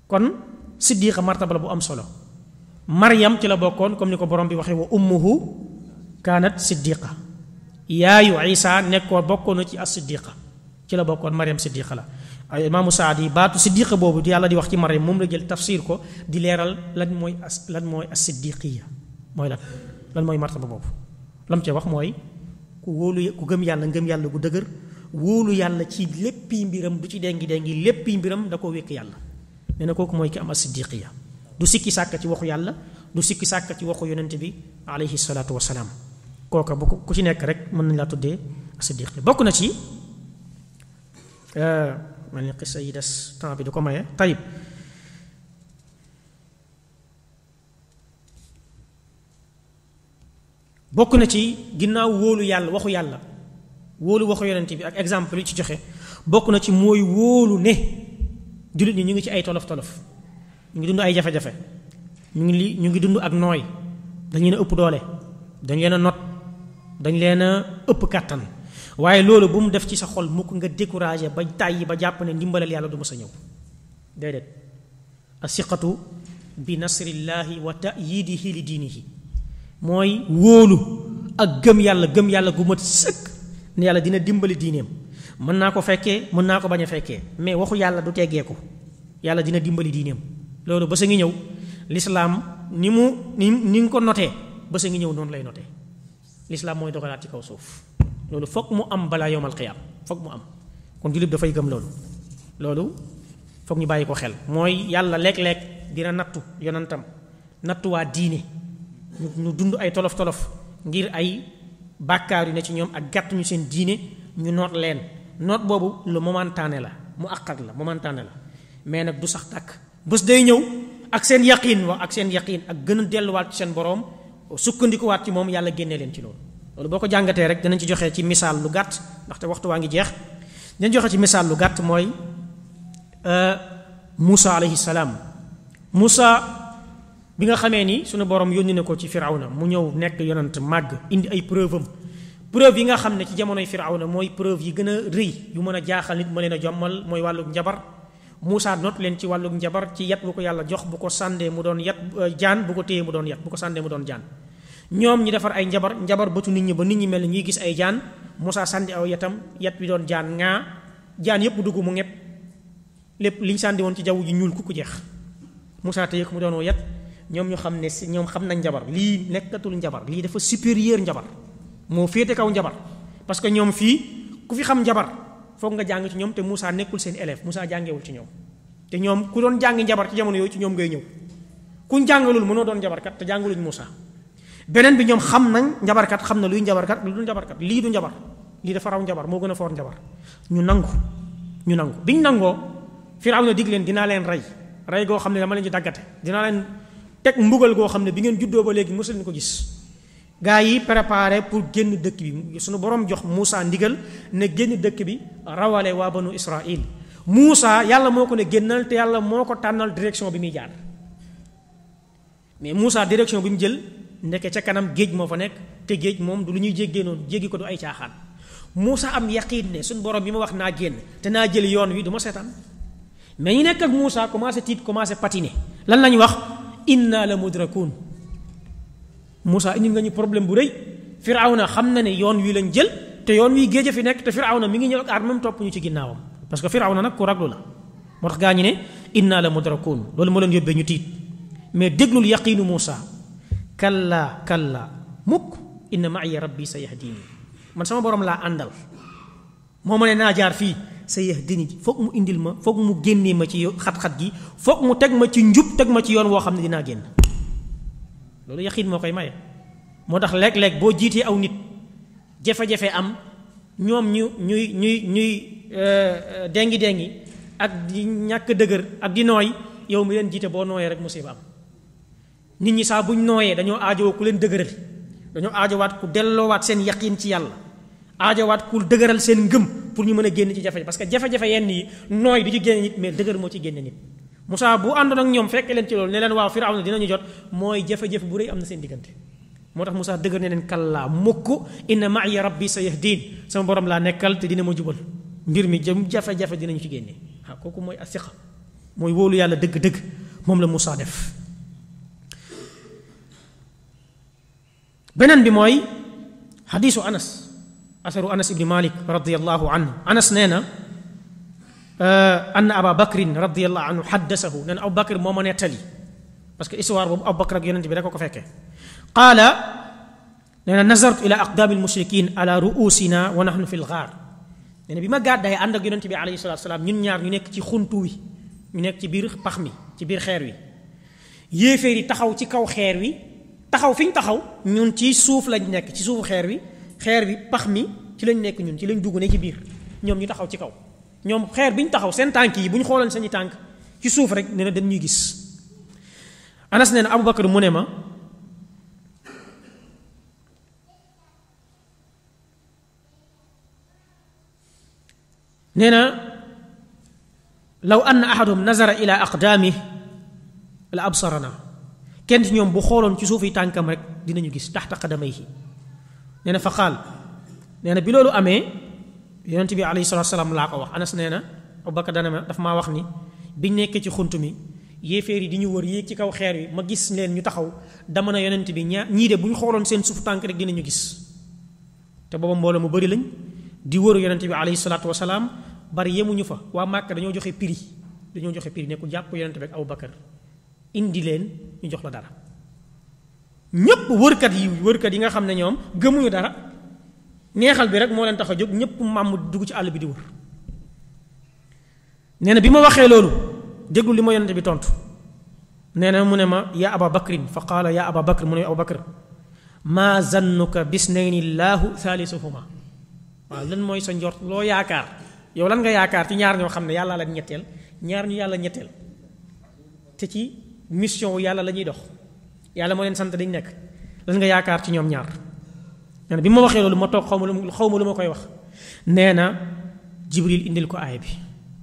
kon siddiqa martaba la bu am solo Maryam ci la bokkoon comme ni ko borom bi waxee wa ummuhu kaanat siddiqa yaayu Isa nekkoo bokkoon na ci as siddiqa ci la bokkoon Mariam Siddiqa la ay imaamu Saadi baatu siddiqa boobu di yàlla di wax ci Mariam moom la jël tafsir ko di leeral lan mooy as lan mooy as siddiqiya mooy lan lan mooy martaba boobu lam ci wax mooy ku wóolu ku gëm yàlla ngëm yàlla gu dëgër wóolu yàlla ci léppi mbiram du ci dengi dengi léppi mbiram da koo wékk yàlla nee ne kooku mooy ki am as siddiqiya du sikki sàkk ci waxu yàlla du sikki sàkk ci waxu yonent bi alayhi salaatu wasalaam kooka bu ku ci nekk rek mën nañ laa tuddee as siddiq bokk na ci Eh, mel ni yi des temps bi du ko maye tayib bokk na ci ginnaaw wóolu yàlla waxu yàlla wóolu waxu yonent bi ak exemple yi ci joxe bokk na ci mooy wóolu ne jullit ñi ñu ngi ci ay tolof tolof ñu ngi dund ay jafe-jafe ñu ngi li ñu ngi dund ak nooy dañ leen ëpp doole dañ leen a not dañ leen a ëpp kàttan waaye loolu bu mu def ci sa xol mukk nga découragé ba tàyyi ba jàpp ne ndimbalal yàlla du ma sa ñëw déedéet asiqatu bi nasrillaahi wa tayidihi li diinihi mooy wóolu ak gëm yàlla gëm yàlla gu mat sëkk ne yàlla dina dimbali diineem mën naa ko fekkee mën naa ko bañ a fekkee mais waxu yàlla du teggee ko yàlla dina dimbali diineem loolu ba sa ngi ñëw lislaam ni mu ni ni nga ko notee ba sa ngi ñëw noonu lay notee lislaam mooy dogalaat ci kaw suuf loolu foog mu am balaa yomal xiyaam foog mu am kon jullit dafay gëm loolu loolu foog ñu bàyyi ko xel mooy yàlla léeg lekk dina nattu yonantam nattu waa diine ñu dund ay tolof tolof ngir ay bàkkaar yu ne ci ñoom ak gàtt ñu seen diine ñu noot leen noot boobu lu momentané la mu àqat la momentané la mais nag du sax tàkk bés day ñëw ak seen yaqiin wa ak seen yaqiin ak gën a delluwaat ci seen boroom sukkandikuwaat ci moom yàlla génne leen ci loolu loolu boo ko jàngatee rek danañ ci joxe ci misaal lu gàtt ndaxte waxtu waa ngi jeex dinañ joxe ci misaal lu gàtt mooy euh, Muusa alayhi salaam Muusa bi nga xamee ni sunu borom yónni na ko ci firawna mu ñëw nekk yonant màgg indi ay preuve am preuve yi nga xam ne ci jamonoy firawna mooy preuve yi gën a rëy yu mën a jaaxal nit ma leen a jommal mooy wàllug njabar Moussa not leen ci wàllug njabar ci yat bu ko yàlla jox bu ko sàndee mu doon yat euh, jaan bu ko téyee mu doon yat bu ko sàndee mu doon jaan ñoom ñi defar ay njabar njabar bëtu nit ñi ba nit ñi mel ni ñuy gis ay jaan Moussa sànni aw yatam yat bi doon jaan ngaa jaan yépp dugg mu ngepp lépp liñ sànni woon ci jaww ji ñuul ku ku jeex Moussa tey mu doon yat ñoom ñu xam ne si ñoom xam nañ njabar lii nekkatul njabar lii dafa supérieur njabar moo féete kaw njabar parce que ñoom fii ku fi xam njabar foog nga jàng ci ñoom te Moussa nekkul seen élève Moussa jàngewul ci ñoom te ñoom ku doon jàng njabar jamono yooyu ci ñoom ngay ñëw kuñ jàngalul mënoo doon njabarkat te jàngaluñ Moussa beneen bi ñoom xam nañ njabarkat xam na luy njabarkat lu dul njabarkat lii du njabar lii dafa raw njabar moo gën a foor njabar ñu nangu ñu nangu ñu nangoo Firawna dig leen dinaa leen rey rey goo xam ne dama leen ci daggate dinaa leen teg mbugal goo xam ne bi ngeen juddoo ba léegi mosu leen ko gis gaa yi préparé pour génn dëkk bi suñu borom jox Moussa ndigal ne génn dëkk bi rawale waa banu Israil Moussa yàlla moo ko ne génnal te yàlla moo ko tànnal direction bi muy jaar mais Moussa direction bi mu jël ndeke ca kanam géej moo fa nekk te géej moom du lu ñuy jéggee noonu jéggi ko du ay caaxaan Muusa am yaqiin ne suñ borom bi ma wax naa génn te naa jël yoon wi du ma seetaan mais ñu nekk ak Muusa commencé tiit commencé patiner lan lañu wax inna la mudrakun Muusa indi nga ñu problème bu rëy Firawna xam na ne yoon wi lañ jël te yoon wi géej a fi nekk te Firawna mi ngi ñëw ak armam topp ñu ci ginnaawam parce que Firawna nag ku raglu la moo tax gaa ñi ne inna la mudrakun loolu moo leen yóbbee ñu tiit mais déglul yaqiinu Muusa kalla kalla mukk inna maaya rabbi sa yéex yahdini man sama boroom laa àndal moo ma ne naa jaar fii sa yahdini foog mu indil ma foog mu génnee ma ci xat-xat gi foog mu teg ma ci njub teg ma ci yoon woo xam ne dinaa génn loolu yaqiin moo koy maye moo tax léeg-léeg boo jiitee aw nit jafe-jafe am ñoom ñu ñuy ñuy ñuy euh, euh, dengi dengi ak di ñàkk dëgër ak di nooy yow mi leen jiite boo nooyee rek musiba am nit ñi saa buñ nooyee dañoo aajowoo ku leen dëgëral dañoo aajowaat ku delloowaat seen yaqiin ci yàlla aajowaat ku dëgëral seen ngëm pour ñu mën a génn ci jafe parce que jafe-jafe yenn yi nooy du ci génne nit mais dëgër moo ci génne nit Moussa bu àndoon ak ñoom fekk leen ci loolu ne leen waaw Firawna jot mooy jafe-jafe bu am na seen diggante moo tax Moussa dëgër ne leen kallaa mukk inna ma'iya rabbi sayahdin sama borom laa nekkal te dina ma jubal mbir mi jëm jafe-jafe dinañu ci génne waaw kooku mooy asiqa mooy wóolu yàlla dëgg-dëgg moom la musaa def beneen bi mooy xadiisu anas asaru anas ibni malik radiallahu anhu anas nee na anna aba bakrin radiallahu anhu xaddasahu nee na abu bakr moo ma nettali parce que histoire boobu abu bakr ak yonent bi rek ko fekkee qaala nee na nazartu ila aqdaami almushrikin ala ruusina wa nahnu fi lgaar nee na bi ma gàddaay ànd ak yonent bi alayhi salatu salaam ñun ñaar ñu nekk ci xuntu wi ñu nekk ci biir pax mi ci biir xeer wi yéeféer yi taxaw ci kaw xeer wi taxaw fi ñu taxaw ñun ci suuf lañu nekk ci suufu xeer bi xeer bi pax mi ci lañ nekk ñun ci lañ dugg ne ci biir ñoom ñu taxaw ci kaw ñoom xeer bi ñu taxaw seen tànk yi bu ñu xoolan seeni tànk ci suuf rek nee na dañ ñuy gis anas nee na abubakar mu ne ma nee na law anna ahadum nazara ila aqdaami la naa kenn ci ñoom bu xooloon ci suuf yi tànkam rek dinañu gis tax dama qadamayhi nee na fa xaal nee na bi loolu amee yonent bi alayhi salaatu salaam laa ko wax anas nee na Abubakar daf maa wax ni biñ nekkee ci xunt mi yéeféer yi di ñu wër yéeg ci kaw xeer wi ma gis leen ñu taxaw dama na bi ñaa ñii de bu ñu xooloon seen suuf tànk rek dinañu gis te booba mbooloo mu bari lañ di wëru yonent bi alayhi salaatu wasalaam bari yëmuñu fa waa Màkka dañoo joxe prix dañoo joxe prix nekku ku jàpp yonent bi ak Abubakar indi leen ñu jox la dara ñëpp wërkat yi wërkat yi nga xam ne ñoom gëmuñu dara neexal bi rek moo leen tax a jóg ñëpp màmm dugg ci àll bi di wër nee bi ma waxee loolu déglu li ma yonent bi tontu nee na mu ne ma ya aba bakrin fa qaala ya aba bakr mu ne aba bakr maa zannuka bisnayni laahu thaalisuhuma waaw lan mooy sa njort loo yaakaar yow lan nga yaakaar ci ñaar ñoo xam ne yàlla la ñetteel ñaar ñu yàlla ñetteel te ci mission wu yàlla la ñuy dox yàlla moo leen sant dañu nekk lan nga yaakaar ci ñoom ñaar nee bi ma waxee loolu ma toog xaw ma lu xaw ma lu koy wax nee na jibril indil ko aaya bi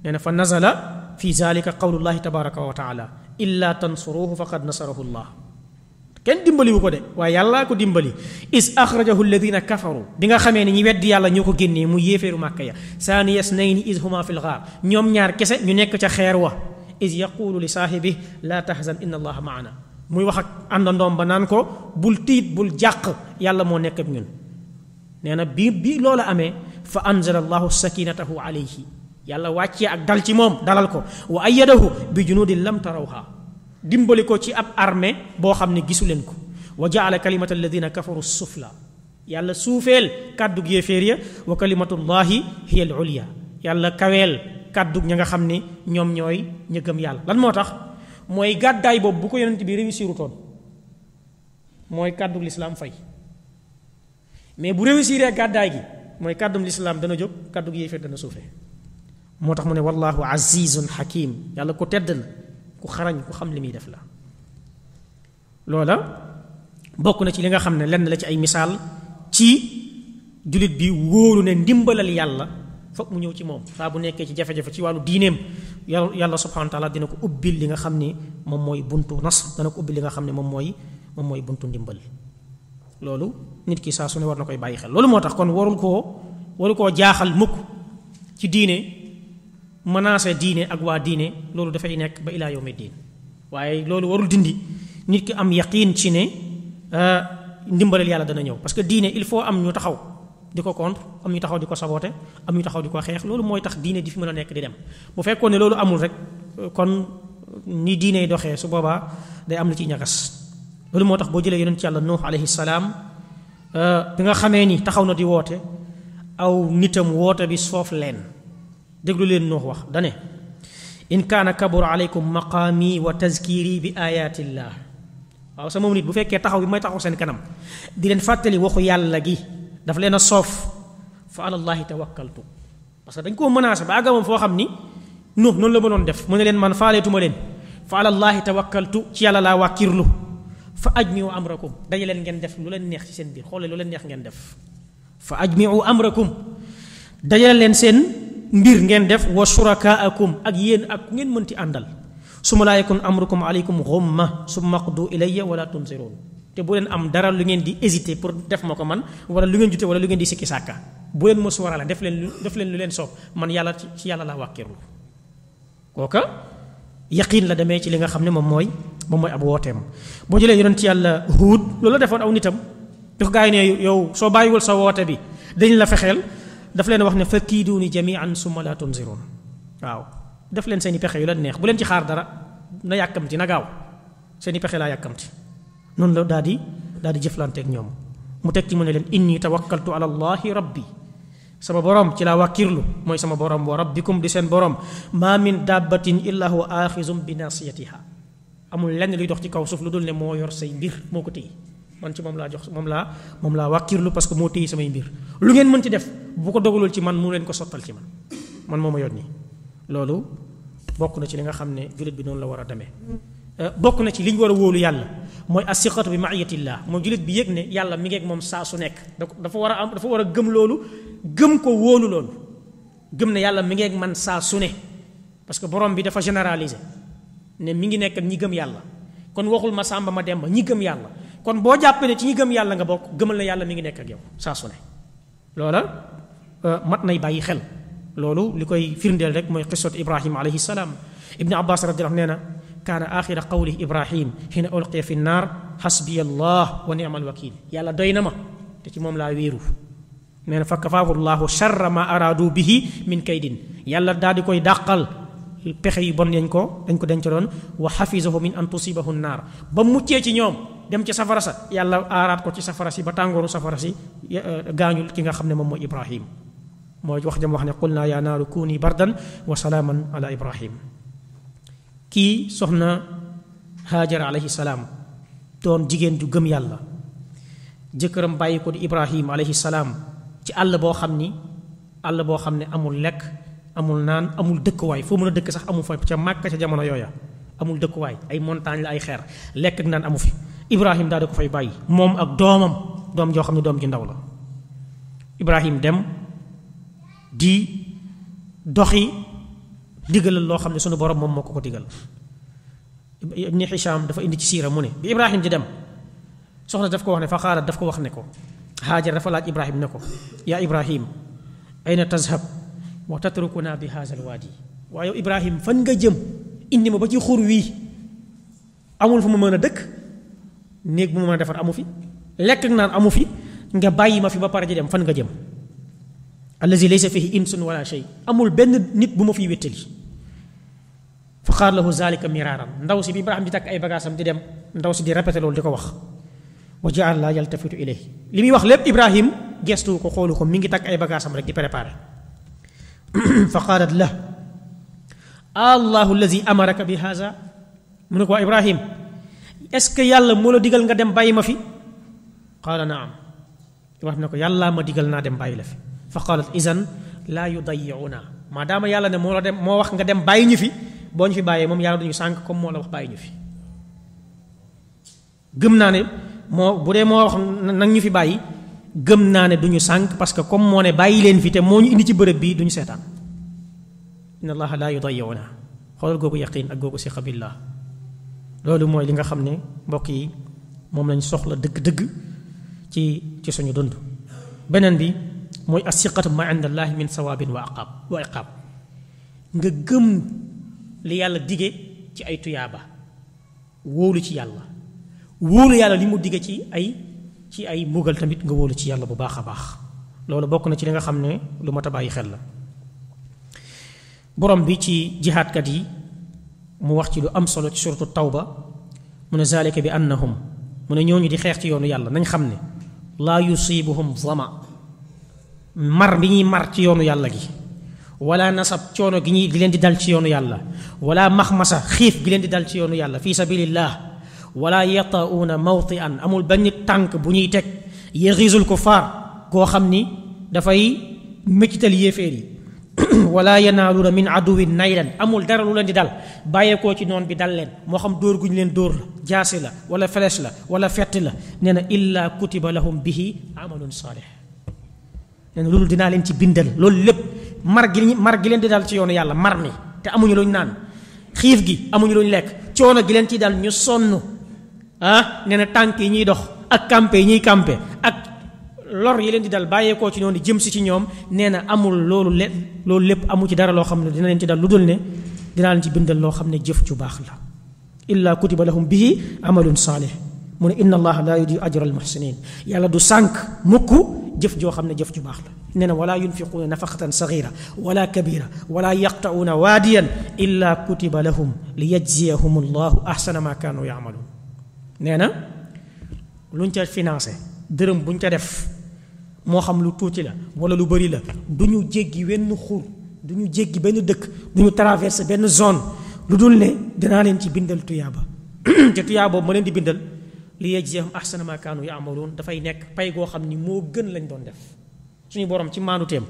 nee na fa nazala fi zalika qawlullahi tabaraka wa taala illa tansuruhu faqad nasarahu llah kenn dimbaliwu ko de waaye yàllaa ko dimbali is axrajahu alladina kafaru bi nga xamee ne ñi weddi yàlla ñoo ko génnee mu yéeféeru màkka ya saani yasnayni is huma fi lgaar ñoom ñaar kese ñu nekk ca xeer wa is yaqulu li saahibi laa tahzan inna allaha maana muy wax ak àndandoom ba naan ko bul tiit bul jàq yàlla moo nekk ak ñun nee na bi bi loola amee fa anzala allahu sakinatahu alayhi yàlla wàccee ak dal ci moom dalal ko wa ayyadahu bi junudin lam tarawha dimbali ko ci ab armée boo xam ne gisu leen ko wa jaala kalimata alladina kafaru yàlla suufeel kàddu géeféer ya wa al ulya yàlla kaweel kàddu ña nga xam ni ñoom ñooy ña gëm yàlla lan moo tax mooy gàddaay boobu bu ko yonent bi réussir utoon mooy kàddu lislaam fay mais bu réussiree gàddaay gi mooy kàddum lislaam dana jóg kàddu gi yéefee dana suufee moo tax mu ne wallahu azizun hakim yàlla ku tedd la ku xarañ ku xam li muy def la loola bokk na ci li nga xam ne lenn la ci ay misaal ci jullit bi wóolu ne ndimbalal yàlla foog mu ñëw ci moom saa bu nekkee ci jafe-jafe ci wàllu diineem yàlla yàlla subhanahu wa taala dina ko ubbil li nga xam ne moom mooy buntu nas dana ko ubbil li nga xam ne moom mooy moom mooy buntu ndimbal loolu nit ki saa su ne war na koy bàyyi xel loolu moo tax kon warul koo waru koo jaaxal mukk ci diine menacer diine ak waa diine loolu dafay nekk ba ilaa yawmi diin waaye loolu warul dindi nit ki am yaqiin ci ne ah, ndimbalal yàlla dana ñëw parce que diine il faut am ñu taxaw di ko contre am ñu taxaw di ko saboté am ñu taxaw di ko xeex loolu mooy tax diine di fi mën a nekk di dem bu fekkoon ne loolu amul rek kon ni diine yi doxee su boobaa day am lu ci ñagas loolu moo tax boo jëlee yonent yàlla nuux alayhi salaam euh, bi nga xamee ni taxaw na di woote aw nitam woote bi soof leen déglu leen nuux wax dane in kaana kabura aleykum maqaami wa tazkiri bi ayatillah waaw sama moom nit bu fekkee taxaw bi may taxaw seen kanam di leen fàttali waxu yàlla gi daf leen a soof fa alallahi tawakkaltu parce que dañ koo menacé ba àgga foo xam ni no noonu la mënoon def mu ne leen man faaleetuma leen fa alallahi tawakkaltu ci yàlla laa wàkkirlu fa ajmiu amrakum daje leen ngeen def lu leen neex ci seen biir xoole lu leen neex def fa ajmiu amrakum daje leen seen mbir ngeen def wa shurakaakum ak yéen ak ku ngeen mënti àndal su ma laa yakun amrukum aleykum xumma summa qdu ilayya wala tunziroon te bu leen am dara lu ngeen di hésité pour def ma ko man wala lu ngeen jute wala lu ngeen di sikki sàkka bu leen mos warale def leen def leen lu leen soob man yàlla ci yàlla laa wàkkirlu kooka yaqiin la demee ci li nga xam ne moom mooy moom mooy ab wooteem moo jëlee yonent yàlla huud loolu defoon aw nitam jox gaa yi ne yow soo bàyyiwul sa woote bi dañ la fexeel daf leen wax ne fakiiduuni jamian summa laa tunziruun waaw def leen seen i pexe yu la neex bu leen ci xaar dara na yàkkamti na gaaw seen i pexe laa yàkkamti noonu la daal di daal di jëflante ak ñoom mu teg ci mu ne leen inni tawakkaltu ala allahi rabbi sama borom ci laa wàkkirlu mooy sama borom wa rabbikum di seen borom maa min dabbatin illa huwa axizum bi nasiyatiha amul lenn luy dox ci kaw suuf lu dul ne moo yor say mbir moo ko téye man ci moom laa jox moom laa moom laa wàkkirlu parce que moo téye samay mbir lu ngeen mën ci def bu ko dogalul ci man mu leen ko sottal ci man man moo ma yoon nii loolu bokk na ci li nga xam ne bi noonu la war a demee Euh, bokk na ci li ñu war a wóolu yàlla mooy asiqatu bi maiyatillah mooy julit bi yëg ne yàlla mi ngeeg moom saa su nekk dafa war a am dafa war a gëm loolu gëm ko wóolu loolu gëm ne yàlla mi ngeeg man saa su ne parce que borom bi dafa généraliser ne mi ngi nekk ñi gëm yàlla kon waxul ma sàmba ma demba ñi gëm yàlla kon boo jàppee ci ñi gëm yàlla nga bokk gëmal na yàlla mi ngi nekk ak yow saa su ne loola euh, mat nay bàyyi xel loolu li koy firndeel rek mooy xisatu ibrahima alayhi salaam ibni abbas nee na kaana axira qawli ibrahim xina ulqiya fi naar xasbiya allah wa ni'mal wakil yàlla doy na ma te ci moom laa wéeru nee na fa kafaahu llahu charra ma araadu bihi min kaydin yàlla daal di koy dàqal pexe yi bon yañ ko dañ ko denc doon wa xafisahu min an tusibahu naar ba muccee ci ñoom dem ci safara sa yàlla aaraat ko ci safara si ba tàngooru safara si eh, gaañul ki nga xam ne moom mooy ibrahim mooy wax jam wax ne qul naa yaa naaru kuuni bardan wa salaaman ala ibrahim kii soxna Hajar alayhi salaam doon jigéen ju gëm yàlla jëkkëram bàyyi ko di Ibrahim alayhi salaam ci àll boo xam ni àll boo xam ne amul lekk amul naan amul dëkkuwaay foo mën a dëkk sax amul fa ca Màkka ca jamono yooya amul dëkkuwaay ay montagne la ay xeer lekk ak naan amu fi Ibrahim daal di ko fay bàyyi moom ak doomam doom joo xam ne doom ji ndaw la Ibrahim dem di doxi digalal loo xam ne suñu borom moom moo ko ko digal ibni Hisham dafa indi ci siira mu ne bi Ibrahim di dem soxna daf ko wax ne fa xaalat daf ko wax ne ko Haajar dafa laaj Ibrahim ne ko yaa Ibrahim ayna tazhab wa tatrukuna bi haazal waadi waaye Ibrahim fan nga jëm indi ma ba ci xur wii amul fu ma mën a dëkk néeg bu ma mën a defar amu fi lekk ak naan amu fi nga bàyyi ma fi ba pare di dem fan nga jëm allazi laysa fihi insun wala shay amul benn nit bu ma fiy wéttali fa xaar lahu zalika miraaran ndaw si bi Ibrahim di takk ay bagaasam di dem ndaw si di répété loolu di ko wax wa jaal laa yaltafitu ilay li muy wax lépp Ibrahim gestu ko xoolu ko mi ngi takk ay bagaasam rek di préparé fa qaalat la allahu allazi amaraka bi haza mu ne ko waa Ibrahim est-ce que yàlla moo la digal nga dem bàyyi ma fi qaala naam Ibrahim ne ko yàlla ma digal naa dem bàyyi la fi fa qaalat idan laa yudayiuna maadaama yàlla ne moo la dem moo wax nga dem bàyyi ñu fi boo ñu fi bàyyee moom yàlla duñu sànq comme moo la wax bàyyi ñu fi gëm naa ne moo bu dee moo wax nag ñu fi bàyyi gëm naa ne duñu sànq parce que comme moo ne bàyyi leen fi te moo ñu indi ci bërëb bii duñu seetaan inna allaha laa yudayiuna xoolal googu yaqin ak googu siqa billah loolu mooy li nga xam ne mbokk yi moom lañ soxla dëgg-dëgg ci suñu dund beneen bi mooy asiqatu ma indallahi min sawaabin wa aqaab wa iqaab nga gëm li yàlla digge ci ay tuyaaba wóolu ci yàlla wóolu yàlla li mu dige ci ay ci ay mbugal tamit nga wóolu ci yàlla bu baax a baax loolu bokk na ci li nga xam ne lu mat a bàyyi xel la borom bi ci jihaadkat yi mu wax ci lu am solo ci suratu tawba mu ne zalika bi na annahum mu ne ñooñu di xeex ci yoonu yàlla nañ xam ne laa yusibuhum zama mar bi ñuy mar ci yoonu yàlla gi wala nasab coono gi ñuy gi leen di dal ci yoonu yàlla wala maxmasa xiif gi leen di dal ci yoonu yàlla fi sabilillah wala yata'uuna mawtian amul benn tànk bu ñuy teg yarisul kufaar goo xam ni dafay méccital yéeféer yi wala yanaaluuna min aduwin naylan amul dara lu leen di dal bàyyeekoo ci noon bi dal leen moo xam dóor gu ñu leen dóor la jaasi la wala flèche la wala fett la nee na illa kutiba bi bihi amalun saalih nee na loolu dinaa leen ci bindal loolu lépp mar gi mar gi leen di dal ci yoonu yàlla mar mi te amuñu ñu naan xiif gi amuñu luñ lekk coono gi leen ci dal ñu sonn ah nee na tànk yi ñuy dox ak campé yi ñuy campé ak lor yi leen di dal koo ci noonu jëm si ci ñoom nee na amul loolu le loolu lépp amu ci dara loo xam ne dina leen ci dal lu dul ne dinaa leen ci bindal loo xam ne jëf ju baax la illa kutiba lahum bihi amalun saalih mu ne inna allaha laa yudiyu ajral muhsinin yàlla du sànq mukk jëf joo xam ne jëf ju baax la nee na walaa yunfiquuna nafaqatan sagira wala kabira wala yaqta'uuna waadiyan ila kutiba lahum li yajziyahum allahu ahsana ma kaanu yaamaluun nee na luñ ca financé dërëm buñ ca def moo xam lu tuuti la wala lu bëri la du ñu jéggi wenn xur du ñu jéggi benn dëkk du ñu traversé benn zone lu dul ne dinaa leen ci bindal tuyaaba te tuyaaba ma leen di bindal li yajzihum ahsana ma kaanu yaamaluun dafay nekk pay goo xam ni moo gën lañ doon def suñu borom ci maanuteem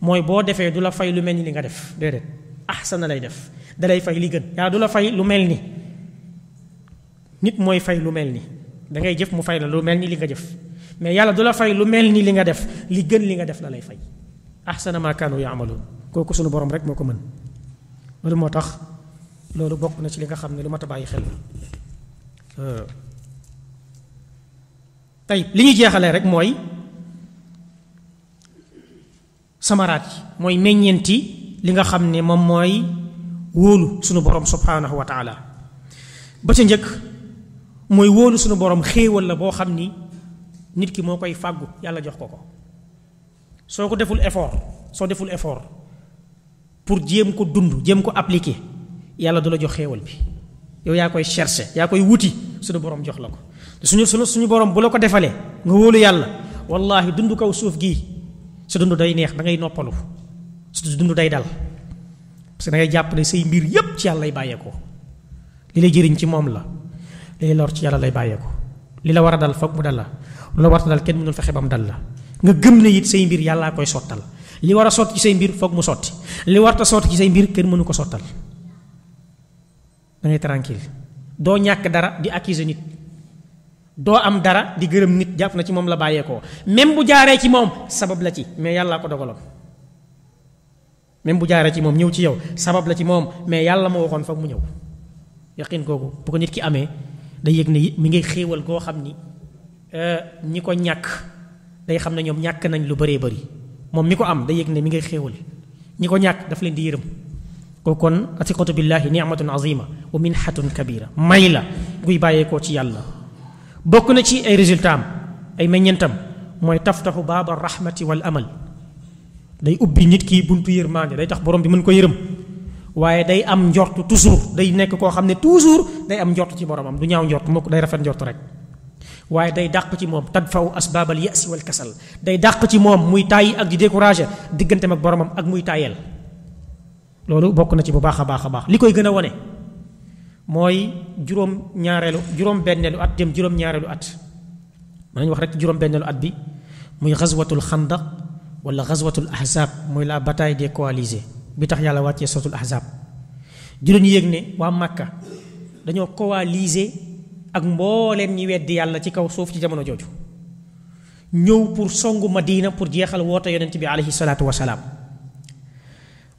mooy boo defee du la fay lu mel ni li nga def déedéet ahsana lay def dalay fay li gën du la fay lu mel ni nit mooy fay lu mel ni dangay jëf mu fay la lu mel ni li nga jëf mais yàlla du la fay lu mel ni li nga def li gën li nga def la lay fay ahsana ma kaanu yaamaluun kooku suñu borom rek moo ko mën loolu moo tax loolu bokk na ci li nga xam ne lu mat a bàyyi xel la euh, tey li ñu jeexalee rek mooy samaraat yi mooy meññeenti li nga xam ne moom mooy wóolu sunu borom subhaanahu wa taala ba ca njëkk mooy wóolu sunu borom xéewal la boo xam ni nit ki moo koy fàggu yàlla jox ko ko soo ko deful effort soo deful effort pour jéem ko dund jéem ko appliquer yàlla du la jox xéewal bi yow yaa koy chercher yaa koy wuti sunu borom jox la ko suñu suñu suñu borom bu la ko defalee nga wóolu yàlla wallaahi dund kaw suuf gii sa dund day neex da ngay noppalu sa dund day dal parce que da jàpp ne say mbir yëpp ci yàlla lay bàyyeekoo li jëriñ ci moom la li lay lor lay bàyyeekoo li la war a dal foog mu dal la lu la war a dal kenn mënul fexe ba mu dal la nga gëm ne it say mbir yàllaa koy sottal li war a sotti ci say mbir foog mu sotti li warta sotti ci say mbir kenn mënu ko sottal da ngay doo ñàkk dara di accuser nit doo am dara di gërëm nit jàpp na ci moom la bàyyeekoo même bu jaaree ci moom sabab la ci mais yàllaa ko dogaloon même bu jaaree ci moom ñëw ci yow sabab la ci moom mais yàlla ma waxoon foog mu ñëw yaqin googu bu ko nit ki amee day yëg ne mi ngi xéewal goo xam ni euh, ñi ko ñàkk day xam ne ñoom ñàkk nañ lu bëree bëri moom mi ko am day yëg ne mi ngay xéewal ñi ko ñàkk daf leen di yërëm koo kon atiqatu billahi ni'matun azima wa minhatun kabira may la guy bàyyeekoo ci yàlla bokk na ci ay résultat ay meññentam mooy taftaxu baaba rahmati wal amal day ubbi nit kii buntu yërmaande day tax borom bi mën ko yërëm waaye day am njort toujours day nekk koo xam ne toujours day am njort ci boromam du ñaaw njort mukk day rafet njort rek waaye day dàq ci moom faw asbaabal yasi wal kesal day dàq ci moom muy tàyyi ak di découragé digganteem ak boromam ak muy tàyyeel loolu bokk na ci bu baax a baax a baax li koy gën a wone mooy juróom ñaareelu juróom benneelu at jëm juróom ñaareelu at mën nañu wax rek juróom benneelu at bi muy xaswatul xandaq wala xaswatul ahzab muy la bataay des coalisés bi tax yàlla wàccee sotul ahzab juróom ñu yëg ne waa Màkka dañoo coalisé ak mbooleem ñi weddi yàlla ci kaw suuf ci jamono jooju ñëw pour songu Madina pour jeexal woote yonent bi aleyhi salaatu wasalaam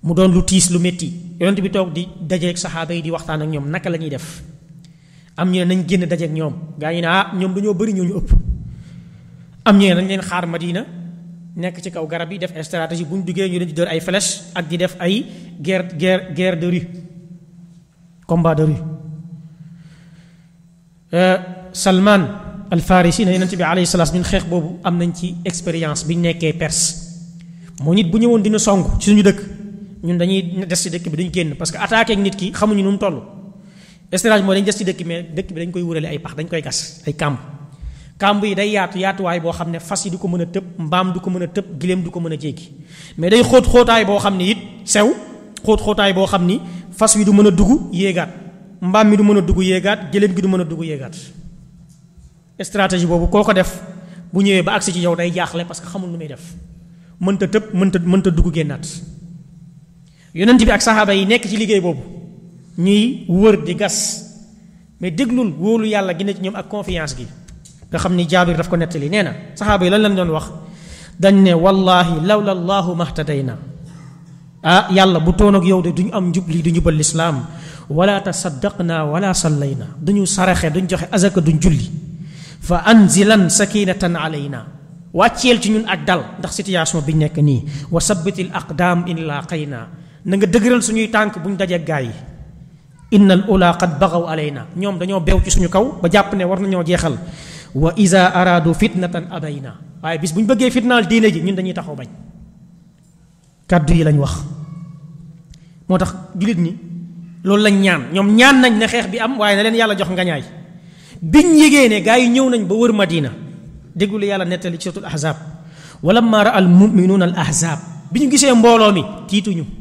mu doon lu tiis lu métti yonent bi toog di dajeeg saxaaba yi di waxtaan ak ñoom naka la ñuy def am ñee nañ génn dajeeg ñoom gaa ñi ne ah ñoom dañoo bëri ñoo ñu ëpp am ñu nañ leen xaar Madina nekk ci kaw garab yi def stratégie bu ñu duggee ñu leen di dóor ay flèche ak di def ay guerre guerre guerre de rue combat de rue euh, Salman al Farisi ne yonent bi alayhi salaam ñun xeex boobu am nañ ci expérience bi ñu nekkee Perse moo nit bu ñëwoon dina song suñu dëkk. ñun dañuy des ci dëkk bi duñ génn parce que attaqué ak nit ki xamuñu nu mu toll estirage mooy dañ des ci dëkk mais dëkk bi dañ koy wurale ay pax dañ koy gas ay kàmb kàmb yi day yaatu yaatuwaay boo xam ne fas yi du ko mën a tëb mbaam du ko mën a tëb giléem du ko mën a jéggi mais day xóot xóotaay boo xam ne it sew xóot xóotaay boo xam ni fas wi du mën a dugg yéegaat mbaam mi du mën a dugg yéegaat giléem gi du mën a dugg yéegaat stratégie boobu koo ko def bu ñëwee ba agsi ci yow day jaaxle parce que xamul nu muy def mënta tëb mënta mënta dugg génnaat yonent bi ak saxaaba yi nekk ci liggéey boobu ñuy wër di gas mais déglul wóolu yàlla gi ne ci ñoom ak confiance gi nga xam ni jaabir daf ko nettali nee na saxaaba yi lan lañ doon wax dañ ne wallahi lawla allahu mahtadayna ah yàlla bu toon ak yow de duñu am njub lii du njubal lislaam wala tasaddaqna wala sallayna duñu saraxe duñ joxe du duñ julli fa anzilan sakinatan alayna wàcceel ci ñun ak dal ndax situation bi nekk nii wa sabbitil aqdaam in laaqaynaa na nga dëgëral suñuy tànk bu ñu dajee gaa yi innal ula qad baxaw alayna ñoom dañoo beew ci suñu kaw ba jàpp ne war nañoo jeexal wa iza araadu fitnatan abayna waaye bis bu ñu bëggee fitnaal diine ji ñun dañuy taxaw bañ kàddu yi lañ wax moo tax jullit ñi loolu lañ ñaan ñoom ñaan nañ ne xeex bi am waaye na leen yàlla jox ngañaay biñ yégee ne gaa yi ñëw nañ ba wër madina déglu yàlla nettali ci suratul ahzab walamma ra al muminuuna al ahzab bi ñu gisee mbooloo mi tiituñu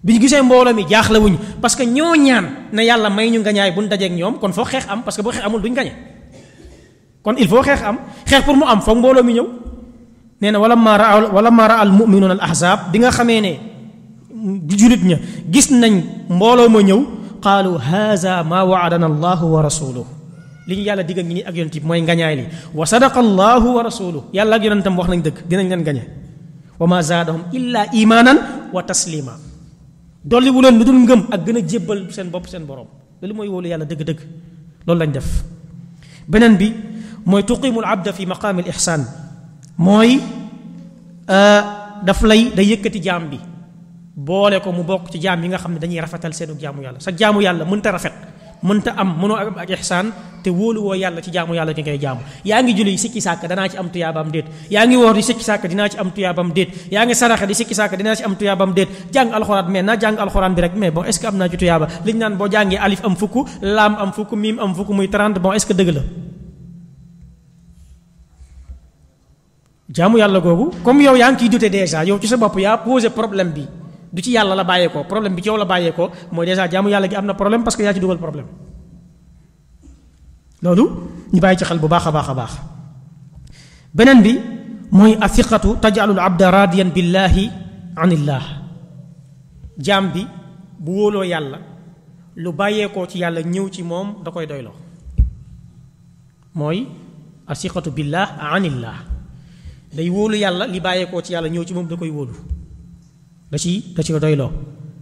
bi ñu gisee mbooloo mi jaaxle wuñu parce que ñoo ñaan na yàlla may ñu ngañaay bu ñu dajeeg ñoom kon foog xeex am parce que bu xeex amul duñ gañe kon il foo xeex am xeex pour mu am foog mbooloo mi ñëw nee na wala mara wala mara al muminuuna al ahzab bi nga xamee ne julit ña gis nañ mbooloo ma ñëw qaalu haza maa waadana allahu wa rasuluhu li ñu yàlla digga ngi nii ak yonent bi mooy ngañaay li wa sadaqa allahu wa rasuluhu yàlla ak yonentam wax nañ dëkk dinañ leen gañe wa ma zaadahum illa imaanan wa taslima dolli wu leen lu dul ngëm ak gën a jébbal seen bopp seen borom loolu mooy wóolu yàlla dëgg-dëgg loolu lañ def beneen bi mooy tuqimul abda fi maqaamil ihsaan mooy euh, daf lay day yëkkati jaam bi boole ko mu bokk ci jaam yi nga xam ne dañuy rafetal seenu jaamu yàlla sa jaamu yàlla mënta rafet mënta am mënoo am ak ihsaan te wóolu woo yàlla ci jaamu yàlla gi ngay jaamu yaa ngi julli sikki sàkk danaa ci am tuyaabaam déet yaa ngi woor di sikki sàkk dinaa ci am tuyaabaam déet yaa ngi saraxe di sikki sàkk dinaa jàng alxuraan mais naa jàng alxuraan bi rek mais bon est ce que am naa ci tuyaaba liñ naan boo jàngee alif am fukk laam am fukk miim am fukk muy 30 bon est ce que dëgg la jaamu yàlla googu comme yow yaa ngi ciy dute déjà yow ci sa bopp yaa posé problème bi du ci yàlla la bàyyeekoo problème bi ci yow la bàyyeekoo mooy dèjà jaamu yàlla gi am na problème parce que yaa ci dugal problème loolu ñu bàyyi ci xel bu baax a baax a baax beneen bi mooy athiqatu tajalul abda radiyan billaahi anillah jaam bi bu wóoloo yàlla lu bàyyeekoo ci yàlla ñëw ci moom da koy doyloo mooy athiqatu billah anillah day wóolu yàlla li bàyyeekoo ci yàlla ñëw ci moom da koy wóolu da ci da ci doyloo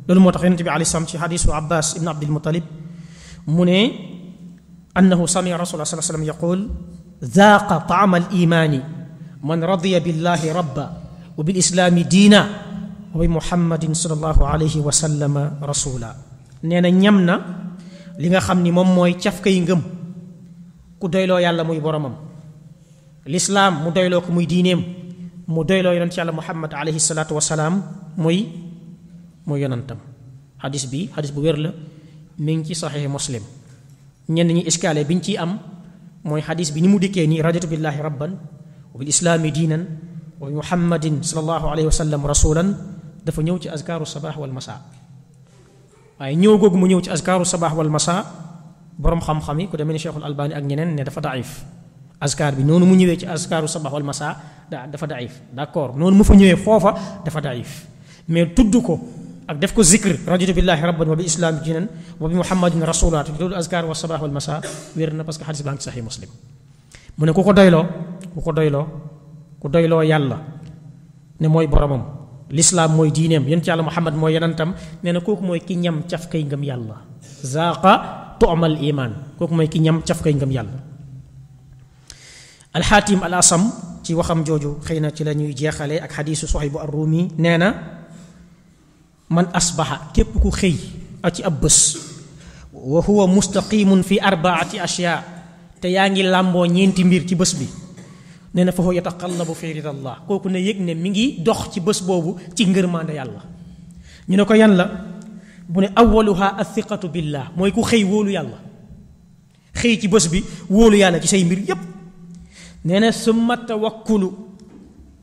loolu moo tax yonente bi alayhi salaam ci abbas ibn abdil mu ne annahu samia rasul sallallahu alayhi wa sallam yaqul zaaqa taama al imaani man radiya billahi rabba wa bil diina wa bi muhammadin sallallahu alayhi wa sallama rasula nee na ñam na li nga xam ni moom mooy cafka yi ngëm ku doyloo yàlla muy boromam lislaam mu doyloo ko muy diineem mu doyloo yonent yàlla muhammad alayhi salaatu wasalaam muy muy yonentam xadis bi xadis bu wér la mi ngi ci saxiix muslim ñenn ñi iskaale bi ñu ciy am mooy xadis bi ni mu dikkee nii raditu billaahi rabban wa bil islaami diinan wa bi muhammadin sallallahu alayhi wa sallam rasulan dafa ñëw ci azkaaru sabaax wal masaa waaye ñëw googu mu ñëw ci azkaaru sabaax wal masaa boroom xam-xam yi ku demee ni cheikhul albani ak ñeneen ne dafa daif askar bi noonu mu ñëwee ci askaru sabax wal masa da dafa daif d'accord noonu mu fa ñëwee foofa dafa daif mais tudd ko ak def ko zikr raditu billahi rabban wa bi islaami diinan wa bi muhammadin rasula loolu askar wa sabax wal masa wér na parce que xadis baa ngi saxi muslim mu ne ku ko doyloo ku ko doyloo ku doyloo yàlla ne mooy boromam lislaam mooy diineem yenn ci yàlla muhammad mooy yenantam nee na kooku mooy ki ñam caf kay ngëm yàlla zaaqa tu'mal iman kooku mooy ki ñam caf kay ngëm yàlla alxaatim al ci waxam jooju xëy na ci la ñuy jeexale ak xadiisu soxibu ar nee na man asbaxa képp ku xëy a ci ab bés wa huwa mustaqimun fi arbaati ashyaa te yaa ngi làmboo ñeenti mbir ci bës bi nee na fa huwa yataqallabu fi ridallah kooku ne yëg ne mi ngi dox ci bës boobu ci ngërmande yàlla ñu ne ko yan la bu ne awaluha athiqatu billah mooy ku xëy wóolu yàlla xëy ci bës bi wóolu yàlla ci say mbir yépp nee na summa tawakkulu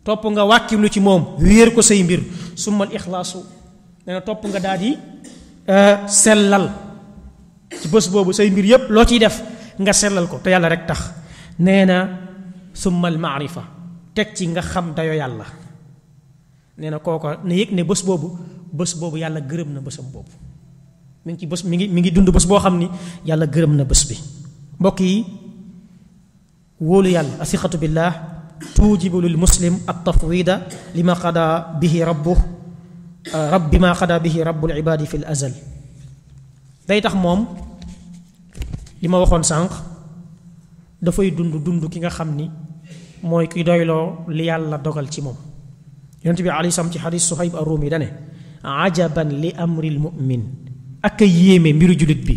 topp nga wàkkirlu ci moom wéer ko say mbir summal ixlaasu nee na topp nga daal di eh, sellal bés boobu say mbir yépp loo ciy def nga sellal ko te yàlla rek tax nee na summal maarifa teg ci nga xam dayo yàlla nee na kooka ne yëg ne bés boobu bés boobu yàlla gërëm na bésam boobu mi ngi ci bés mi ngi mi ngi dund bés boo xam ni yàlla gërëm na bés bi mbokk yi wóolu yàlla asixatu billah tuujibu lil muslim at tafwida li ma xada bihi rabbu euh, rab bi ma xada bihi rabbul ibaadi azal day tax moom li ma waxoon sànq dafay dund dund ki nga xam ni mooy ki doyloo li yàlla dogal ci moom yonent bi alei salaam ci xadis suhayb arumi dane ajaban li amril mu'min ak a yéeme mbiru jullit bi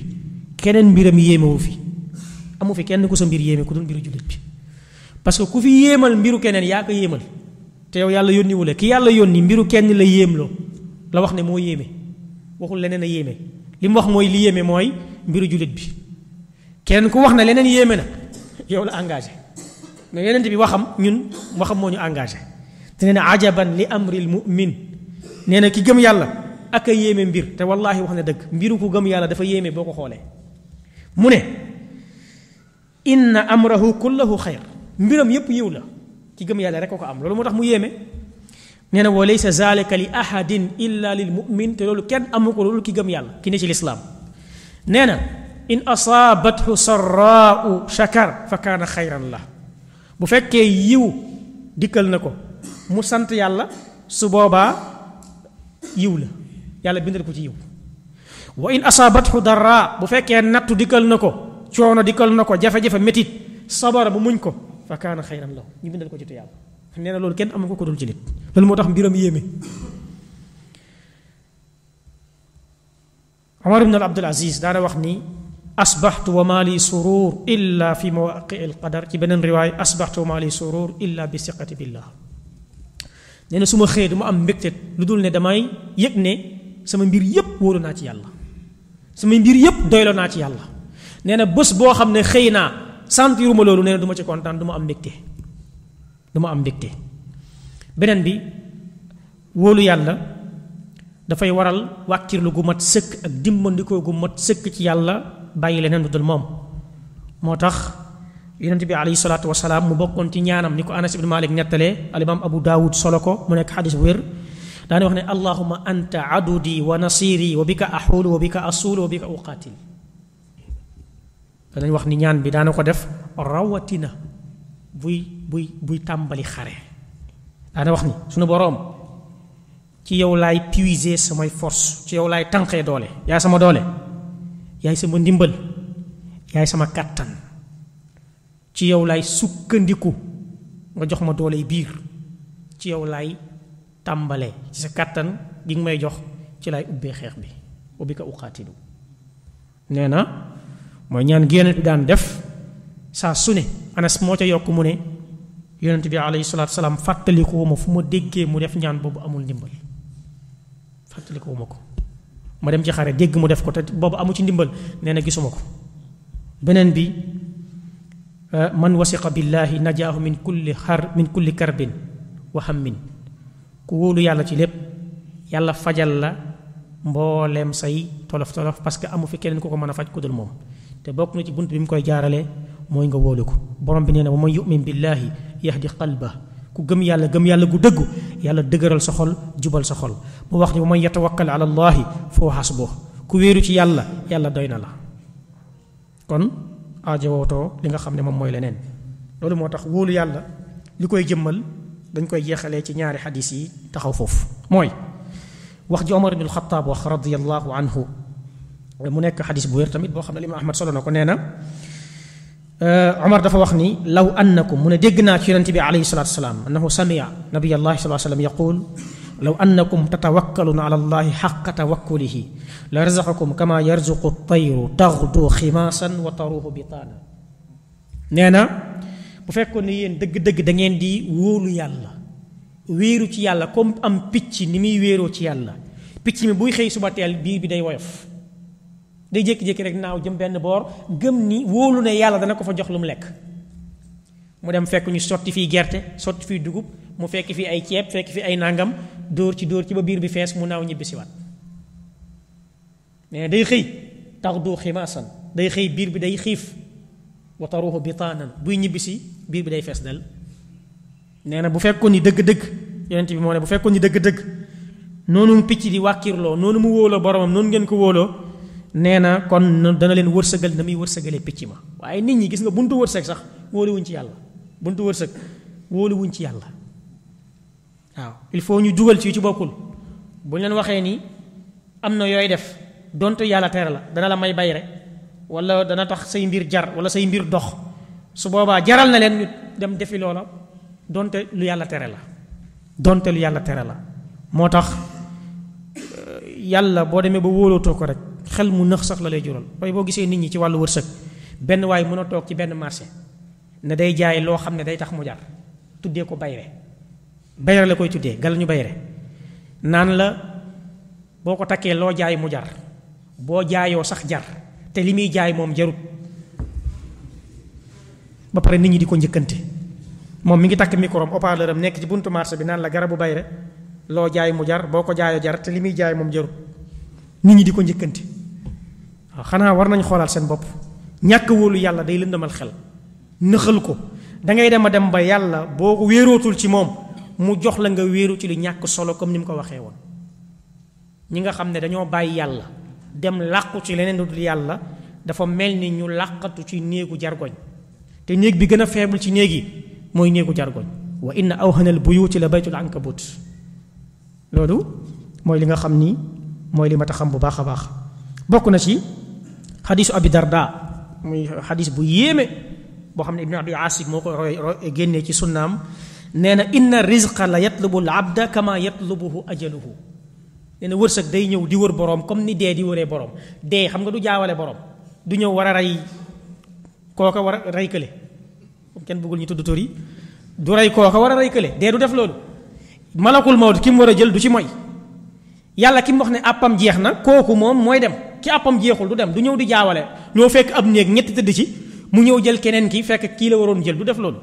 keneen mbiram yéemewu fi amu fi kenn ku sa mbir yéeme ku dul mbiru jullit bi parce que ku fi yéemal mbiru keneen yaa ko yéemal te yow yàlla yónni wu la ki yàlla yónni mbiru kenn la yéemloo la wax ne moo yéeme waxul leneen yéeme li mu wax mooy li yéeme mooy mbiru jullit bi kenn ku wax na leneen yéeme na yow la engage mais yeneen bi waxam ñun waxam moo ñu engagé te nee na ajaban li amril mu'min nee na ki gëm yàlla ak a yéeme mbir te wallaahi wax na dëgg mbiru ku gëm yàlla dafa yéeme boo ko xoolee mu ne inna amrahu kullahu xayr mbiram yépp yiw la ci gëm yàlla rek ko am loolu moo tax mu yéeme nee na wa laysa zalika li ahadin illa lil mumin te loolu kenn amu ko loolu ki gëm yàlla ki ne ci lislaam nee na in asaabathu sarraau shakar fa kaana xayran la bu fekkee yiw dikkal na ko mu sant yàlla su boobaa yiw la yàlla bindal ko ci yiw wa in asaabathu darraa bu fekkee nattu dikkal na ko coono dikkal na ko jafe-jafe métit sabara bu muñ ko fa kaana xayran lahu ñu bindal ko ci tuyaaba nee na loolu kenn amu nga ko dul ci loolu moo tax mbiram yéeme na ibn Abdul Aziz daana wax ni asbaxtu wa maali surur illa fi mawaqi al ci beneen riwaay asbaxtu wa maali surur illa bi siqati billah nee na su ma xëyee du ma am mbégte lu dul ne damay yëg ne sama mbir yépp wóolu naa ci yàlla sama mbir yépp doyloo naa ci yàlla nee na bés boo xam ne xëy naa sentiruma loolu nee na du ci kontaan du am mbégte du am mbégte beneen bi wóolu yàlla dafay waral wàkkirlu gu mat sëkk ak dimbandikoo gu mat sëkk ci yàlla bàyyi leneen lu dul moom moo tax yonent bi alayhi salaatu wasalaam mu bokkoon ci ñaanam ni ko anas ibn malik nettalee abu daawud solo ko mu nekk xadis bu wér daane wax ne allahuma anta adudi wa nasiri wa bika axuulu wa bika asuulu wa bika uqaatil danañ wax ni ñaan bi daana ko def rawatina buy buy buy tàmbali xare daana wax ni sunu boroom ci yow laay puiser samay force ci yow laay tànqee doole yaay sama doole yaay sama ndimbal yaay sama kàttan ci yow laay sukkandiku nga jox ma doole biir ci yow laay tàmbale ci sa kattan gi nga may jox ci lay ubbee xeex bi ubbi ka uqaatilu nee na mooy ñaan génn bi daan def saa su ne anas moo ca yokk mu ne yonent bi alayhi salaatu salaam fàttalikuwuma fu ma déggee mu def ñaan boobu amul ndimbal fàttalikuwuma ko ma dem ci xare dégg mu def ko te boobu amul ci ndimbal nee na gisuma ko beneen bi euh, man wasiqa billaahi najaahu min kulli xar min kulli karbin wa hammin ku wóolu yàlla ci lépp yàlla fajal la mbooleem say tolof tolof parce que amu fi keneen ku ko mën a faj ku dul moom te bokk na ci bunt bi mu koy jaarale mooy nga wóolu ko borom bi nee na wa man yumin billahi yahdi qalba ku gëm yàlla gëm yàlla gu dëggu yàlla dëgëral sa xol jubal sa xol mu wax ni wa man yatawakkal ala allahi foo boo ku wéeru ci yàlla yàlla doy na la kon aajowootoo li nga xam ne moom mooy leneen loolu moo tax wóolu yàlla li koy jëmmal dañ koy jeexalee ci ñaari xadis yi taxaw foofu mooy wax ji Omar ibnul Xataab wax radiyallahu anhu mu nekk xadis bu wér tamit boo xam ne limaam ahmad solo na ko nee na euh, omar dafa wax ni law annakum mu ne dégg naa ci yonente bi alayhi salatu wasalaam annahu samia nabiyallahi salaa sallam yaqul law annakum tatawakkaluuna ala allahi xaqa tawakkulihi la razaqakum kama yarzuqu tayru taxdu ximaasan wa taruuhu bitaana nee na bu fekkoon ne yéen dëgg-dëgg da di wóolu yàlla wéeru ci yàlla comme am picc ni muy wéeroo ci yàlla picc mi buy xëy suba teel biir bi day woyof day jékki-jékki rek naaw jëm benn boor gëm ni wóolu ne yàlla dana ko fa jox lu mu lekk mu dem fekk ñu sotti fii gerte sotti fii dugub mu fekk fii ay ceeb fekk fi ay nangam dóor ci dóor ci ba biir bi fees mu naaw ñibbi siwaat mais day xëy tax doo ximaasan day xëy biir bi day xiif wataruuxu bitaanan buy ñibbisi si biir bi day fees dal nee na bu fekkoon ni dëgg-dëgg yonent bi moo ne bu fekkoon ni dëgg-dëgg noonu mu picc di wàkkirloo noonu mu wóoloo boromam noonu ngeen ko wóoloo nee na kon dana leen wërsëgal na muy wërsëgalee picc ma waaye nit ñi gis nga buntu wërsëg sax wóoluwuñ ci yàlla buntu wërsëg wóoluwuñ ci yàlla waaw il faut ñu dugal ci ci bokkul bu leen waxee ni am na yooy def donte yàlla tere la dana la may bay rek wala dana tax say mbir jar wala say mbir dox su boobaa jaral na leen dem defi loola donte lu yàlla tere la donte lu yàlla tere la moo tax euh, yàlla boo demee ba wóolootoo ko rek xel mu nëx sax la lay jural tey boo gisee nit ñi ci wàllu wërsëg benn waay mën a toog ci benn marché ne day jaay loo xam ne day tax mu jar tuddee ko bayre bayre la koy tuddee gal ñu bayre naan la boo ko takkee loo jaay mu jar boo jaayoo sax jar te li muy jaay moom jarut ba pare nit di ko njëkkante moom mi ngi takk micro am haut nekk ci buntu marché bi naan la garabu bayre loo jaay mu jar boo ko jaayoo jar te li muy jaay moom jarut nit ñi di ko njëkkante waaw xanaa war nañ xoolaat seen bopp ñàkk wóolu yàlla day lëndamal xel nëxal ko dangay dem a dem ba yàlla boo wéerootul ci moom mu jox la nga wéeru ci lu ñàkk solo comme ni mu ko waxee woon ñi nga xam ne dañoo bàyyi yàlla dem làqu ci leneen lu dul yàlla dafa mel ni ñu làqatu ci néegu jargoñ te néeg bi gën a faible ci néeg yi mooy néegu jargoñ wa inna awhanal ci la baytul ankabut loolu mooy li nga xam ni mooy li mat a xam bu baax a baax na ci xadiisu abi darda muy xadiis bu yéeme boo xam ne ibnu abi asib moo ko génnee ci sunnaam nee na inna rizqa la yatlubu yet abda kama yatlubuhu ajaluhu nee na wërsëg day ñëw di wër boroom comme ni dee di wëree boroom dee xam nga du jaawale boroom du ñëw war a rey kooka war a rey kële kenn bëggul ñu tudd tur yi war a rey kële dee du def loolu malakul mawt ki mu war a jël du ci moy yàlla ki mu wax ne àppam jeex na kooku moom mooy dem ki àppam jeexul du dem du ñëw di jaawale loo fekk ab néeg ñetti tëdd ci mu ñëw jël keneen kii fekk kii la waroon jël du def loolu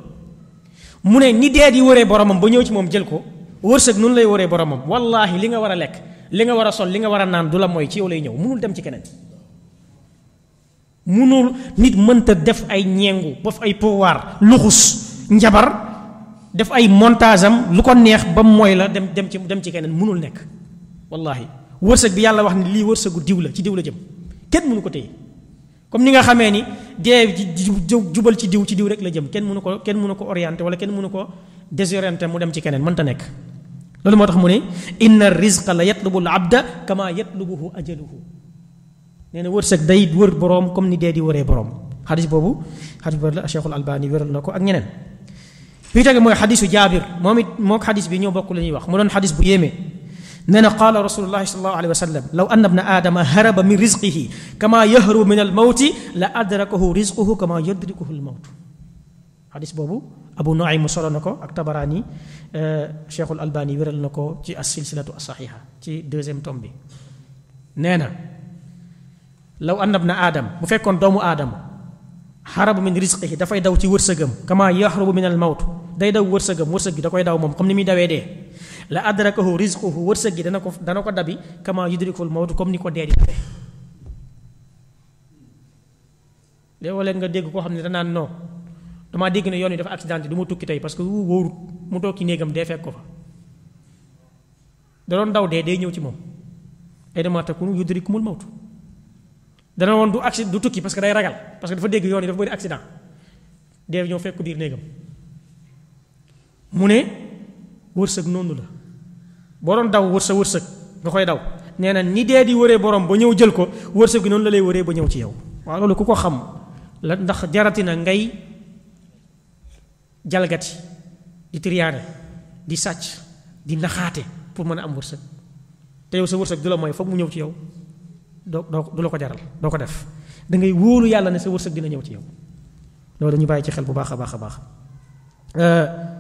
mu ne ni dee di wëree boromam ba ñëw ci moom jël ko wërsëg noonu lay wëree boromam wallaahi li nga war a lekk li nga war a sol li nga war a naan du la mooy ci yow lay ñëw munul dem ci keneen munul nit mënta def ay ñeengu def ay pouvoir luxus njabar def ay montage am lu ko neex ba mooy la dem dem ci dem ci keneen munul nekk wallaahi wërsëg bi yàlla wax ne lii wërsëgu diw la ci diw la jëm kenn mënu ko téye comme ni nga xamee ni dee jubal ci diw ci diw rek la jëm kenn mënu ko kenn mënu ko orienté wala kenn mënu ko désorienté mu dem ci keneen mënta nekk loolu moo tax mu ne inna risque la yatlubu al abda kama yatlubuhu ajaluhu nee na wërsëg day wër boroom comme ni dee di wëree boroom xadis boobu xadis boobu la cheikhul albani wër na ko ak ñeneen bi tege mooy xadisu jaabir moo it mook xadis bi ñoo bokk la ñuy wax mu doon xadis bu yéemee nee na qaala rasulullahi sallallahu alayhi wa sallam law anna bna aadama haraba min rizqihi kama yahrubu min al mawti la adrakahu rizquhu kama yadrikuhu al mawt boobu abu nuaym mu solo na ko ak tabaraani eh, cheikhul albani wéral na ko ci as silsilatu asaxiha ci deuxième tome bi nee na law anna bna aadam bu fekkoon doomu aadama xarabu min rizqihi dafay daw ci wërsëgam kama yahrubu min al mawt day daw wërsëgam wërsëg bi da koy daw moom comme ni muy dawee de la adrakahu rizquhu wërsëg gi dana ko dana ko dabi kama yudrikul mawtu comme ni ko dee di dabe léeg-léeg nga dégg koo xam ne danaan non damaa dégg ne yoon yi dafa accidenté du ma tukki tey parce que wu wóorut mu toog ki néegam dee fekk ko fa da day ñëw ci moom aynamaa takuunu yudrikumul mawtu dana woon du accident du tukki parce que day ragal parce que dafa dégg yoon yi dafa bëri accident dee ñëw fekk ko biir néegam mu ne wërsëg noonu la boo daw wër sa wërsëg nga koy daw nee na ni dee di wëree borom ba ñëw jël ko wërsëg gi noonu la lay wëree ba ñëw ci yow waaw loolu ku ko xam la ndax na ngay jalgati di triyaane di sàcc di naxaate pour mën a am wërsëg te yow sa wërsëg du la mooy foog mu ñëw ci yow doo doo du la ko jaral doo ko def da ngay wóolu yàlla ne sa wërsëg dina ñëw ci yow loolu dañu bàyyi ci xel bu baax a baax a baax euh,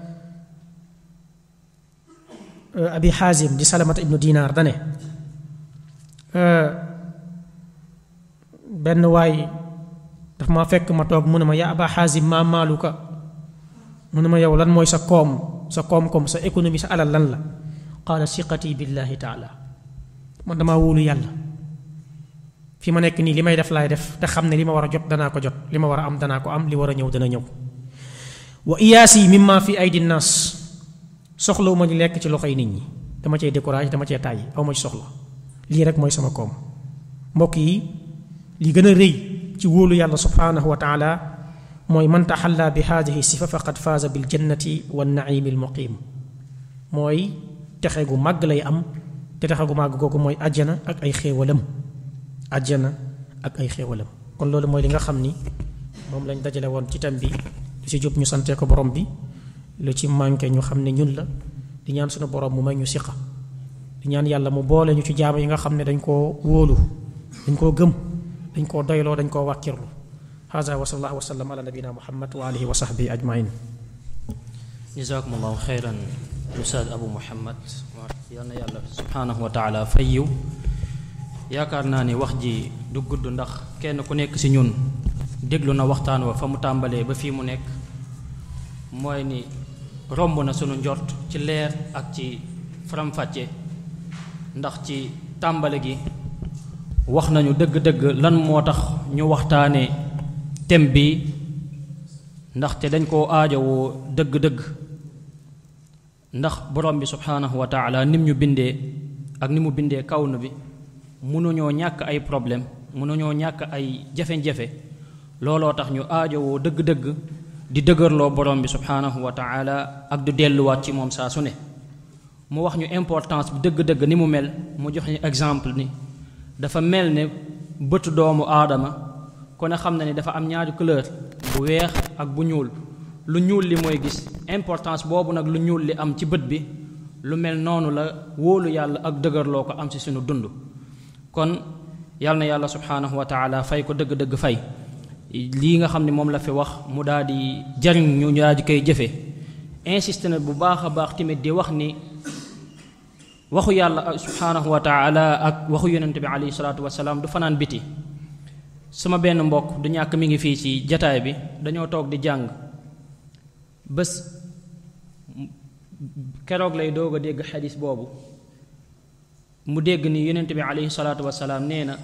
Eh, abi xaasim di salamata ibnu dinaar dane eh, benn waay daf ma fekk ma toog mu ne ma yaa aba xaasim maa maaluka mu ne ma yow lan mooy sa koom sa koom-koom sa économie sa alal lan la qaala siqati billahi taala man damaa wóolu yàlla fi ma nekk nii li may def laay def te xam ne li ma war a jot danaa ko jot li ma war a am danaa ko am li war a ñëw dana ñëw wa iyaasi mimma fi aydi nnaas soxlawu ma di lekk ci loxo yi nit ñi dama cay décourage dama cee tàyyi aw ma ci soxla lii rek mooy sama koom mbokk yi li gën a rëy ci wóolu yàlla subhaanahu wa taala mooy man taxallaa bi haadihi sifa faqad faaza bil jannati wan naimi al muqim mooy texe gu màgg lay am te texe gu màgg mooy àjjana ak ay xéewalam àjjana ak ay xéewalam kon loolu mooy li nga xam ni moom lañ dajale woon ci tam bi si jub ñu santee ko borom bi lu ci manqué ñu xam ne ñun la di ñaan suñu borom mu may ñu siqa di ñaan yàlla mu boole ñu ci jaam yi nga xam ne dañ koo wóolu dañ koo gëm dañ koo doyloo dañ koo wàkkirlu haza wa sallallahu wa sallam ala nabina muhammad wa alihi wa sahbihi ajmain jazakumullahu xeyran ustaas abu muhammad yal na yàlla subhanahu wa taala fay yiw yaakaar naa ne wax ji du gudd ndax kenn ku nekk ci ñun déglu na waxtaan wa fa mu tàmbalee ba fii mu nekk mooy ni romb na sunu njort ci leer ak ci faram ndax ci tàmbali gi wax nañu dëgg-dëgg lan moo tax ñu waxtaane thème bi ndaxte dañ koo aajowoo dëgg-dëgg ndax borom bi subhaanahu wa taala ñu bindee ak ni mu bindee kaw na bi mënuñoo ñàkk ay problème mënuñoo ñàkk ay jafe-jafe looloo tax ñu aajowoo dëgg-dëgg di dëgërloo borom bi subhaanahu wa taala ak du delluwaat ci moom saa su ne mu wax ñu importance bi dëgg-dëgg ni mu mel mu jox ñu exemple ni dafa mel ni bëtu doomu aadama kon a xam na ni dafa am ñaari couleur bu weex ak bu ñuul lu ñuul li mooy gis importance boobu nag lu ñuul li am ci bët bi lu mel noonu la wóolu yàlla ak dëgërloo ko am ci suñu dund kon yàlla na yàlla subhaanahu wa taala fay ko dëgg-dëgg fay lii nga xam ne moom la fi wax mu daal di jariñ ñu ñu daal di koy jëfe insisté na bu baax a baax tamit di wax ni waxu yàlla subhaanahu wa ak waxu yonente bi alayhi salaatu wasalaam du fanaan biti sama benn mbokk du ñàkk mi ngi fii ci jataay bi dañoo toog di jàng bés keroog lay doog a dégg xadis boobu mu dégg ni yonente bi alayhi salaatu wasalaam nee na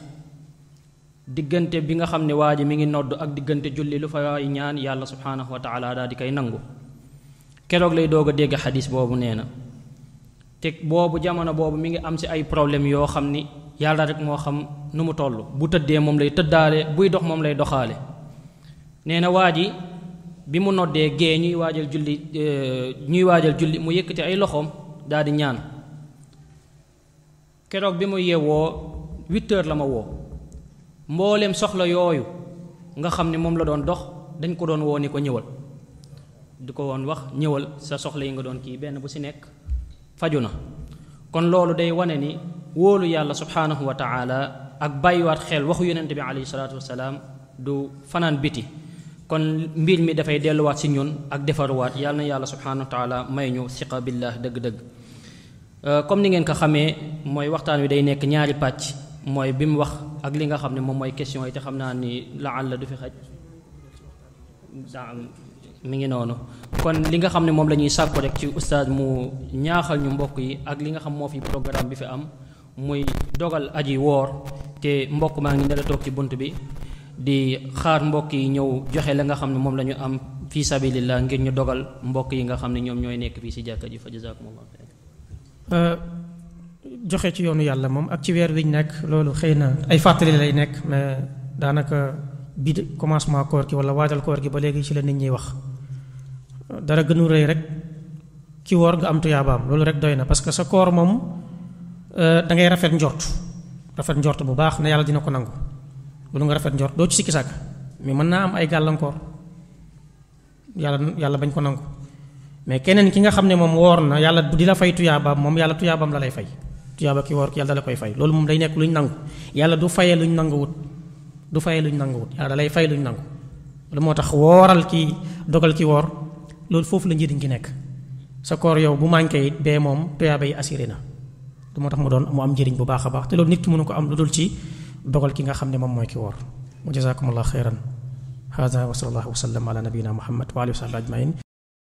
diggante bi nga xam ne waa ji mi ngi nodd ak diggante julli lu fa waay ñaan yàlla subhaanahu wa taala daal di koy nangu keroog lay doog a dégg xadis boobu nee na te boobu jamono boobu mi ngi am si ay problème yoo xam ni yàlla rek moo xam nu mu toll bu tëddee moom lay tëddaale buy dox moom lay doxaale nee na waa ji bi mu noddee gée ñuy waajal julli euh, ñuy waajal julli mu yëkkati ay loxoom daal di ñaan keroog bi mu yeewoo huit heures la ma woo mbooleem soxla yooyu nga xam ne moom la doon dox dañ ko doon woo ko ñëwal di ko woon wax ñëwal sa soxla yi nga doon kii benn bu si nekk faju na kon loolu day wane ni wóolu yàlla subhaanahu wa taala ak bàyyiwaat xel waxu yonent bi alayhi salaatu wasalaam du fanaan biti kon mbir mi dafay delluwaat si ñun ak defaruwaat yàlla na yàlla subhaanahu wa may ñu siqa billah dëgg-dëgg euh, comme ni ngeen ko xamee mooy waxtaan wi day nekk ñaari pàcc mooy bi mu wax ak li nga xam ne moom mooy question yi te xam naa ni laal la du fi xaj mi ngi noonu kon li nga xam ne moom la ñuy sàkku rek ci oustaz mu ñaaxal ñu mbokk yi ak li nga xam moo fi programme bi fi am muy dogal aji woor te mbokk maa ngi nela ci bunt bi di xaar mbokk yi ñëw joxe la nga xam ne moom la ñu am fii la ngir ñu dogal mbokk yi nga xam ne ñoom ñooy nekk fii si jàkka ji fa jazakumullah joxe ci yoonu yàlla moom ak ci weer wi ñu nekk loolu xëy na ay fàttali lay nekk mais daanaka bi commencement koor gi wala waajal koor gi ba léegi ci la nit ñiy wax dara gënu rëy rek ki woor nga am tuyaabaam loolu rek doy na parce que sa koor moom euh, da ngay rafet njort rafet njort bu baax ne yàlla dina ko nangu loolu nga rafet njort doo ci sikki sàkk mais mën naa am ay gàllankoor yàlla yàlla bañ ko nangu mais keneen ki nga xam ne moom woor na yàlla bu di la fay moom yàlla tuyaabaam la lay fay. tuyaaba ki woor ki yàlla da la koy fay loolu moom day nekk luñ nangu yàlla du fayee luñ nanguwut du fayee luñ nanguwut yàlla da lay fay luñ nangu loolu moo tax wooral ki dogal ki woor loolu foofu la njëriñ gi nekk sa koor yow bu manqué it bee moom tuyaaba yi assuré na du moo tax mu doon mu am njëriñ bu baax a baax te loolu nit ki mënu ko am lu dul ci dogal ki nga xam ne moom mooy ki woor wa jazakumullah xeyran hada wa sallallahu wa sallam ala nabiyina muhammad wa alihi wa sahbihi ajmain